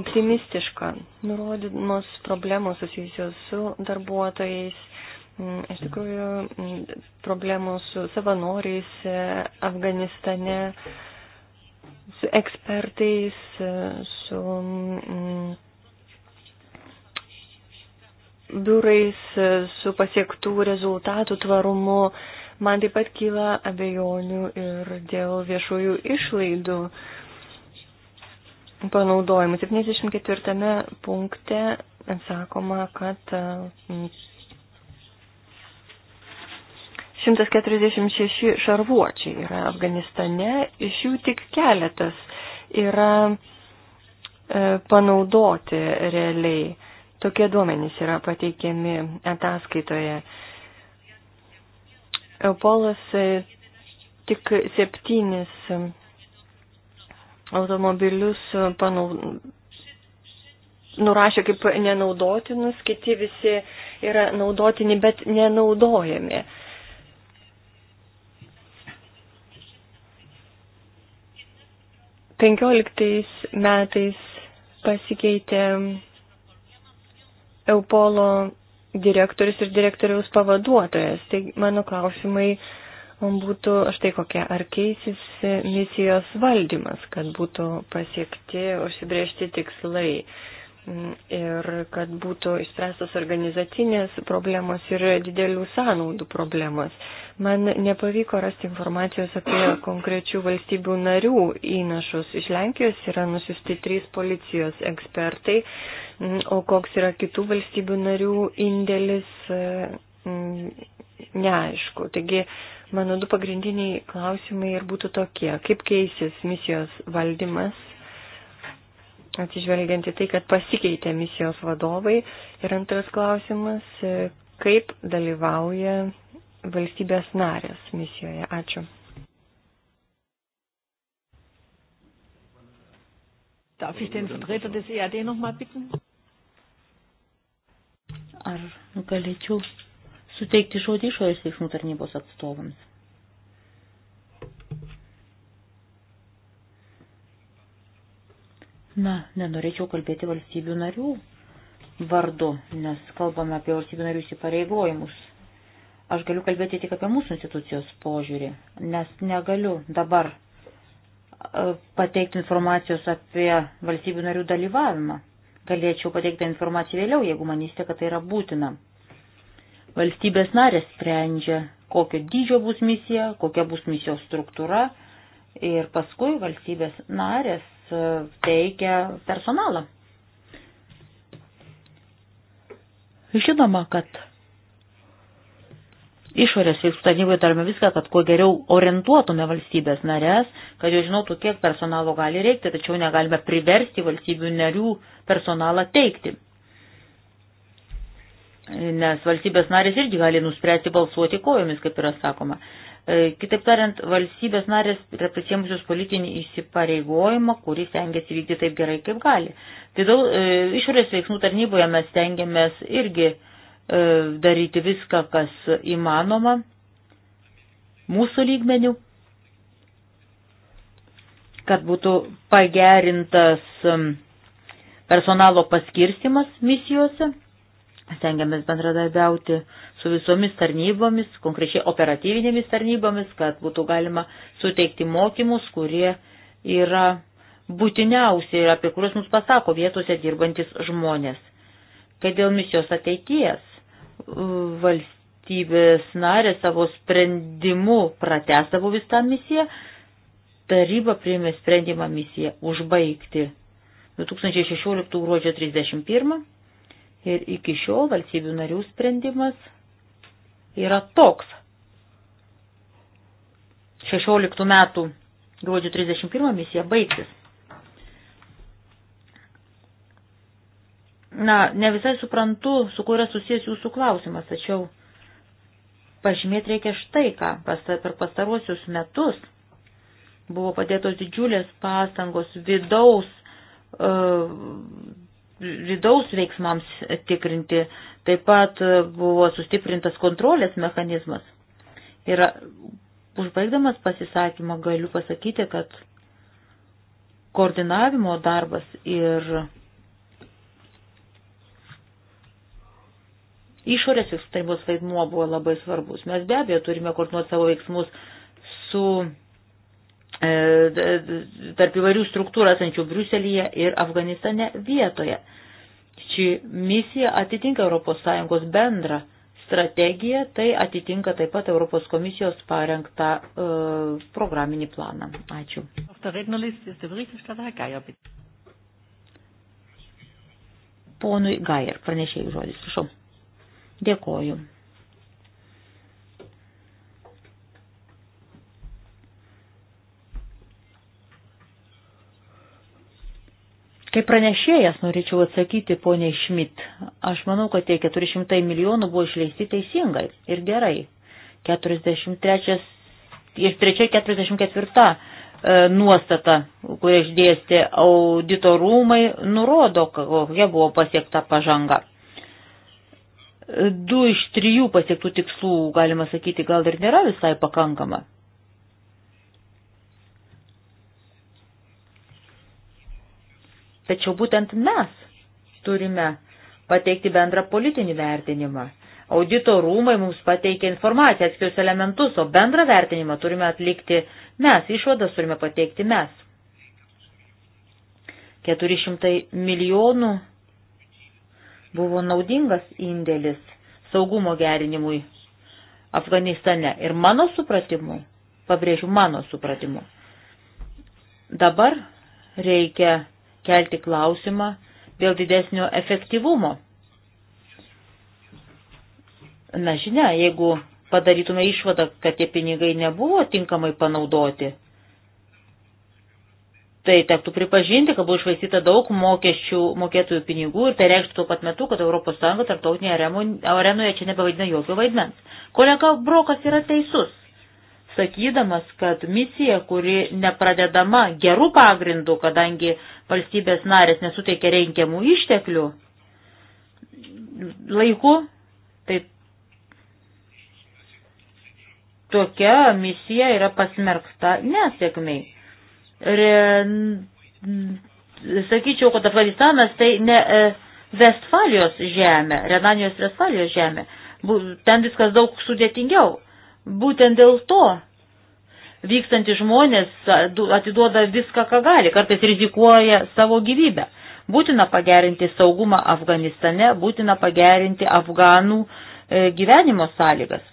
optimistiška. Nurodynos problemos susijusios su darbuotojais Mm, iš tikrųjų, mm, problemų su savanoriais e, Afganistane, su ekspertais, e, su mm, biurais, e, su pasiektų rezultatų tvarumu. Man taip pat kyla abejonių ir dėl viešųjų išlaidų panaudojimų. 74 punkte sakoma, kad 146 šarvuočiai yra Afganistane, iš jų tik keletas yra e, panaudoti realiai. Tokie duomenys yra pateikiami ataskaitoje. Eupolas e, tik septynis automobilius panau... nurašė kaip nenaudotinus, kiti visi yra naudotini, bet nenaudojami. 15 metais pasikeitė Eupolo direktorius ir direktoriaus pavaduotojas. Tai mano klausimai būtų štai kokie, ar keisis misijos valdymas, kad būtų pasiekti užsibriežti tikslai ir kad būtų išspręstos organizacinės problemos ir didelių sąnaudų problemos. Man nepavyko rasti informacijos apie konkrečių valstybių narių įnašus. Iš Lenkijos yra nusiusti trys policijos ekspertai, o koks yra kitų valstybių narių indėlis, e, neaišku. Taigi, mano du pagrindiniai klausimai ir būtų tokie, kaip keisis misijos valdymas atsižvelgiant į tai, kad pasikeitė misijos vadovai. Ir antras klausimas, kaip dalyvauja valstybės narės misijoje. Ačiū. Darf ich den Vertreter des EAD nochmal bitten? Ar galėčiau suteikti žodį išorės veiksmų tarnybos atstovams? Na, nenorėčiau kalbėti valstybių narių vardu, nes kalbame apie valstybių narių įsipareigojimus. Aš galiu kalbėti tik apie mūsų institucijos požiūrį, nes negaliu dabar e, pateikti informacijos apie valstybių narių dalyvavimą. Galėčiau pateikti informaciją vėliau, jeigu manysite, kad tai yra būtina. Valstybės narės sprendžia, kokio dydžio bus misija, kokia bus misijos struktūra ir paskui valstybės narės teikia personalą. Žinoma, kad išorės veiksmų tarnyboje darome viską, kad kuo geriau orientuotume valstybės narės, kad jau žinotų, kiek personalo gali reikti, tačiau negalime priversti valstybių narių personalą teikti. Nes valstybės narės irgi gali nuspręsti balsuoti kojomis, kaip yra sakoma. E, kitaip tariant, valstybės narės yra prisėmusios politinį įsipareigojimą, kuris stengiasi vykdyti taip gerai, kaip gali. Todėl e, išorės veiksmų tarnyboje mes stengiamės irgi e, daryti viską, kas įmanoma mūsų lygmenių, kad būtų pagerintas personalo paskirstimas misijose. Stengiamės bendradarbiauti su visomis tarnybomis, konkrečiai operatyvinėmis tarnybomis, kad būtų galima suteikti mokymus, kurie yra būtiniausi ir apie kuriuos mums pasako vietose dirbantis žmonės. Kad dėl misijos ateities valstybės narė savo sprendimu pratesdavo vis tą misiją, taryba priėmė sprendimą misiją užbaigti 2016 gruodžio 31 ir iki šiol valstybių narių sprendimas yra toks. 16 metų gruodžio 31 misija baigsis. Na, ne visai suprantu, su kuo yra susijęs jūsų klausimas, tačiau pažymėti reikia štai ką. Per pastaruosius metus buvo padėtos didžiulės pastangos vidaus e, vidaus veiksmams tikrinti. Taip pat buvo sustiprintas kontrolės mechanizmas. Ir užbaigdamas pasisakymą galiu pasakyti, kad koordinavimo darbas ir išorės tarybos vaidmuo buvo labai svarbus. Mes be abejo turime koordinuoti savo veiksmus su E, tarp įvairių struktūrų esančių Briuselyje ir Afganistane vietoje. Ši misija atitinka ES bendrą strategiją, tai atitinka taip pat Europos komisijos parengtą uh, programinį planą. Ačiū. Ponui Gajer, pranešėjų žodis, prašau. Dėkoju. Kaip pranešėjas norėčiau atsakyti poniai Šmit. Aš manau, kad tie 400 milijonų buvo išleisti teisingai ir gerai. 43 ir 344 e, nuostata, kurią išdėstė auditorumai, nurodo, kokia buvo pasiekta pažanga. E, du iš trijų pasiektų tikslų, galima sakyti, gal ir nėra visai pakankama. Tačiau būtent mes turime pateikti bendrą politinį vertinimą. Audito rūmai mums pateikia informaciją, atskirius elementus, o bendrą vertinimą turime atlikti mes, išvadas turime pateikti mes. 400 milijonų buvo naudingas indėlis saugumo gerinimui Afganistane. Ir mano supratimu, pabrėžiu mano supratimu, dabar reikia kelti klausimą dėl didesnio efektyvumo. Na žinia, jeigu padarytume išvadą, kad tie pinigai nebuvo tinkamai panaudoti, tai tektų pripažinti, kad buvo išvaistyta daug mokesčių mokėtojų pinigų ir tai reikštų tuo pat metu, kad ES tarptautinėje arenoje čia nebevaidina jokio vaidmens. Kolega Brokas yra teisus sakydamas, kad misija, kuri nepradedama gerų pagrindų, kadangi valstybės narės nesuteikia reikiamų išteklių laiku, tai tokia misija yra pasmerkta nesėkmiai. Re, sakyčiau, kad Afganistanas tai ne e, Vestfalijos žemė, Renanijos Vestfalijos žemė. Ten viskas daug sudėtingiau. Būtent dėl to vykstantys žmonės atiduoda viską, ką gali, kartais rizikuoja savo gyvybę. Būtina pagerinti saugumą Afganistane, būtina pagerinti afganų e, gyvenimo sąlygas.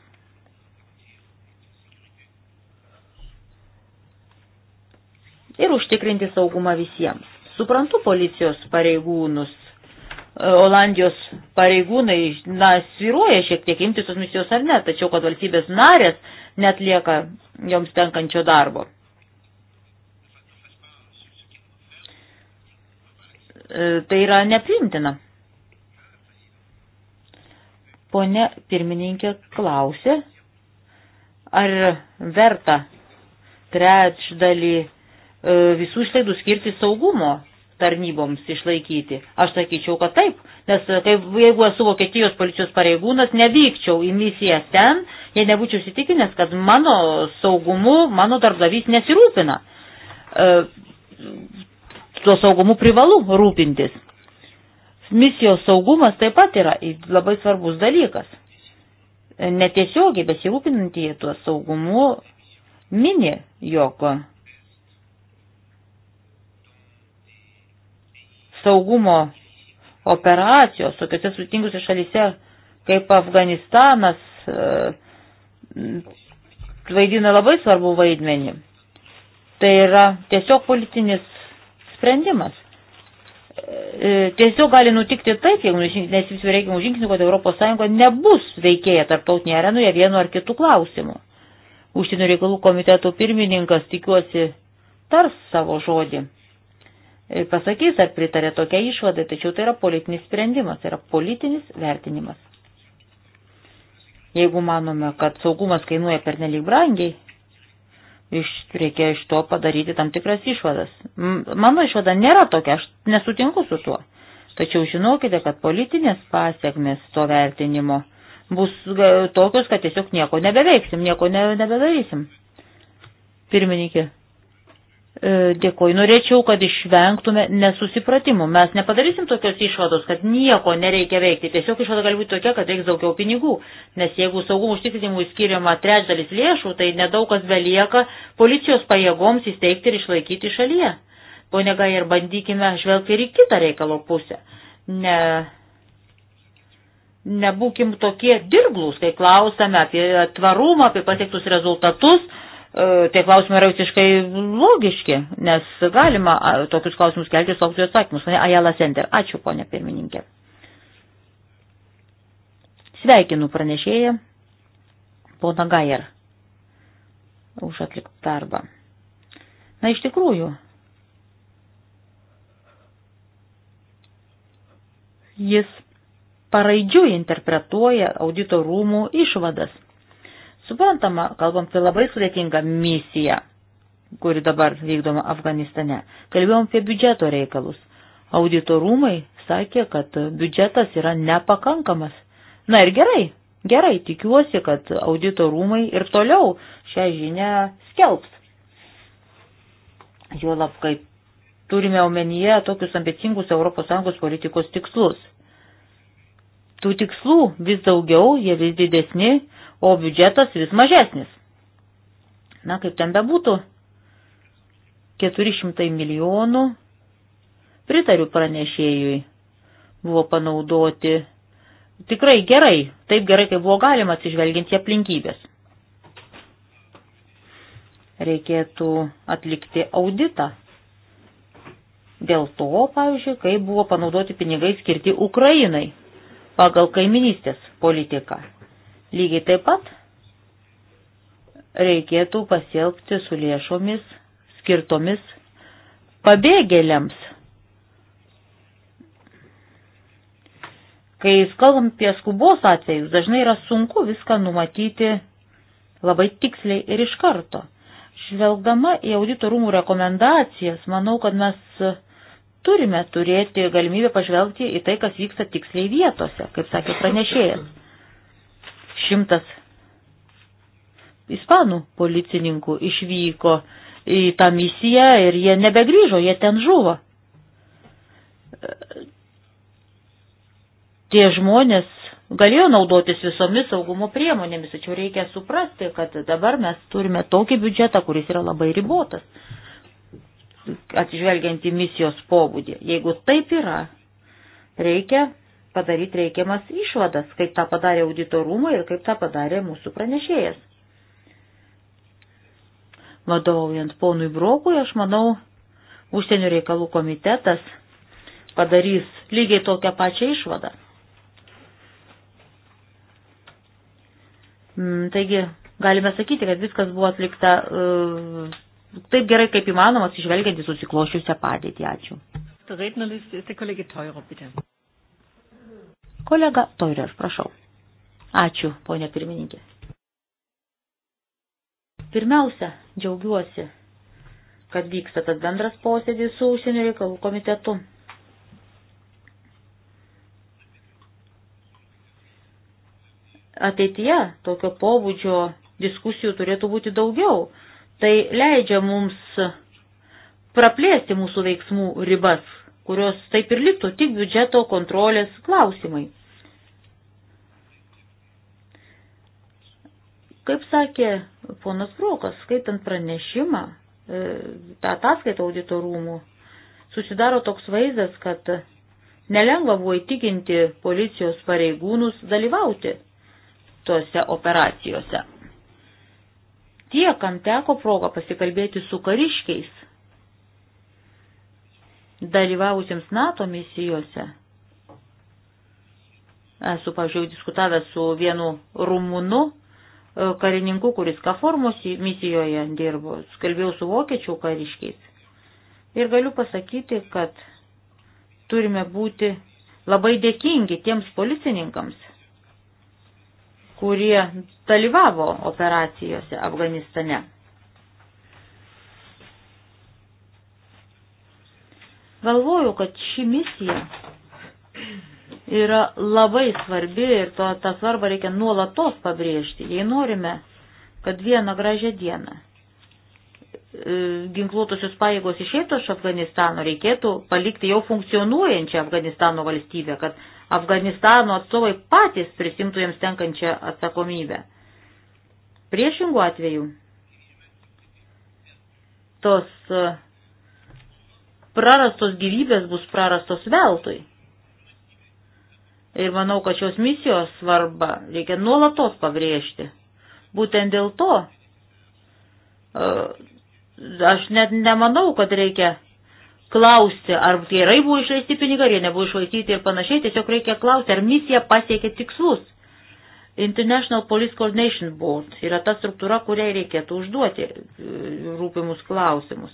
Ir užtikrinti saugumą visiems. Suprantu policijos pareigūnus, E, Olandijos pareigūnai, na, sviruoja šiek tiek imtis tos misijos ar ne, tačiau kad valstybės narės net lieka joms tenkančio darbo. E, tai yra neprimtina. Pone pirmininkė klausė, ar verta trečdalį e, visų išlaidų skirti saugumo tarnyboms išlaikyti? Aš sakyčiau, kad taip, nes e, kaip, jeigu esu Vokietijos policijos pareigūnas, nevykčiau į misiją ten, jei nebūčiau įsitikinęs, kad mano saugumu mano darbdavys nesirūpina. E, tuo saugumu privalu rūpintis. Misijos saugumas taip pat yra labai svarbus dalykas. E, netiesiogiai besirūpinantieji tuo saugumu mini, jog saugumo operacijos tokiuose sudėtingose šalyse kaip Afganistanas e, vaidina labai svarbu vaidmenį. Tai yra tiesiog politinis sprendimas. E, tiesiog gali nutikti taip, jeigu nesimsime reikimų žingsnių, kad ES nebus veikėja tarptautinėje arenoje vienu ar kitu klausimu. Užsienio reikalų komiteto pirmininkas, tikiuosi, tars savo žodį pasakys, ar pritarė tokia išvada, tačiau tai yra politinis sprendimas, tai yra politinis vertinimas. Jeigu manome, kad saugumas kainuoja per nelik brangiai, iš, reikia iš to padaryti tam tikras išvadas. Mano išvada nėra tokia, aš nesutinku su tuo. Tačiau žinokite, kad politinės pasiekmes to vertinimo bus tokios, kad tiesiog nieko nebeveiksim, nieko ne, nebedarysim. Pirmininkė, E, dėkoju, norėčiau, kad išvengtume nesusipratimų. Mes nepadarysim tokios išvados, kad nieko nereikia veikti. Tiesiog išvada gali būti tokia, kad reiks daugiau pinigų. Nes jeigu saugumo užtikrinimui skiriama trečdalis lėšų, tai nedaug kas belieka policijos pajėgoms įsteigti ir išlaikyti šalyje. Pone Gai, ir bandykime žvelgti ir į kitą reikalo pusę. Ne, nebūkim tokie dirglus, kai klausame apie tvarumą, apie pasiektus rezultatus E, tie klausimai yra visiškai logiški, nes galima tokius klausimus kelti ir sulaukti atsakymus. Pane Ajala Center, ačiū ponė pirmininkė. Sveikinu pranešėją, poną Gajer, už atliktą darbą. Na, iš tikrųjų, jis paraidžiui interpretuoja audito rūmų išvadas Suprantama, kalbam apie labai sudėtingą misiją, kuri dabar vykdoma Afganistane. Kalbėjom apie biudžeto reikalus. Auditorumai sakė, kad biudžetas yra nepakankamas. Na ir gerai, gerai, tikiuosi, kad auditorumai ir toliau šią žinę skelbs. Juolab, kaip turime omenyje tokius ambicingus ES politikos tikslus. Tų tikslų vis daugiau, jie vis didesni, o biudžetas vis mažesnis. Na, kaip ten bebūtų, 400 milijonų, pritariu pranešėjui, buvo panaudoti tikrai gerai, taip gerai, kaip buvo galima atsižvelginti aplinkybės. Reikėtų atlikti auditą. Dėl to, pavyzdžiui, kaip buvo panaudoti pinigai skirti Ukrainai pagal kaiminystės politiką. Lygiai taip pat reikėtų pasielgti su lėšomis skirtomis pabėgėliams. Kai kalbam apie skubos atvejus, dažnai yra sunku viską numatyti labai tiksliai ir iš karto. Žvelgdama į auditorumų rekomendacijas, manau, kad mes turime turėti galimybę pažvelgti į tai, kas vyksta tiksliai vietose, kaip sakė pranešėjas. Šimtas ispanų policininkų išvyko į tą misiją ir jie nebegrįžo, jie ten žuvo. Tie žmonės galėjo naudotis visomis saugumo priemonėmis, tačiau reikia suprasti, kad dabar mes turime tokį biudžetą, kuris yra labai ribotas, atsižvelgiant į misijos pobūdį. Jeigu taip yra, reikia padaryti reikiamas išvadas, kaip tą padarė auditorumai ir kaip tą padarė mūsų pranešėjas. Vadovaujant ponui Brokui, aš manau, užsienio reikalų komitetas padarys lygiai tokią pačią išvadą. Mm, taigi, galime sakyti, kad viskas buvo atlikta uh, taip gerai, kaip įmanomas, išvelgiant į susiklošiusią padėtį. Ačiū. Kolega Toiler, prašau. Ačiū, ponė pirmininkė. Pirmiausia, džiaugiuosi, kad vyksta tas bendras posėdis su užsienio reikalų komitetu. Ateityje tokio pobūdžio diskusijų turėtų būti daugiau. Tai leidžia mums praplėsti mūsų veiksmų ribas, kurios taip ir liktų tik biudžeto kontrolės klausimai. Kaip sakė ponas Brokas, skaitant pranešimą, e, tą ataskaitą auditorumų, susidaro toks vaizdas, kad nelengva buvo įtikinti policijos pareigūnus dalyvauti tuose operacijose. Tie, kam teko progą pasikalbėti su kariškiais, dalyvavusiems NATO misijose. Esu, pavyzdžiui, diskutavęs su vienu rumunu e, karininku, kuris Kaformos misijoje dirbo, skalbėjau su vokiečių kariškiais. Ir galiu pasakyti, kad turime būti labai dėkingi tiems policininkams, kurie dalyvavo operacijose Afganistane. Galvoju, kad ši misija yra labai svarbi ir to, tą svarbą reikia nuolatos pabrėžti, jei norime, kad vieną gražią dieną e, ginkluotusios pajėgos išėtų iš Afganistano, reikėtų palikti jau funkcionuojančią Afganistano valstybę, kad Afganistano atstovai patys prisimtų jiems tenkančią atsakomybę. Priešingų atveju tos e, prarastos gyvybės bus prarastos veltui. Ir manau, kad šios misijos svarba reikia nuolatos pabrėžti. Būtent dėl to e, aš net nemanau, kad reikia klausti, ar gerai buvo išleisti pinigai, ar jie nebuvo išlaikyti ir panašiai, tiesiog reikia klausti, ar misija pasiekė tikslus. International Police Coordination Board yra ta struktūra, kuriai reikėtų užduoti e, rūpimus klausimus.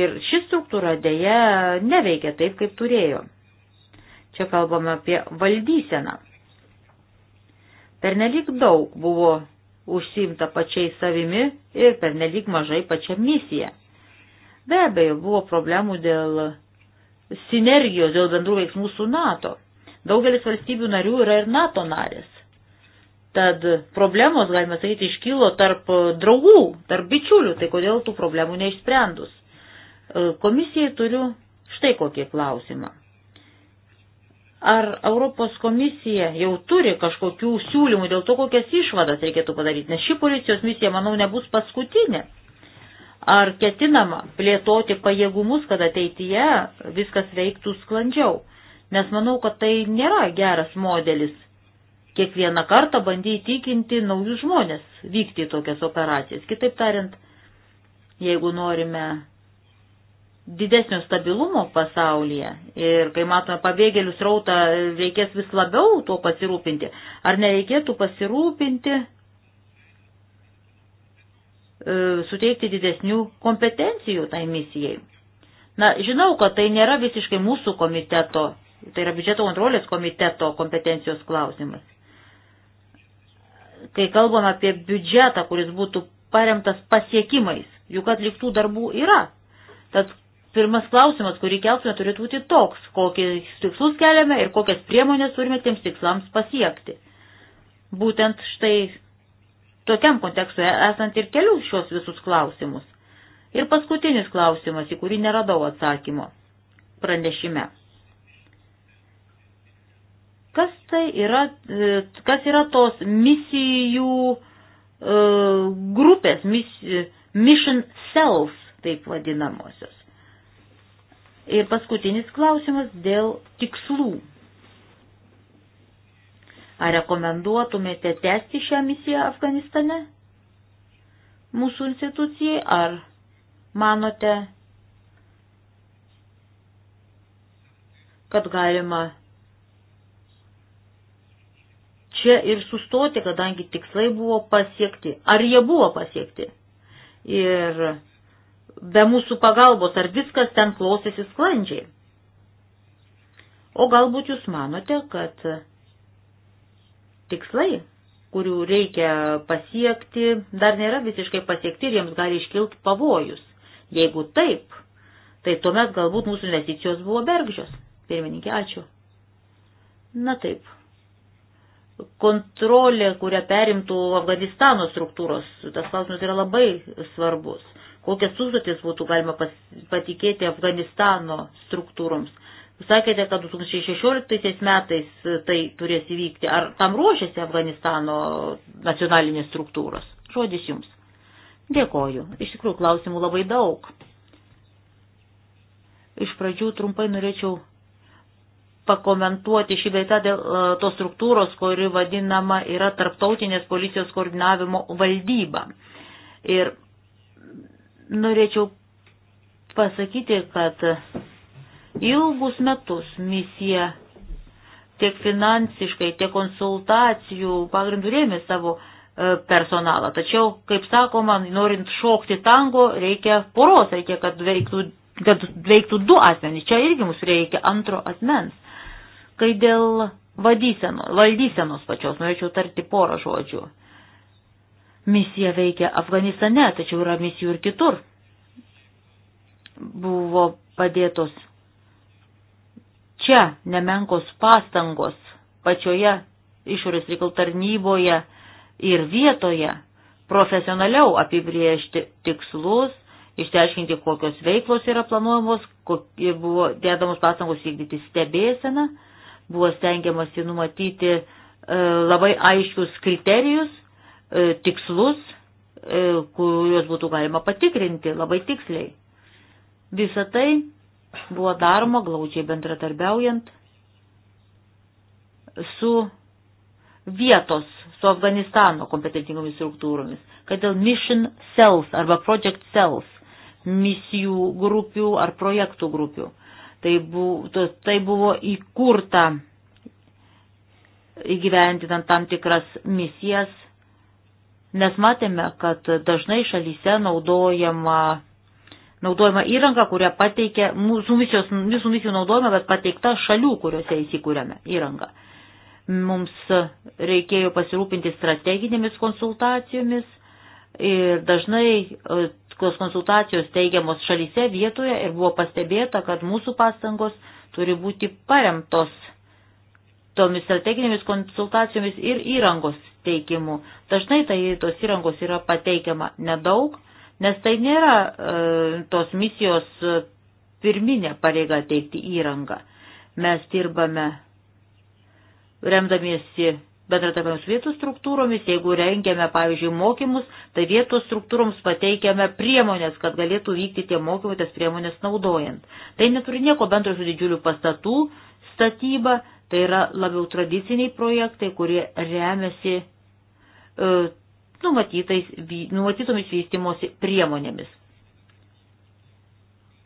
Ir ši struktūra dėja neveikia taip, kaip turėjo. Čia kalbame apie valdyseną. Pernelyg daug buvo užsimta pačiai savimi ir pernelyg mažai pačia misija. Be abejo, buvo problemų dėl sinergijos, dėl bendrų veiksmų su NATO. Daugelis valstybių narių yra ir NATO narės. Tad problemos, galime sakyti, iškilo tarp draugų, tarp bičiulių, tai kodėl tų problemų neišsprendus. Komisijai turiu štai kokį klausimą. Ar Europos komisija jau turi kažkokių siūlymų dėl to, kokias išvadas reikėtų padaryti, nes ši policijos misija, manau, nebus paskutinė. Ar ketinama plėtoti pajėgumus, kad ateityje viskas veiktų sklandžiau? Nes manau, kad tai nėra geras modelis kiekvieną kartą bandyti įtikinti naujus žmonės vykti tokias operacijas. Kitaip tariant, jeigu norime didesnio stabilumo pasaulyje ir kai matome pabėgėlių srautą, reikės vis labiau tuo pasirūpinti. Ar nereikėtų pasirūpinti e, suteikti didesnių kompetencijų tai misijai? Na, žinau, kad tai nėra visiškai mūsų komiteto, tai yra biudžeto kontrolės komiteto kompetencijos klausimas. Kai kalbam apie biudžetą, kuris būtų paremtas pasiekimais, juk atliktų darbų yra. Tad pirmas klausimas, kurį keltume, turėtų būti toks, kokius tikslus keliame ir kokias priemonės turime tiems tikslams pasiekti. Būtent štai tokiam kontekstui esant ir kelių šios visus klausimus. Ir paskutinis klausimas, į kurį neradau atsakymo pranešime. Kas tai yra, e, kas yra tos misijų e, grupės, mis, mission self, taip vadinamosios? Ir paskutinis klausimas dėl tikslų. Ar rekomenduotumėte tęsti šią misiją Afganistane mūsų institucijai, ar manote, kad galima čia ir sustoti, kadangi tikslai buvo pasiekti, ar jie buvo pasiekti. Ir be mūsų pagalbos, ar viskas ten klausėsi sklandžiai. O galbūt jūs manote, kad tikslai, kurių reikia pasiekti, dar nėra visiškai pasiekti ir jiems gali iškilti pavojus. Jeigu taip, tai tuomet galbūt mūsų investicijos buvo bergžios. Pirmininkė, ačiū. Na taip. Kontrolė, kurią perimtų Afganistano struktūros, tas klausimas yra labai svarbus kokias užduotis būtų galima pas, patikėti Afganistano struktūroms. Jūs sakėte, kad 2016 metais tai turės įvykti. Ar tam ruošiasi Afganistano nacionalinės struktūros? Žodis jums. Dėkoju. Iš tikrųjų, klausimų labai daug. Iš pradžių trumpai norėčiau pakomentuoti šį beitą dėl e, tos struktūros, kuri vadinama yra tarptautinės policijos koordinavimo valdyba. Ir Norėčiau pasakyti, kad ilgus metus misija tiek finansiškai, tiek konsultacijų pagrindų rėmė savo e, personalą. Tačiau, kaip sakoma, norint šokti tango, reikia poros, reikia, kad veiktų, kad veiktų du asmenys. Čia irgi mums reikia antro asmens. Kai dėl vadyseno, valdysenos pačios norėčiau tarti porą žodžių misija veikia Afganistane, tačiau yra misijų ir kitur. Buvo padėtos čia nemenkos pastangos pačioje išorės reikalų tarnyboje ir vietoje profesionaliau apibriežti tikslus, išteiškinti, kokios veiklos yra planuojamos, kokie buvo dedamos pastangos vykdyti stebėseną, buvo stengiamasi numatyti e, labai aiškius kriterijus, E, tikslus, e, kuriuos būtų galima patikrinti labai tiksliai. Visą tai buvo daroma glaudžiai bendratarbiaujant su vietos, su Afganistano kompetentingomis struktūromis, kad dėl mission cells arba project cells, misijų grupių ar projektų grupių. Tai buvo, tai buvo įkurta įgyventinant tam tikras misijas Nes matėme, kad dažnai šalyse naudojama, naudojama įranga, kurią pateikia mūsų misijos, mūsų misijų naudojama, bet pateikta šalių, kuriuose įsikūrėme įrangą. Mums reikėjo pasirūpinti strateginėmis konsultacijomis ir dažnai e, tos konsultacijos teigiamos šalyse vietoje ir buvo pastebėta, kad mūsų pastangos turi būti paremtos tomis strateginėmis konsultacijomis ir įrangos teikimu. Dažnai tai tos įrangos yra pateikiama nedaug, nes tai nėra e, tos misijos e, pirminė pareiga teikti įrangą. Mes dirbame remdamiesi bendratarbiams vietos struktūromis, jeigu rengiame, pavyzdžiui, mokymus, tai vietos struktūroms pateikiame priemonės, kad galėtų vykti tie mokymai, tas priemonės naudojant. Tai neturi nieko bendro su didžiuliu pastatų statyba, tai yra labiau tradiciniai projektai, kurie remiasi E, numatytomis vystimosi priemonėmis.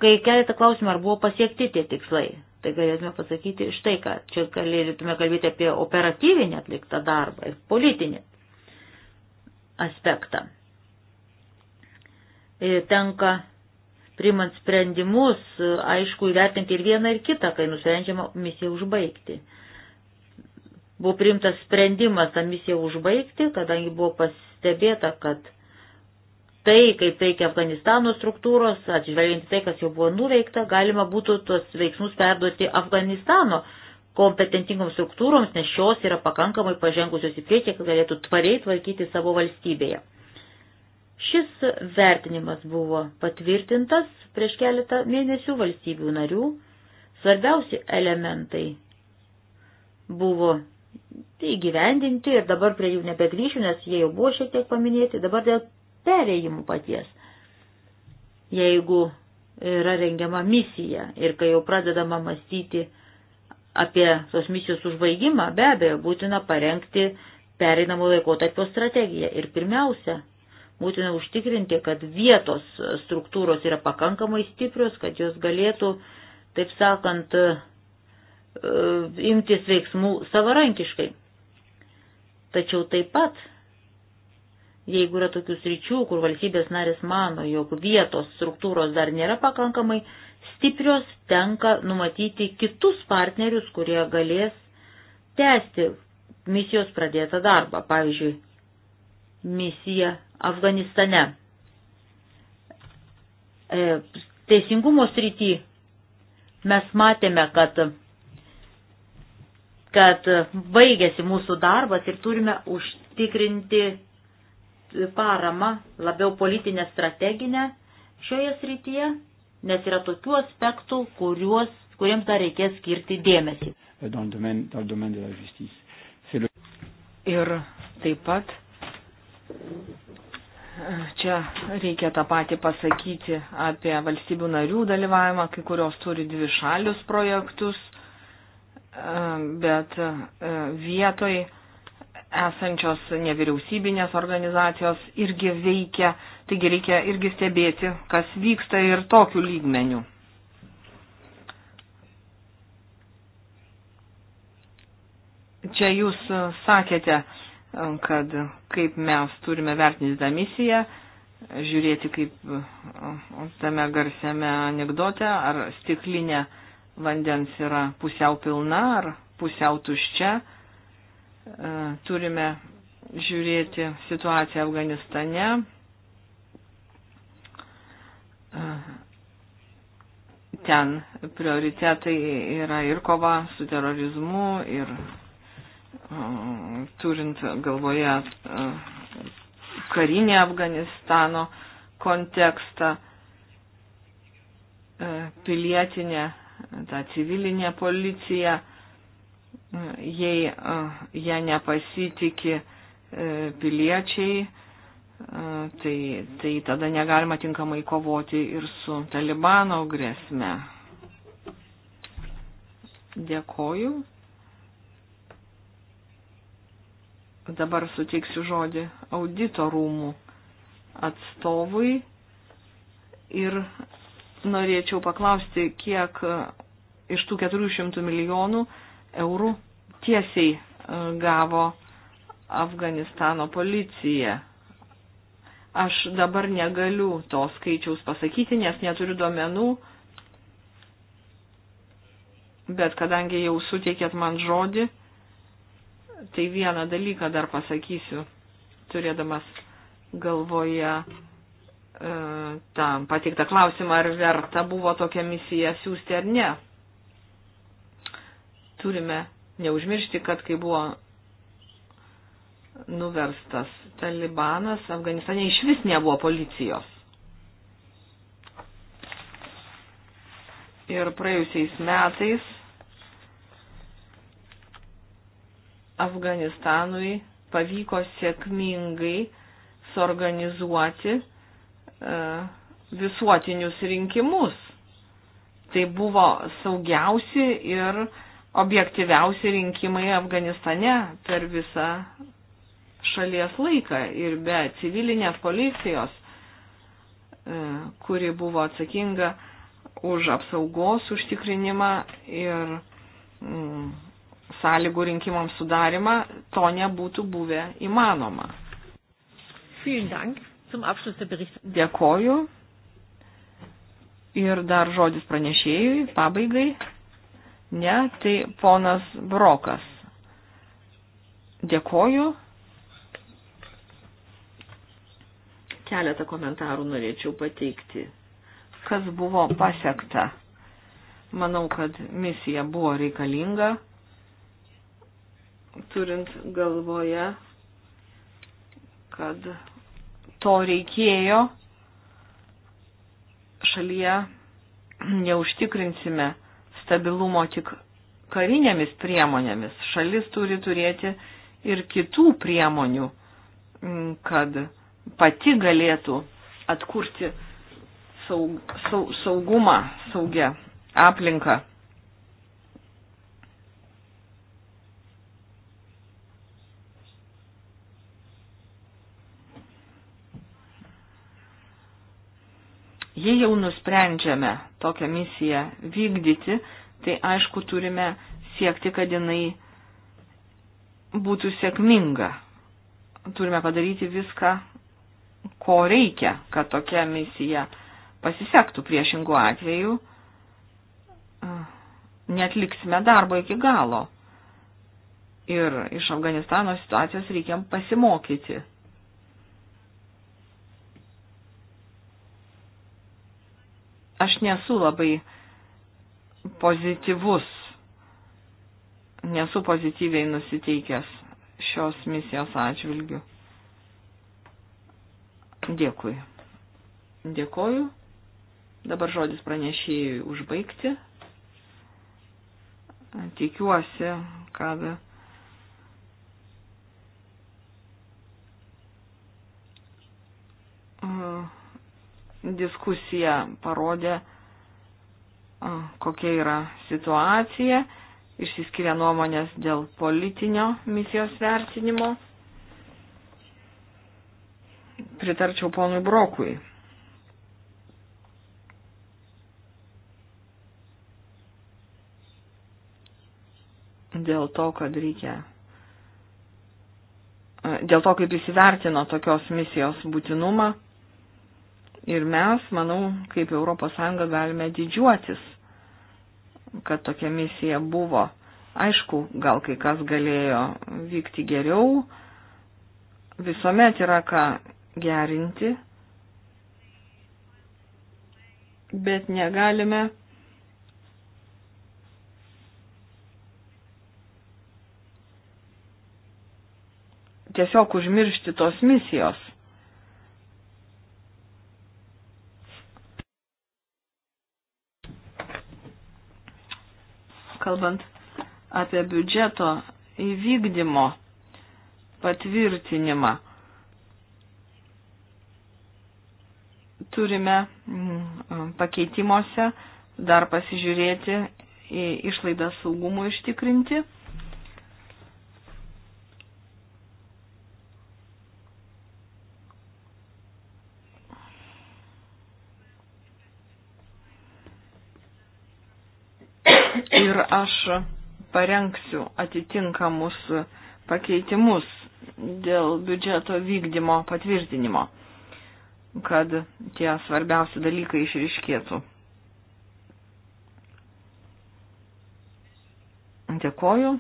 Kai keletą klausimą, ar buvo pasiekti tie tikslai, tai galėtume pasakyti štai ką. Čia galėtume kalbėti apie operatyvinį atliktą darbą ir politinį aspektą. E, tenka priimant sprendimus, e, aišku, įvertinti ir vieną ir kitą, kai nusprendžiama misiją užbaigti buvo priimtas sprendimas tą misiją užbaigti, kadangi buvo pastebėta, kad tai, kaip veikia Afganistano struktūros, atžvelgiant tai, kas jau buvo nuveikta, galima būtų tuos veiksmus perduoti Afganistano kompetentingoms struktūroms, nes šios yra pakankamai pažengusios į priekį, kad galėtų tvariai tvarkyti savo valstybėje. Šis vertinimas buvo patvirtintas prieš keletą mėnesių valstybių narių. Svarbiausi elementai buvo Tai įgyvendinti ir dabar prie jų nebegrįšiu, nes jie jau buvo šiek tiek paminėti, dabar dėl perėjimų paties. Jeigu yra rengiama misija ir kai jau pradedama mąstyti apie tos misijos užbaigimą, be abejo, būtina parengti pereinamo laikotarpio strategiją. Ir pirmiausia, būtina užtikrinti, kad vietos struktūros yra pakankamai stiprios, kad jos galėtų, taip sakant, E, imtis veiksmų savarankiškai. Tačiau taip pat, jeigu yra tokių sričių, kur valstybės narės mano, jog vietos struktūros dar nėra pakankamai stiprios, tenka numatyti kitus partnerius, kurie galės tęsti misijos pradėtą darbą, pavyzdžiui, misiją Afganistane. E, teisingumo srity mes matėme, kad kad baigėsi mūsų darbas ir turime užtikrinti paramą labiau politinę strateginę šioje srityje, nes yra tokių aspektų, kuriuos, kuriems dar reikės skirti dėmesį. Ir taip pat čia reikia tą patį pasakyti apie valstybių narių dalyvavimą, kai kurios turi dvi šalius projektus bet e, vietoj esančios nevyriausybinės organizacijos irgi veikia, taigi reikia irgi stebėti, kas vyksta ir tokiu lygmeniu. Čia jūs sakėte, kad kaip mes turime vertinti tą misiją, žiūrėti kaip tame garsiame anegdote ar stiklinė uh, vandens yra pusiau pilna ar pusiau tuščia. E, turime žiūrėti situaciją Afganistane. E, ten prioritetai yra ir kova su terorizmu, ir e, turint galvoje karinį Afganistano kontekstą, pilietinė ta civilinė policija, jei jie nepasitikė e, piliečiai, tai, tai tada negalima tinkamai kovoti ir su Talibano grėsme. Dėkoju. Dabar suteiksiu žodį auditorumų atstovui ir norėčiau paklausti, kiek e, iš tų 400 milijonų eurų tiesiai e, gavo Afganistano policija. Aš dabar negaliu to skaičiaus pasakyti, nes neturiu duomenų, bet kadangi jau suteikėt man žodį, tai vieną dalyką dar pasakysiu, turėdamas galvoje E, tam pateiktą klausimą, ar verta buvo tokią misiją siūsti ar ne. Turime neužmiršti, kad kai buvo nuverstas talibanas, Afganistane iš vis nebuvo policijos. Ir praėjusiais metais Afganistanui pavyko sėkmingai suorganizuoti E, visuotinius rinkimus. Tai buvo saugiausi ir objektyviausi rinkimai Afganistane per visą šalies laiką ir be civilinės policijos, e, kuri buvo atsakinga už apsaugos užtikrinimą ir mm, sąlygų rinkimams sudarimą, to nebūtų buvę įmanoma. Vielen Dank. Dėkoju. Ir dar žodis pranešėjui, pabaigai. Ne, tai ponas Brokas. Dėkoju. Keletą komentarų norėčiau pateikti. Kas buvo pasiekta? Manau, kad misija buvo reikalinga, turint galvoje, kad to reikėjo, šalyje neužtikrinsime stabilumo tik karinėmis priemonėmis. Šalis turi turėti ir kitų priemonių, mm, kad pati galėtų atkurti saug, saug, saugumą, saugę aplinką. Jei jau nusprendžiame tokią misiją vykdyti, tai aišku turime siekti, kad jinai būtų sėkminga. Turime padaryti viską, ko reikia, kad tokia misija pasisektų priešingų atveju. Netliksime darbo iki galo. Ir iš Afganistano situacijos reikiam pasimokyti. aš nesu labai pozityvus, nesu pozityviai nusiteikęs šios misijos atžvilgių. Dėkui. Dėkoju. Dabar žodis pranešėjui užbaigti. Tikiuosi, kad uh, diskusija parodė, kokia yra situacija, išsiskiria nuomonės dėl politinio misijos vertinimo. Pritarčiau ponui Brokui. Dėl to, kad reikia. Dėl to, kaip įsivertino tokios misijos būtinumą. Ir mes, manau, kaip ES galime didžiuotis, kad tokia misija buvo. Aišku, gal kai kas galėjo vykti geriau, visuomet yra ką gerinti, bet negalime tiesiog užmiršti tos misijos. kalbant apie biudžeto įvykdymo patvirtinimą. Turime mm, pakeitimuose dar pasižiūrėti į išlaidą saugumų ištikrinti ir aš parengsiu atitinkamus pakeitimus dėl biudžeto vykdymo patvirtinimo, kad tie svarbiausi dalykai išriškėtų. Dėkoju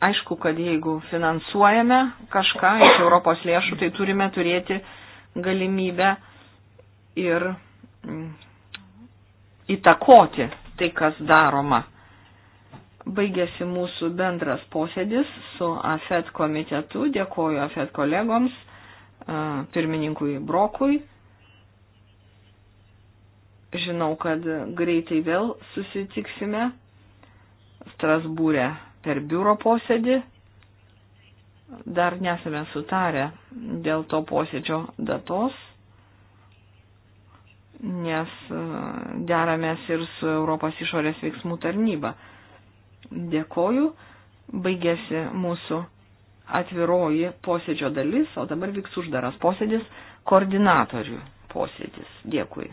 aišku, kad jeigu finansuojame kažką iš Europos lėšų, tai turime turėti galimybę ir mm, įtakoti tai, kas daroma. Baigėsi mūsų bendras posėdis su AFET komitetu. Dėkoju AFET kolegoms, pirmininkui Brokui. Žinau, kad greitai vėl susitiksime Strasbūrė per biuro posėdį. Dar nesame sutarę dėl to posėdžio datos, nes e, deramės ir su Europos išorės veiksmų tarnyba. Dėkoju, baigėsi mūsų atviroji posėdžio dalis, o dabar vyks uždaras posėdis, koordinatorių posėdis. Dėkui.